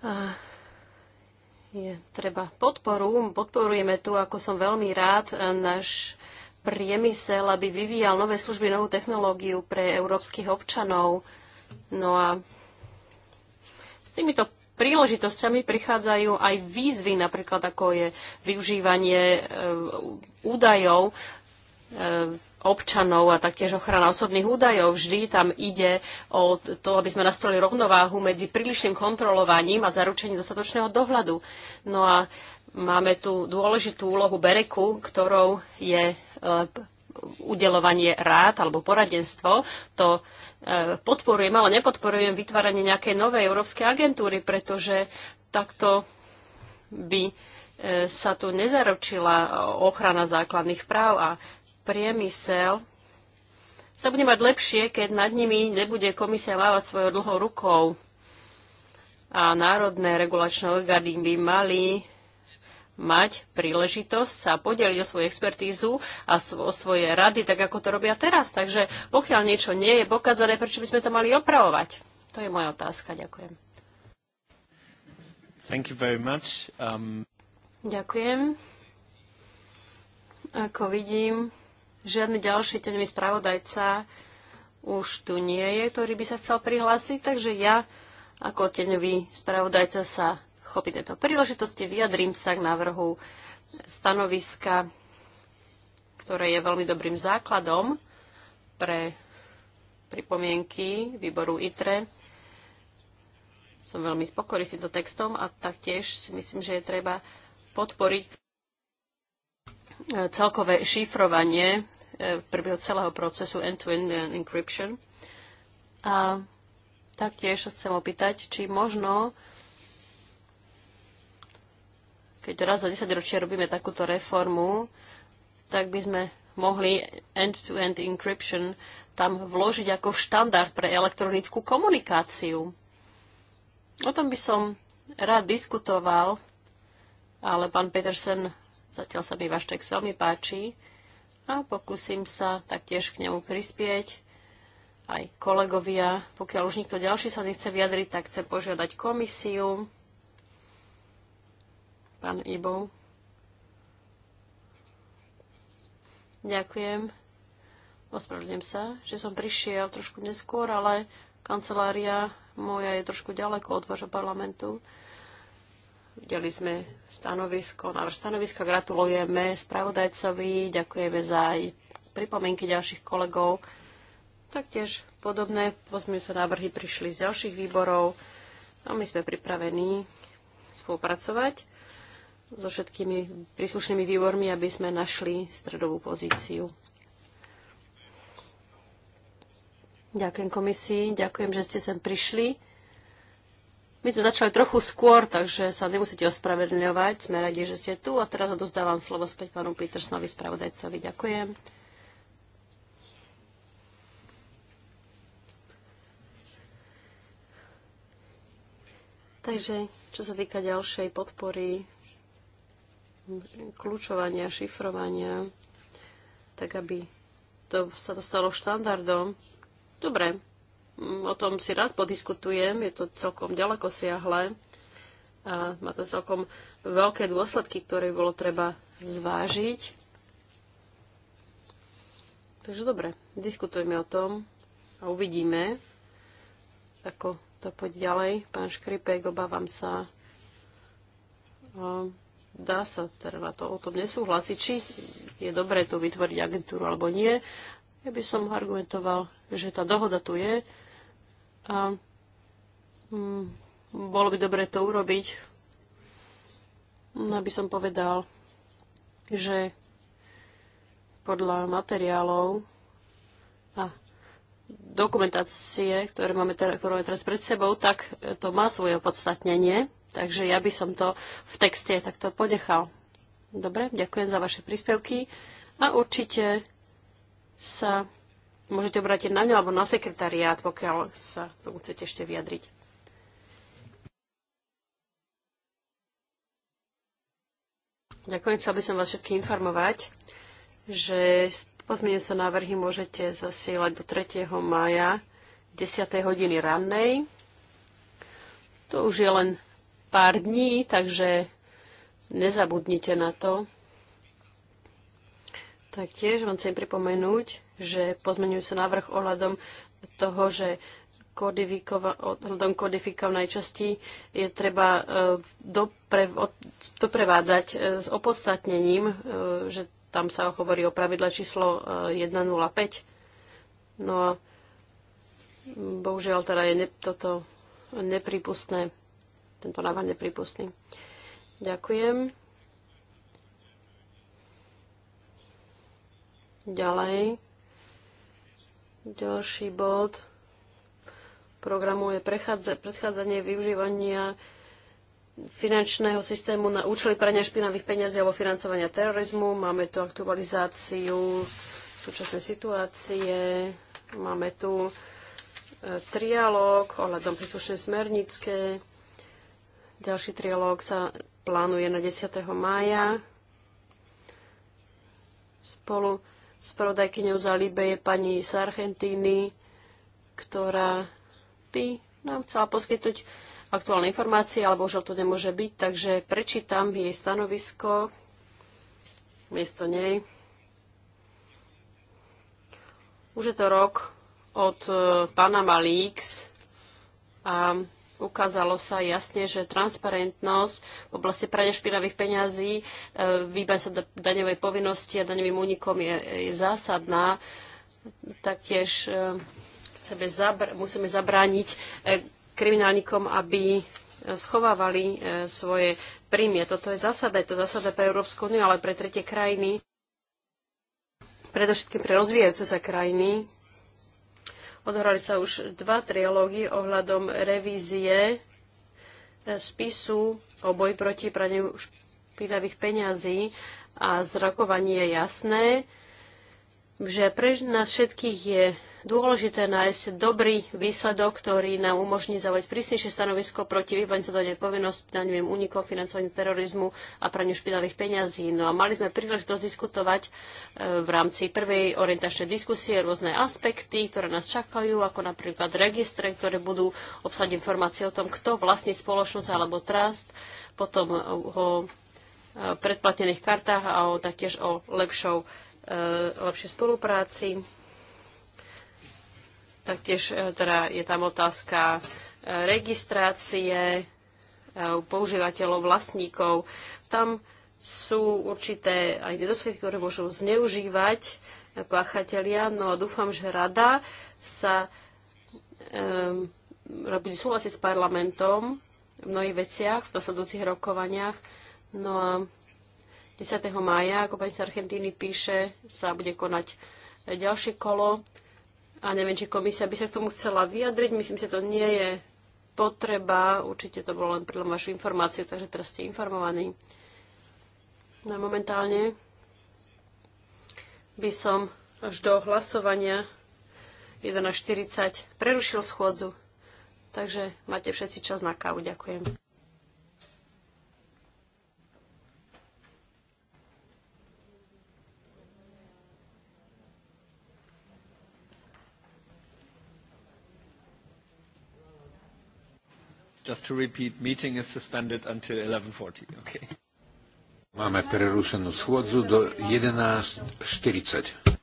A je treba podporu. Podporujeme tu, ako som veľmi rád, náš priemysel, aby vyvíjal nové služby, novú technológiu pre európskych občanov. No a s týmito príležitosťami prichádzajú aj výzvy, napríklad ako je využívanie e, údajov e, občanov a taktiež ochrana osobných údajov. Vždy tam ide o to, aby sme nastrojili rovnováhu medzi prílišným kontrolovaním a zaručením dostatočného dohľadu. No a máme tu dôležitú úlohu Bereku, ktorou je e, udelovanie rád alebo poradenstvo. To podporujem, ale nepodporujem vytváranie nejakej novej európskej agentúry, pretože takto by e, sa tu nezaručila ochrana základných práv a priemysel sa bude mať lepšie, keď nad nimi nebude komisia mávať svojou dlhou rukou. A národné regulačné orgány by mali mať príležitosť sa podeliť o svoju expertízu a o svoje rady, tak ako to robia teraz. Takže pokiaľ niečo nie je pokazané, prečo by sme to mali opravovať? To je moja otázka. Ďakujem. Thank you very much. Um... Ďakujem. Ako vidím, žiadny ďalší tenový spravodajca už tu nie je, ktorý by sa chcel prihlásiť, takže ja ako tenový spravodajca sa chopiť tejto príležitosti. Vyjadrím sa k návrhu stanoviska, ktoré je veľmi dobrým základom pre pripomienky výboru ITRE. Som veľmi spokojný s týmto textom a taktiež si myslím, že je treba podporiť e, celkové šifrovanie v e, priebehu celého procesu end-to-end -end encryption. A taktiež chcem opýtať, či možno keď raz za 10 ročia robíme takúto reformu, tak by sme mohli end-to-end -end encryption tam vložiť ako štandard pre elektronickú komunikáciu. O tom by som rád diskutoval, ale pán Petersen, zatiaľ sa mi váš text veľmi páči a pokúsim sa taktiež k nemu prispieť. Aj kolegovia, pokiaľ už nikto ďalší sa nechce vyjadriť, tak chcem požiadať komisiu Pán Ibov. Ďakujem. Ospravedlňujem sa, že som prišiel trošku neskôr, ale kancelária moja je trošku ďaleko od vášho parlamentu. Videli sme stanovisko, návrh stanoviska, gratulujeme spravodajcovi, ďakujeme za aj pripomienky ďalších kolegov. Taktiež podobné sa návrhy prišli z ďalších výborov a my sme pripravení spolupracovať so všetkými príslušnými výbormi, aby sme našli stredovú pozíciu. Ďakujem komisii, ďakujem, že ste sem prišli. My sme začali trochu skôr, takže sa nemusíte ospravedlňovať. Sme radi, že ste tu a teraz odozdávam slovo späť pánu Petersnovi, spravodajcovi. Ďakujem. Takže, čo sa týka ďalšej podpory kľúčovania, šifrovania, tak aby to sa to stalo štandardom. Dobre, mm, o tom si rád podiskutujem, je to celkom ďaleko siahle a má to celkom veľké dôsledky, ktoré bolo treba zvážiť. Takže dobre, diskutujme o tom a uvidíme, ako to poď ďalej. Pán Škripek, obávam sa, dá sa teda to o tom nesúhlasiť, či je dobré tu vytvoriť agentúru alebo nie. Ja by som argumentoval, že tá dohoda tu je a mm, bolo by dobré to urobiť. No, aby som povedal, že podľa materiálov a dokumentácie, ktoré máme, teraz, ktoré máme teraz pred sebou, tak to má svoje opodstatnenie. Takže ja by som to v texte takto ponechal. Dobre, ďakujem za vaše príspevky a určite sa môžete obrátiť na mňa alebo na sekretariát, pokiaľ sa tomu chcete ešte vyjadriť. Ďakujem, chcel by som vás všetkých informovať, že sa návrhy môžete zasielať do 3. mája 10. hodiny rannej. To už je len pár dní, takže nezabudnite na to. Taktiež vám chcem pripomenúť, že pozmenujú sa návrh ohľadom toho, že ohľadom kodifikovanej časti je treba e, dopre, doprevádzať e, s opodstatnením, e, že tam sa hovorí o pravidle číslo 105. No a bohužiaľ teda je ne, toto nepripustné tento návrh nepripustný. Ďakujem. Ďalej. Ďalší bod programu je predchádzanie využívania finančného systému na účely prania špinavých peniazí alebo financovania terorizmu. Máme tu aktualizáciu súčasnej situácie, máme tu e, trialóg ohľadom príslušnej smernické, ďalší trialóg sa plánuje na 10. mája. Spolu s prodajkyňou za Libe je pani z Argentíny, ktorá by nám chcela poskytnúť aktuálne informácie, ale bohužiaľ to nemôže byť, takže prečítam jej stanovisko miesto nej. Už je to rok od eh, Panama Leaks a ukázalo sa jasne, že transparentnosť v oblasti prania špinavých peňazí, e, výbaj sa daňovej povinnosti a daňovým únikom je, je zásadná. Taktiež e, chceme zabr- musíme zabrániť e, kriminálnikom, aby schovávali svoje príjmy. Toto je zásada, je to zásada pre Európsku úniu, ale pre tretie krajiny, predovšetkým pre rozvíjajúce sa krajiny, odhrali sa už dva trialógy ohľadom revízie eh, spisu o boj proti praniu špinavých peňazí a zrakovanie je jasné, že pre nás všetkých je dôležité nájsť dobrý výsledok, ktorý nám umožní zaujať prísnejšie stanovisko proti sa dane povinnosť daňovým únikom, financovaniu terorizmu a praniu špinavých peňazí. No a mali sme príležitosť diskutovať e, v rámci prvej orientačnej diskusie rôzne aspekty, ktoré nás čakajú, ako napríklad registre, ktoré budú obsať informácie o tom, kto vlastní spoločnosť alebo trust, potom o predplatených kartách a o, taktiež o lepšou, e, lepšej spolupráci Taktiež e, teda je tam otázka e, registrácie e, používateľov, vlastníkov. Tam sú určité aj nedostatky, ktoré môžu zneužívať páchatelia. No a dúfam, že rada sa um, bude súhlasiť s parlamentom v mnohých veciach, v nasledujúcich rokovaniach. No a 10. mája, ako pani z Argentíny píše, sa bude konať ďalšie kolo a neviem, či komisia by sa k tomu chcela vyjadriť. Myslím si, že to nie je potreba. Určite to bolo len pre vašu informáciu, takže teraz ste informovaní. No momentálne by som až do hlasovania 11.40 prerušil schôdzu. Takže máte všetci čas na kávu. Ďakujem. Just to repeat, meeting is suspended until 11.40. Okay. Máme prerušenú schôdzu do 11.40.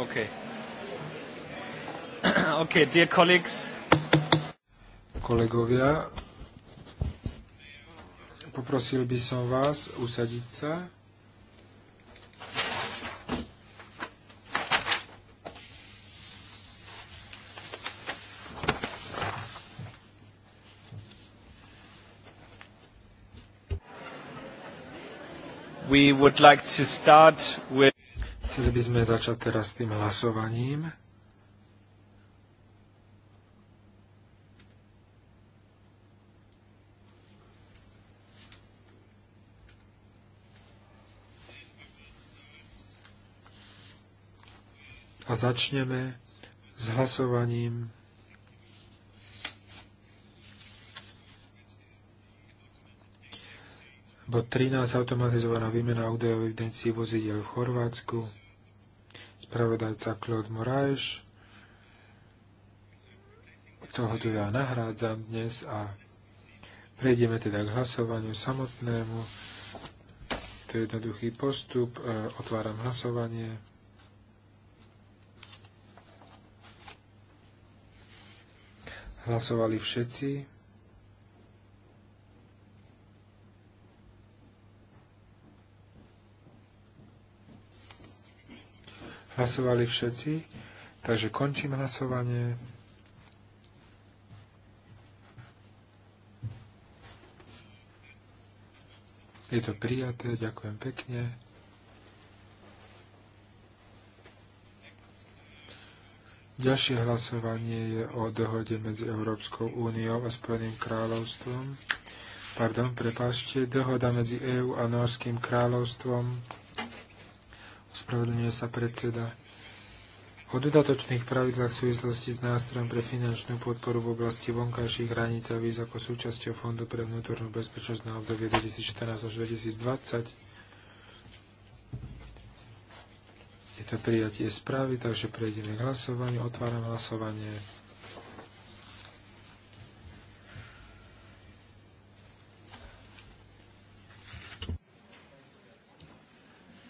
Okay. Okay, dear colleagues. Kolegovia, poprosil by som vás usadiť sa. We would like to start with Chceli by sme začať teraz tým hlasovaním. A začneme s hlasovaním bod 13 automatizovaná výmena údajov evidencií vozidiel v Chorvátsku spravodajca Claude Moraes. Toho tu ja nahrádzam dnes a prejdeme teda k hlasovaniu samotnému. To je jednoduchý postup. E, otváram hlasovanie. Hlasovali všetci. Hlasovali všetci, takže končím hlasovanie. Je to prijaté, ďakujem pekne. Ďalšie hlasovanie je o dohode medzi Európskou úniou a Spojeným kráľovstvom. Pardon, prepášte, dohoda medzi EÚ a Norským kráľovstvom Ospravedlňuje sa predseda. O dodatočných pravidlách v súvislosti s nástrojom pre finančnú podporu v oblasti vonkajších hraníc a víz ako súčasťou Fondu pre vnútornú bezpečnosť na obdobie 2014 až 2020. Je to prijatie správy, takže prejdeme k hlasovaniu. Otváram hlasovanie.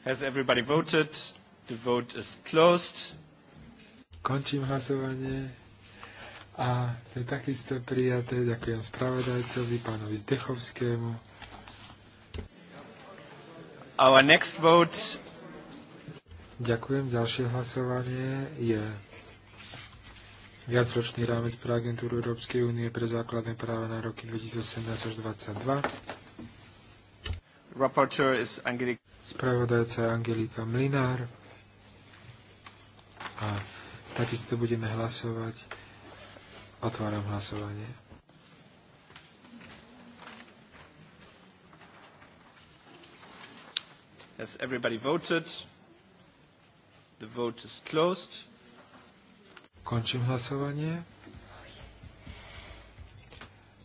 Has everybody voted? The vote is closed. Končím hlasovanie. A to je takisto prijaté. Ďakujem spravodajcovi, pánovi Zdechovskému. Our next vote. Ďakujem. Ďalšie hlasovanie je viacročný rámec pre agentúru Európskej únie pre základné práva na roky 2018 až 2022. Rapporteur is Angelika Spravodajca je Angelika Mlinár. A takisto budeme hlasovať. Otváram hlasovanie. Has everybody voted? The vote is closed. Končím hlasovanie.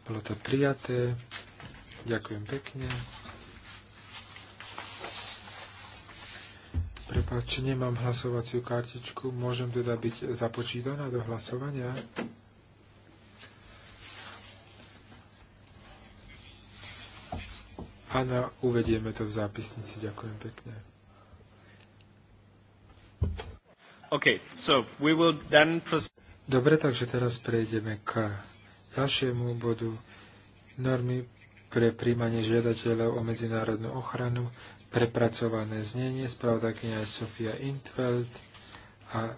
Bolo to prijaté. Ďakujem pekne. páči, nemám hlasovaciu kartičku. Môžem teda byť započítaná do hlasovania? Áno, uvedieme to v zápisnici. Ďakujem pekne. Okay, so we will then Dobre, takže teraz prejdeme k ďalšiemu bodu normy pre príjmanie žiadateľov o medzinárodnú ochranu prepracované znenie, spravodajkynia je Sofia Intveld a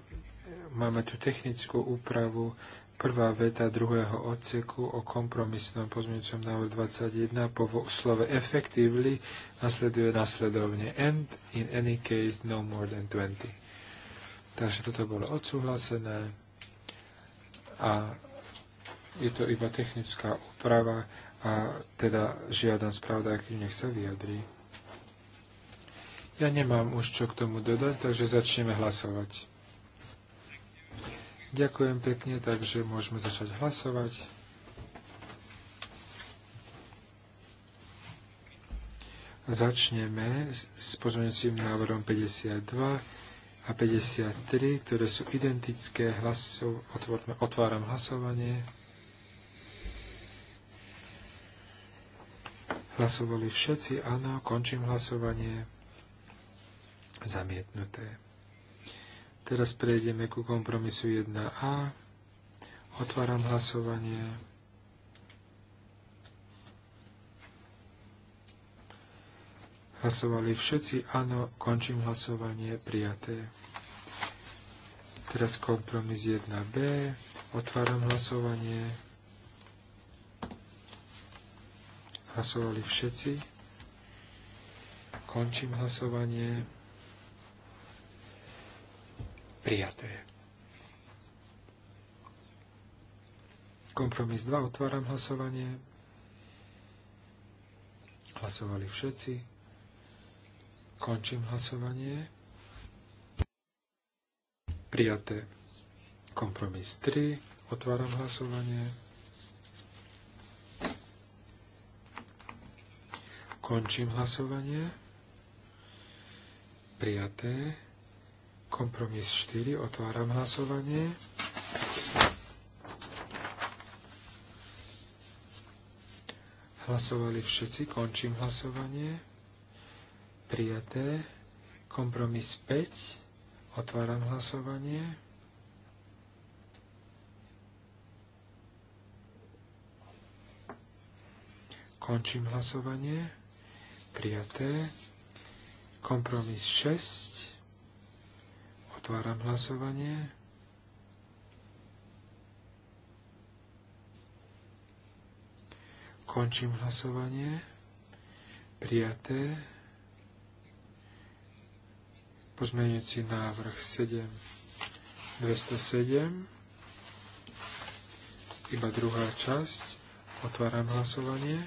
máme tu technickú úpravu prvá veta druhého odseku o kompromisnom pozmeňujúcom návrhu 21 po slove effectively nasleduje nasledovne and in any case no more than 20. Takže toto bolo odsúhlasené a je to iba technická úprava a teda žiadam spravodajky, nech sa vyjadri. Ja nemám už čo k tomu dodať, takže začneme hlasovať. Ďakujem pekne, takže môžeme začať hlasovať. Začneme s pozmeňujúcim návrhom 52 a 53, ktoré sú identické. Hlasov, otvorme, otváram hlasovanie. Hlasovali všetci, áno, končím hlasovanie. Zamietnuté. Teraz prejdeme ku kompromisu 1a. Otváram hlasovanie. Hlasovali všetci áno, končím hlasovanie prijaté. Teraz kompromis 1b. Otváram hlasovanie. Hlasovali všetci. Končím hlasovanie. Prijaté. Kompromis 2. Otváram hlasovanie. Hlasovali všetci. Končím hlasovanie. Prijaté. Kompromis 3. Otváram hlasovanie. Končím hlasovanie. Prijaté. Kompromis 4. Otváram hlasovanie. Hlasovali všetci. Končím hlasovanie. Prijaté. Kompromis 5. Otváram hlasovanie. Končím hlasovanie. Prijaté. Kompromis 6. Otváram hlasovanie. Končím hlasovanie. Prijaté. Pozmeňujúci návrh 7. 207. Iba druhá časť. Otváram hlasovanie.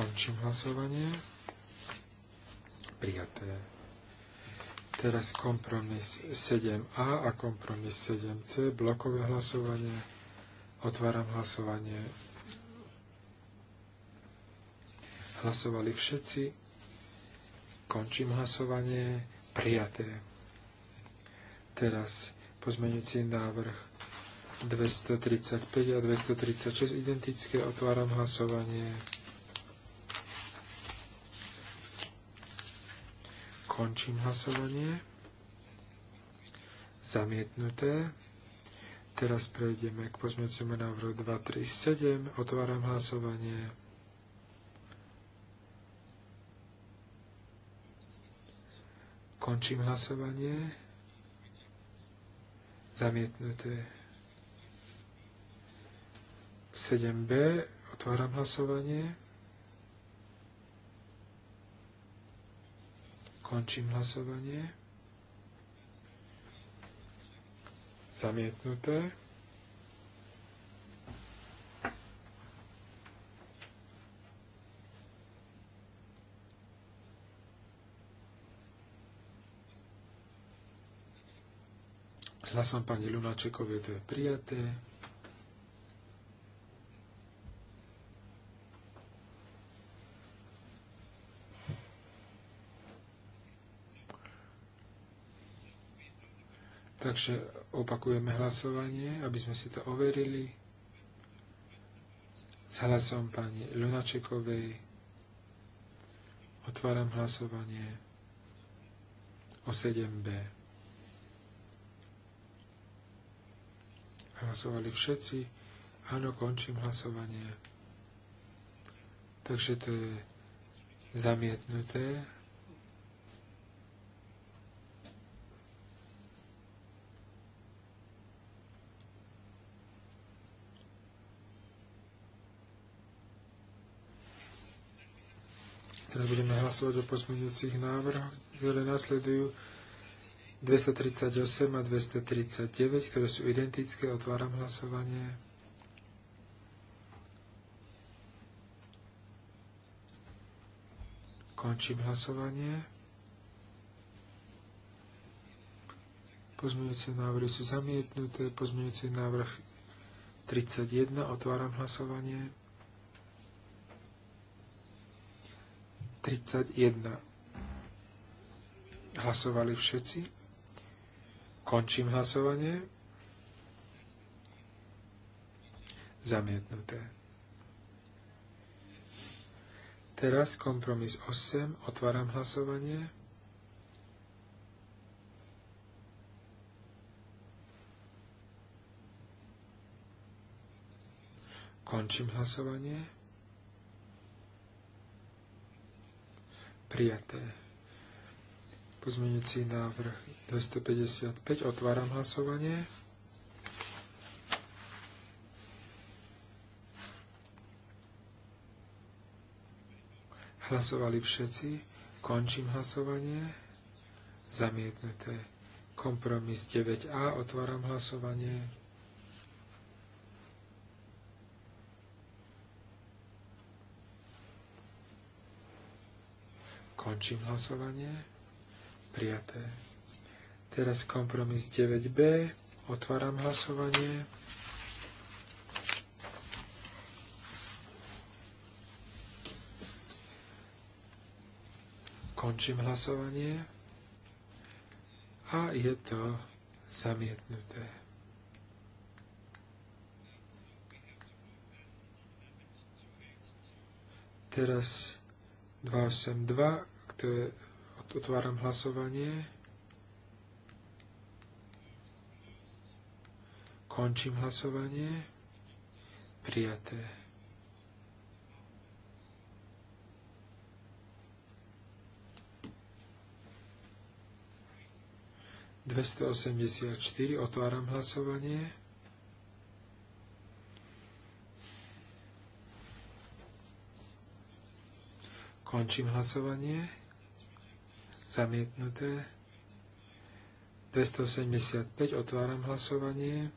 Končím hlasovanie. Prijaté. Teraz kompromis 7a a kompromis 7c, blokové hlasovanie. Otváram hlasovanie. Hlasovali všetci. Končím hlasovanie. Prijaté. Teraz pozmeňujúci návrh 235 a 236 identické. Otváram hlasovanie. Končím hlasovanie. Zamietnuté. Teraz prejdeme k pozmeňujúcemu návrhu 237. Otváram hlasovanie. Končím hlasovanie. Zamietnuté. 7b. Otváram hlasovanie. Končím hlasovanie. Zamietnuté. S hlasom pani Lunačekovej to je prijaté. Takže opakujeme hlasovanie, aby sme si to overili. S hlasom pani Lunačekovej otváram hlasovanie o 7b. Hlasovali všetci. Áno, končím hlasovanie. Takže to je zamietnuté. teda budeme hlasovať o pozmeňujúcich návrhoch, ktoré nasledujú 238 a 239, ktoré sú identické. Otváram hlasovanie. Končím hlasovanie. Pozmeňujúce návrhy sú zamietnuté. Pozmeňujúci návrh 31. Otváram hlasovanie. 31. Hlasovali všetci. Končím hlasovanie. Zamietnuté. Teraz kompromis 8. Otváram hlasovanie. Končím hlasovanie. prijaté. Pozmeňujúci návrh 255. Otváram hlasovanie. Hlasovali všetci. Končím hlasovanie. Zamietnuté. Kompromis 9a. Otváram hlasovanie. Končím hlasovanie. Prijaté. Teraz kompromis 9b. Otváram hlasovanie. Končím hlasovanie. A je to zamietnuté. Teraz 282, ktoré otváram hlasovanie. Končím hlasovanie. Prijaté. Dvesto osemdesiat otváram hlasovanie. Končím hlasovanie. Zamietnuté. 275. Otváram hlasovanie.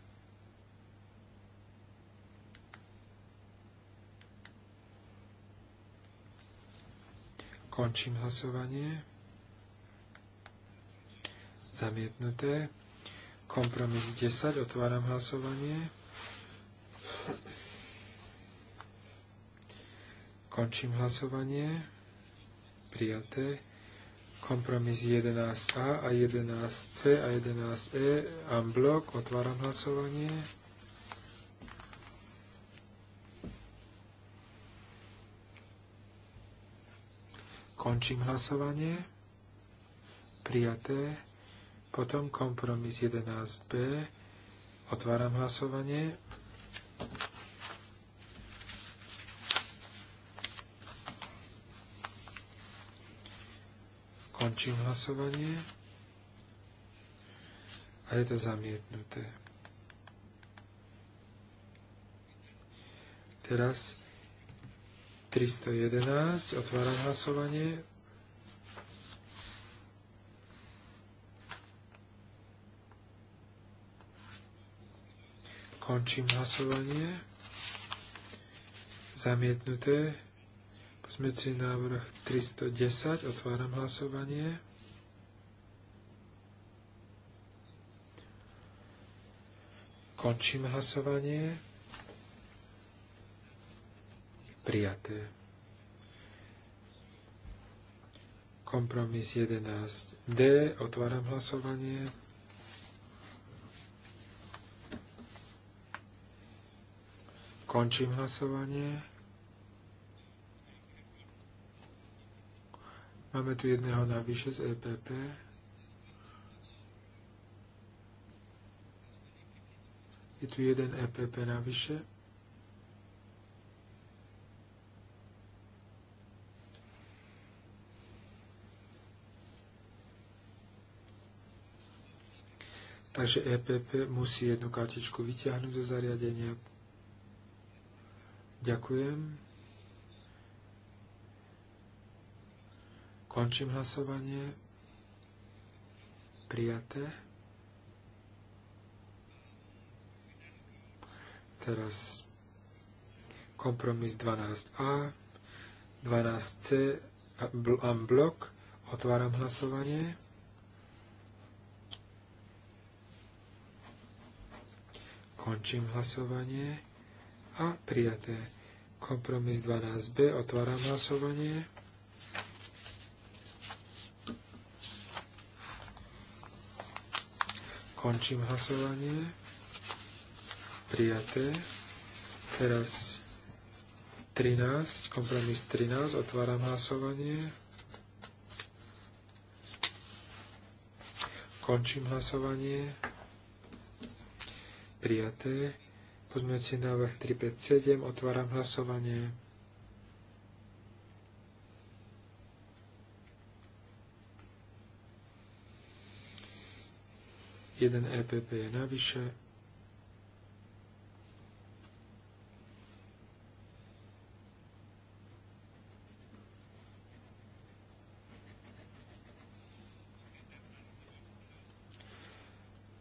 Končím hlasovanie. Zamietnuté. Kompromis 10. Otváram hlasovanie. Končím hlasovanie prijaté. Kompromis 11a a 11c a 11e unblock. Otváram hlasovanie. Končím hlasovanie. Prijaté. Potom kompromis 11b. Otváram hlasovanie. Končím hlasovanie. A je to zamietnuté. Teraz 311. Otváram hlasovanie. Končím hlasovanie. Zamietnuté. Sme si návrh 310. Otváram hlasovanie. Končím hlasovanie. Prijaté. Kompromis 11D. Otváram hlasovanie. Končím hlasovanie. Máme tu jedného navyše z EPP. Je tu jeden EPP navyše. Takže EPP musí jednu kartičku vyťahnuť zo zariadenia. Ďakujem. Končím hlasovanie. Prijaté. Teraz kompromis 12a, 12c, a blok. Otváram hlasovanie. Končím hlasovanie. A prijaté. Kompromis 12b. Otváram hlasovanie. Končím hlasovanie. Prijaté. Teraz 13, kompromis 13, otváram hlasovanie. Končím hlasovanie. Prijaté. Pozmeňujúci návrh 357, otváram hlasovanie. Jeden EPP je navyše.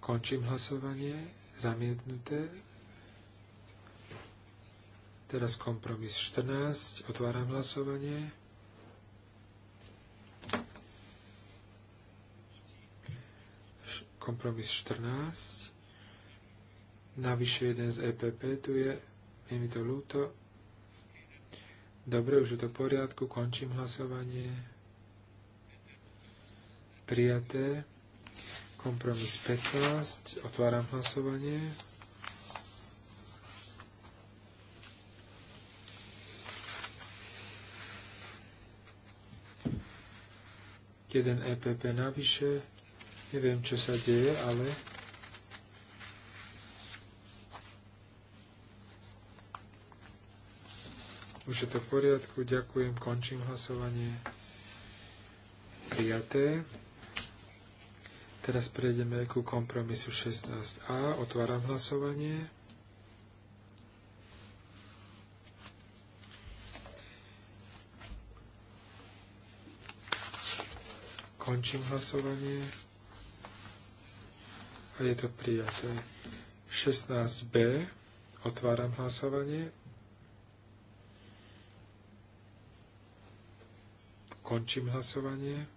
Končím hlasovanie. Zamietnuté. Teraz kompromis 14. Otváram hlasovanie. kompromis 14. Navyše jeden z EPP tu je. Je mi to ľúto. Dobre, už je to v poriadku. Končím hlasovanie. Prijaté. Kompromis 15. Otváram hlasovanie. Jeden EPP navyše. Neviem, čo sa deje, ale Už je to v poriadku, ďakujem, končím hlasovanie. Prijaté. Teraz prejdeme ku kompromisu 16a. Otváram hlasovanie. Končím hlasovanie a je to prijaté. 16b, otváram hlasovanie, končím hlasovanie,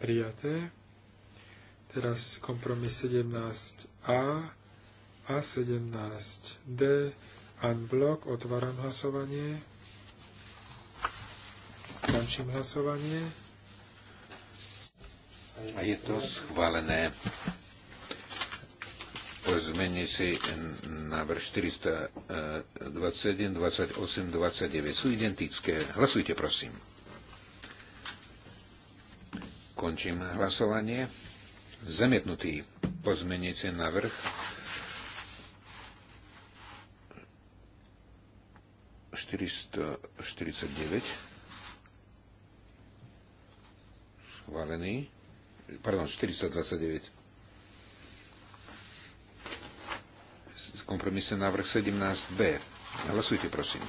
prijaté. Teraz kompromis 17a a 17d, unblock, otváram hlasovanie, končím hlasovanie, a je to schválené. Zmení si návrh 421, 28, 29. Sú identické. Hlasujte, prosím. Končím hlasovanie. Zamietnutý pozmenici návrh 449 schválený pardon, 429. Kompromisný návrh 17b. Hlasujte, prosím.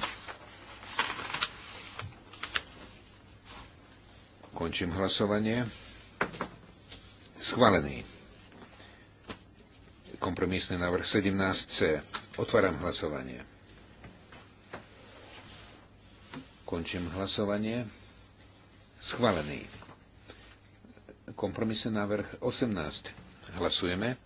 Končím hlasovanie. Schválený. Kompromisný návrh 17c. Otváram hlasovanie. Končím hlasovanie. Schválený kompromisný návrh 18. Hlasujeme.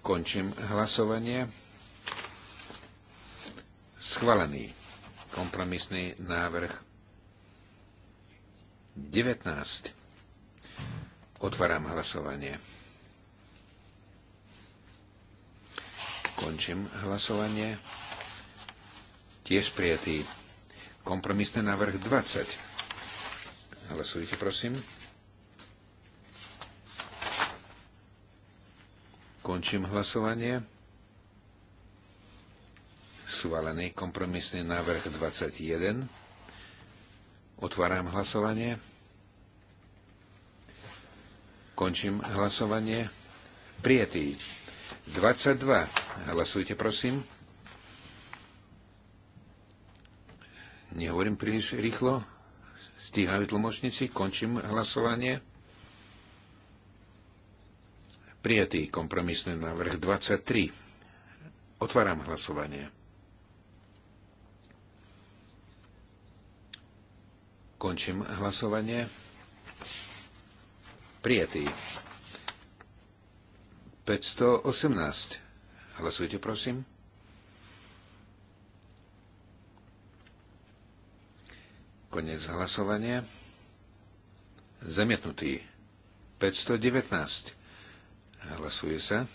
Končím hlasovanie. Schválený kompromisný návrh 19. Otváram hlasovanie. Končím hlasovanie. Tiež prijatý. Kompromisný návrh 20. Hlasujte, prosím. Končím hlasovanie. Svalený kompromisný návrh 21. Otváram hlasovanie. Končím hlasovanie. Prijatý. 22. Hlasujte, prosím. Nehovorím príliš rýchlo. Stíhajú tlmočníci. Končím hlasovanie. Prijatý kompromisný návrh 23. Otváram hlasovanie. Končím hlasovanie. Prijatý. 518. Hlasujte, prosím. Konec hlasovania. Zamietnutý. 519. Hlasuje sa.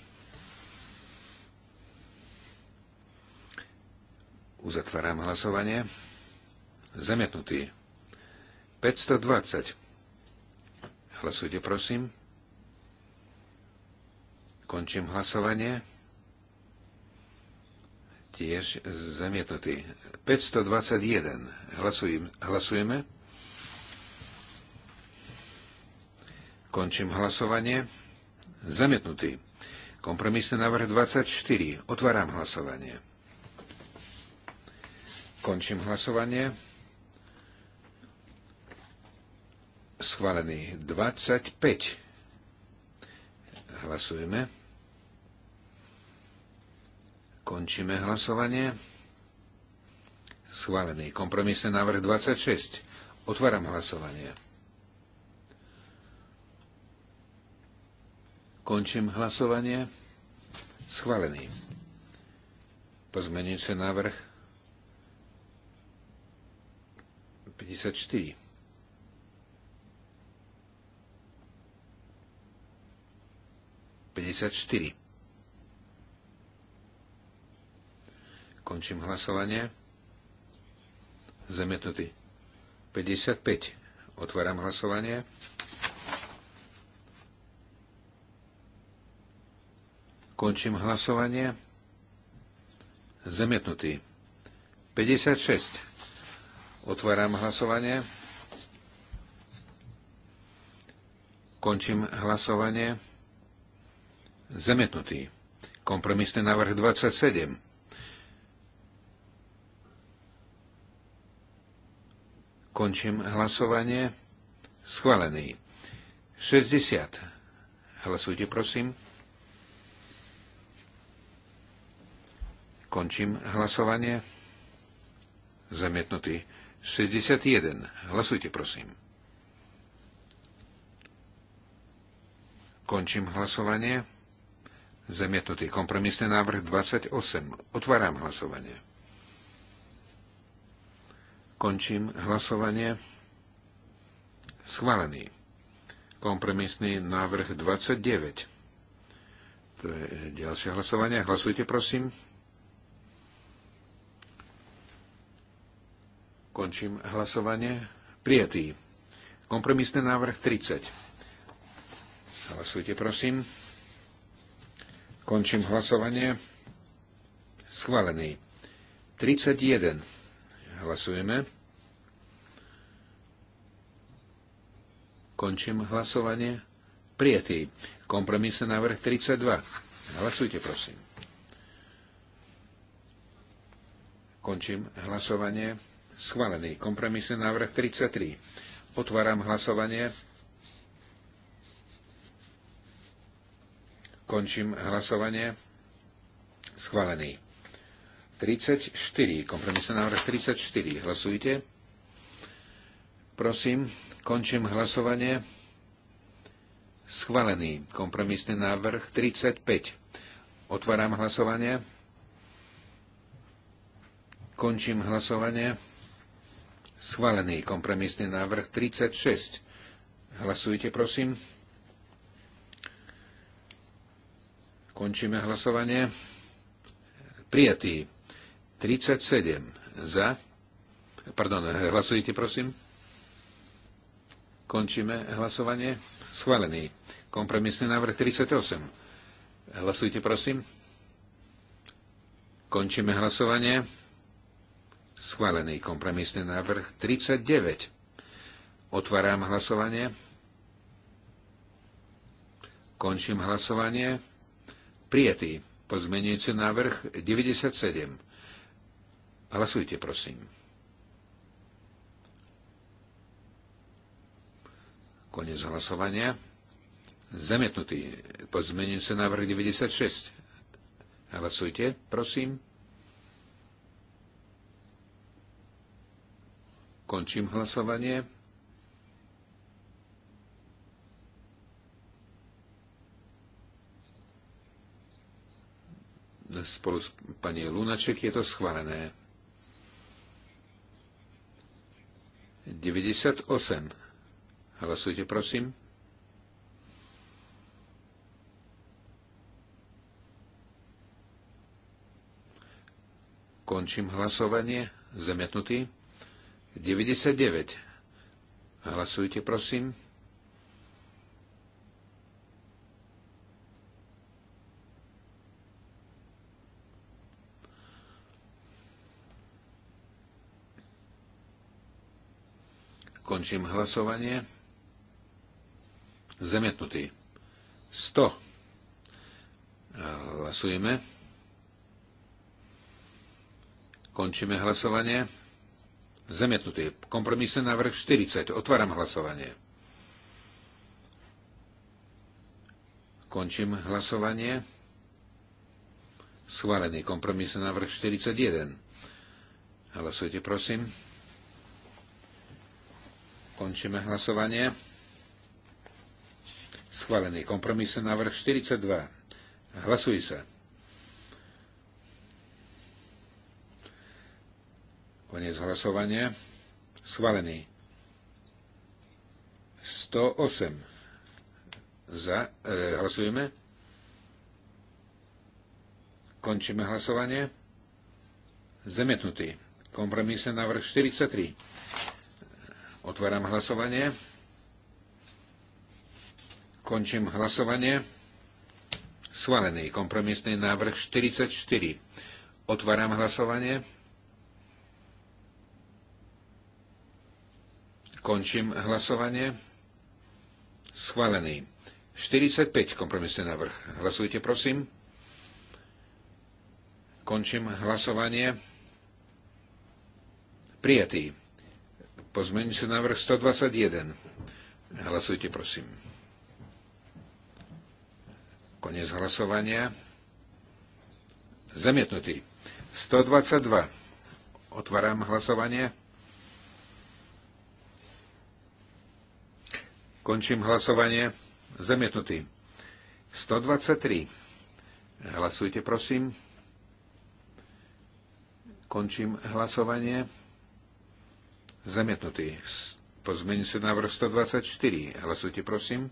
Uzatváram hlasovanie. Zamietnutý. 520. Hlasujte, prosím. Končím hlasovanie tiež zamietnutý. 521. Hlasujem, hlasujeme. Končím hlasovanie. Zamietnutý. Kompromisný návrh 24. Otváram hlasovanie. Končím hlasovanie. Schválený 25. Hlasujeme. Končíme hlasovanie. Schválený. Kompromisný návrh 26. Otváram hlasovanie. Končím hlasovanie. Schválený. Pozmenujúci návrh 54. Пятьдесят четыре. Končím hlasovanie. Zemetnutý. 55. Otváram hlasovanie. Končím hlasovanie. Zemetnutý. 56. Otváram hlasovanie. Končím hlasovanie. Zamietnutý. Kompromisný návrh 27. Končím hlasovanie. Schválený. 60. Hlasujte, prosím. Končím hlasovanie. Zamietnutý. 61. Hlasujte, prosím. Končím hlasovanie. Zamietnutý kompromisný návrh 28. Otváram hlasovanie. Končím hlasovanie. Schválený. Kompromisný návrh 29. To je ďalšie hlasovanie. Hlasujte, prosím. Končím hlasovanie. Prijatý. Kompromisný návrh 30. Hlasujte, prosím. Končím hlasovanie. Schválený. 31. Hlasujeme. Končím hlasovanie. Prijatý. Kompromisný návrh 32. Hlasujte, prosím. Končím hlasovanie. Schválený. Kompromisný návrh 33. Otváram hlasovanie. Končím hlasovanie. Schválený. 34. Kompromisný návrh 34. Hlasujte. Prosím, končím hlasovanie. Schválený kompromisný návrh 35. Otváram hlasovanie. Končím hlasovanie. Schválený kompromisný návrh 36. Hlasujte, prosím. Končíme hlasovanie. Prijatý 37 za. Pardon, hlasujte prosím. Končíme hlasovanie. Schválený. Kompromisný návrh 38. Hlasujte prosím. Končíme hlasovanie. Schválený kompromisný návrh 39. Otváram hlasovanie. Končím hlasovanie. Prijatý pozmenujúci návrh 97. Hlasujte, prosím. Konec hlasovania. Zamietnutý. Pozmením sa návrh 96. Hlasujte, prosím. Končím hlasovanie. Spolu s pani Lunaček je to schválené. 98. Hlasujte, prosím. Končím hlasovanie. Zamietnutý. 99. Hlasujte, prosím. Končím hlasovanie. Zamietnutý. 100. Hlasujeme. Končíme hlasovanie. Zamietnutý. Kompromisný návrh 40. Otváram hlasovanie. Končím hlasovanie. Schválený kompromisný návrh 41. Hlasujte, prosím. Končíme hlasovanie. Schválený kompromisný návrh 42. Hlasuj sa. Konec hlasovania. Schválený. 108. Za. E, hlasujeme. Končíme hlasovanie. Zemetnutý. Kompromisný návrh 43. Otváram hlasovanie. Končím hlasovanie. Schválený kompromisný návrh 44. Otváram hlasovanie. Končím hlasovanie. Schválený. 45. Kompromisný návrh. Hlasujte, prosím. Končím hlasovanie. Prijatý si návrh 121. Hlasujte, prosím. Konec hlasovania. Zamietnutý. 122. Otváram hlasovanie. Končím hlasovanie. Zamietnutý. 123. Hlasujte, prosím. Končím hlasovanie. Zamietnutý. Pozmeňujúci návrh 124. Hlasujte, prosím.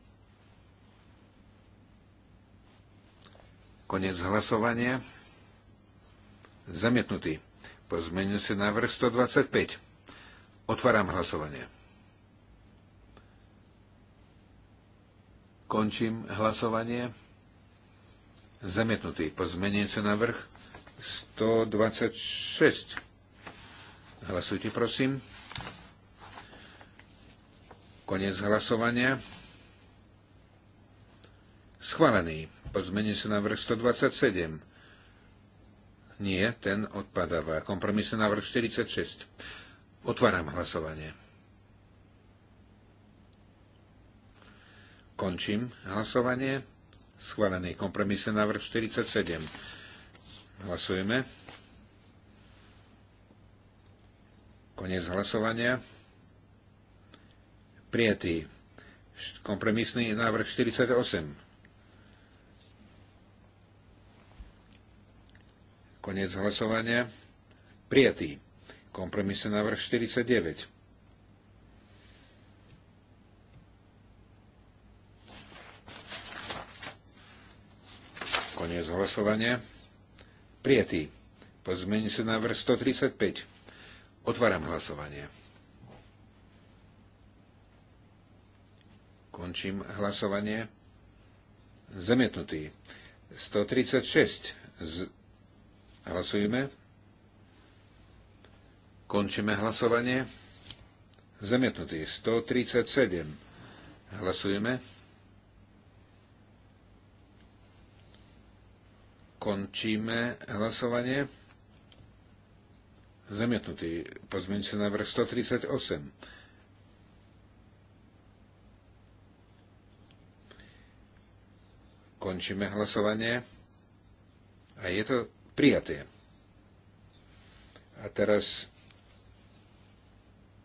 Konec hlasovania. Zamietnutý. Pozmeňujúci návrh 125. Otváram hlasovanie. Končím hlasovanie. Zamietnutý. Pozmeňujúci návrh 126. Hlasujte, prosím. Konec hlasovania. Schválený. Pozmení sa návrh 127. Nie, ten odpadáva. sa návrh 46. Otváram hlasovanie. Končím hlasovanie. Schválený sa návrh 47. Hlasujeme. Konec hlasovania. Prijatý. Kompromisný návrh 48. Konec hlasovania. Prijatý. Kompromisný návrh 49. Koniec hlasovania. Prijatý. Pozmeni sa návrh 135. Otváram hlasovanie. Končím hlasovanie. Zamietnutý. 136. Z... Hlasujeme. Končíme hlasovanie. Zamietnutý. 137. Hlasujeme. Končíme hlasovanie. Zamietnutý. Pozmeňujúci návrh 138. Končíme hlasovanie. A je to prijaté. A teraz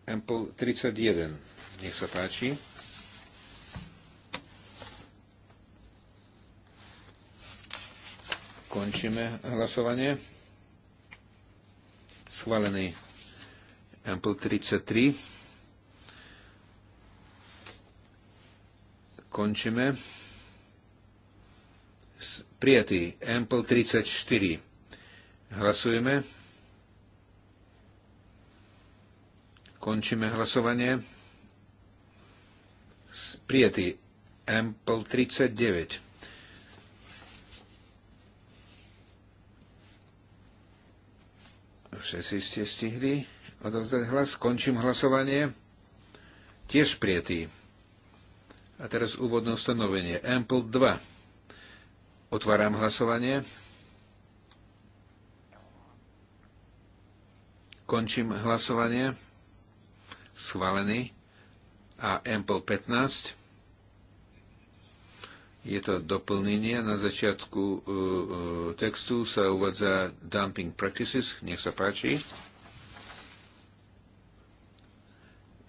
Ample 31. Nech sa páči. Končíme hlasovanie. Schválený Ample 33. Končíme. Prijatý. Ample 34. Hlasujeme. Končíme hlasovanie. Prijatý. Ample 39. Všetci ste stihli odovzdať hlas. Končím hlasovanie. Tiež prijatý. A teraz úvodné ustanovenie. Ample 2. Otváram hlasovanie. Končím hlasovanie. Schválený. A Ample 15. Je to doplnenie. Na začiatku uh, uh, textu sa uvádza dumping practices. Nech sa páči.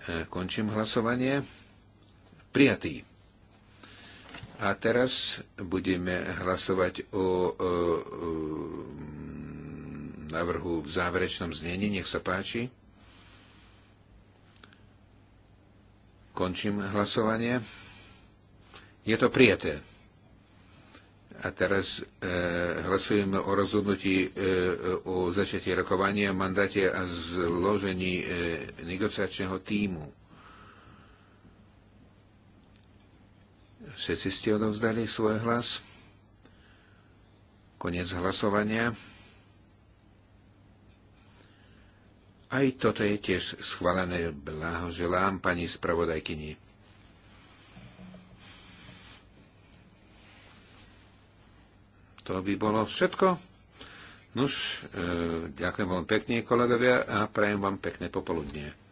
E, končím hlasovanie. Prijatý. A teraz budeme hlasovať o, o, o návrhu v záverečnom znení. Nech sa páči. Končím hlasovanie. Je to prijaté. A teraz e, hlasujeme o rozhodnutí e, o začiatí rokovania, mandáte a zložení e, negociačného týmu. Všetci ste odovzdali svoj hlas. Konec hlasovania. Aj toto je tiež schválené. Blahoželám pani spravodajkyni. To by bolo všetko. Nuž, e, ďakujem vám pekne, kolegovia, a prajem vám pekné popoludnie.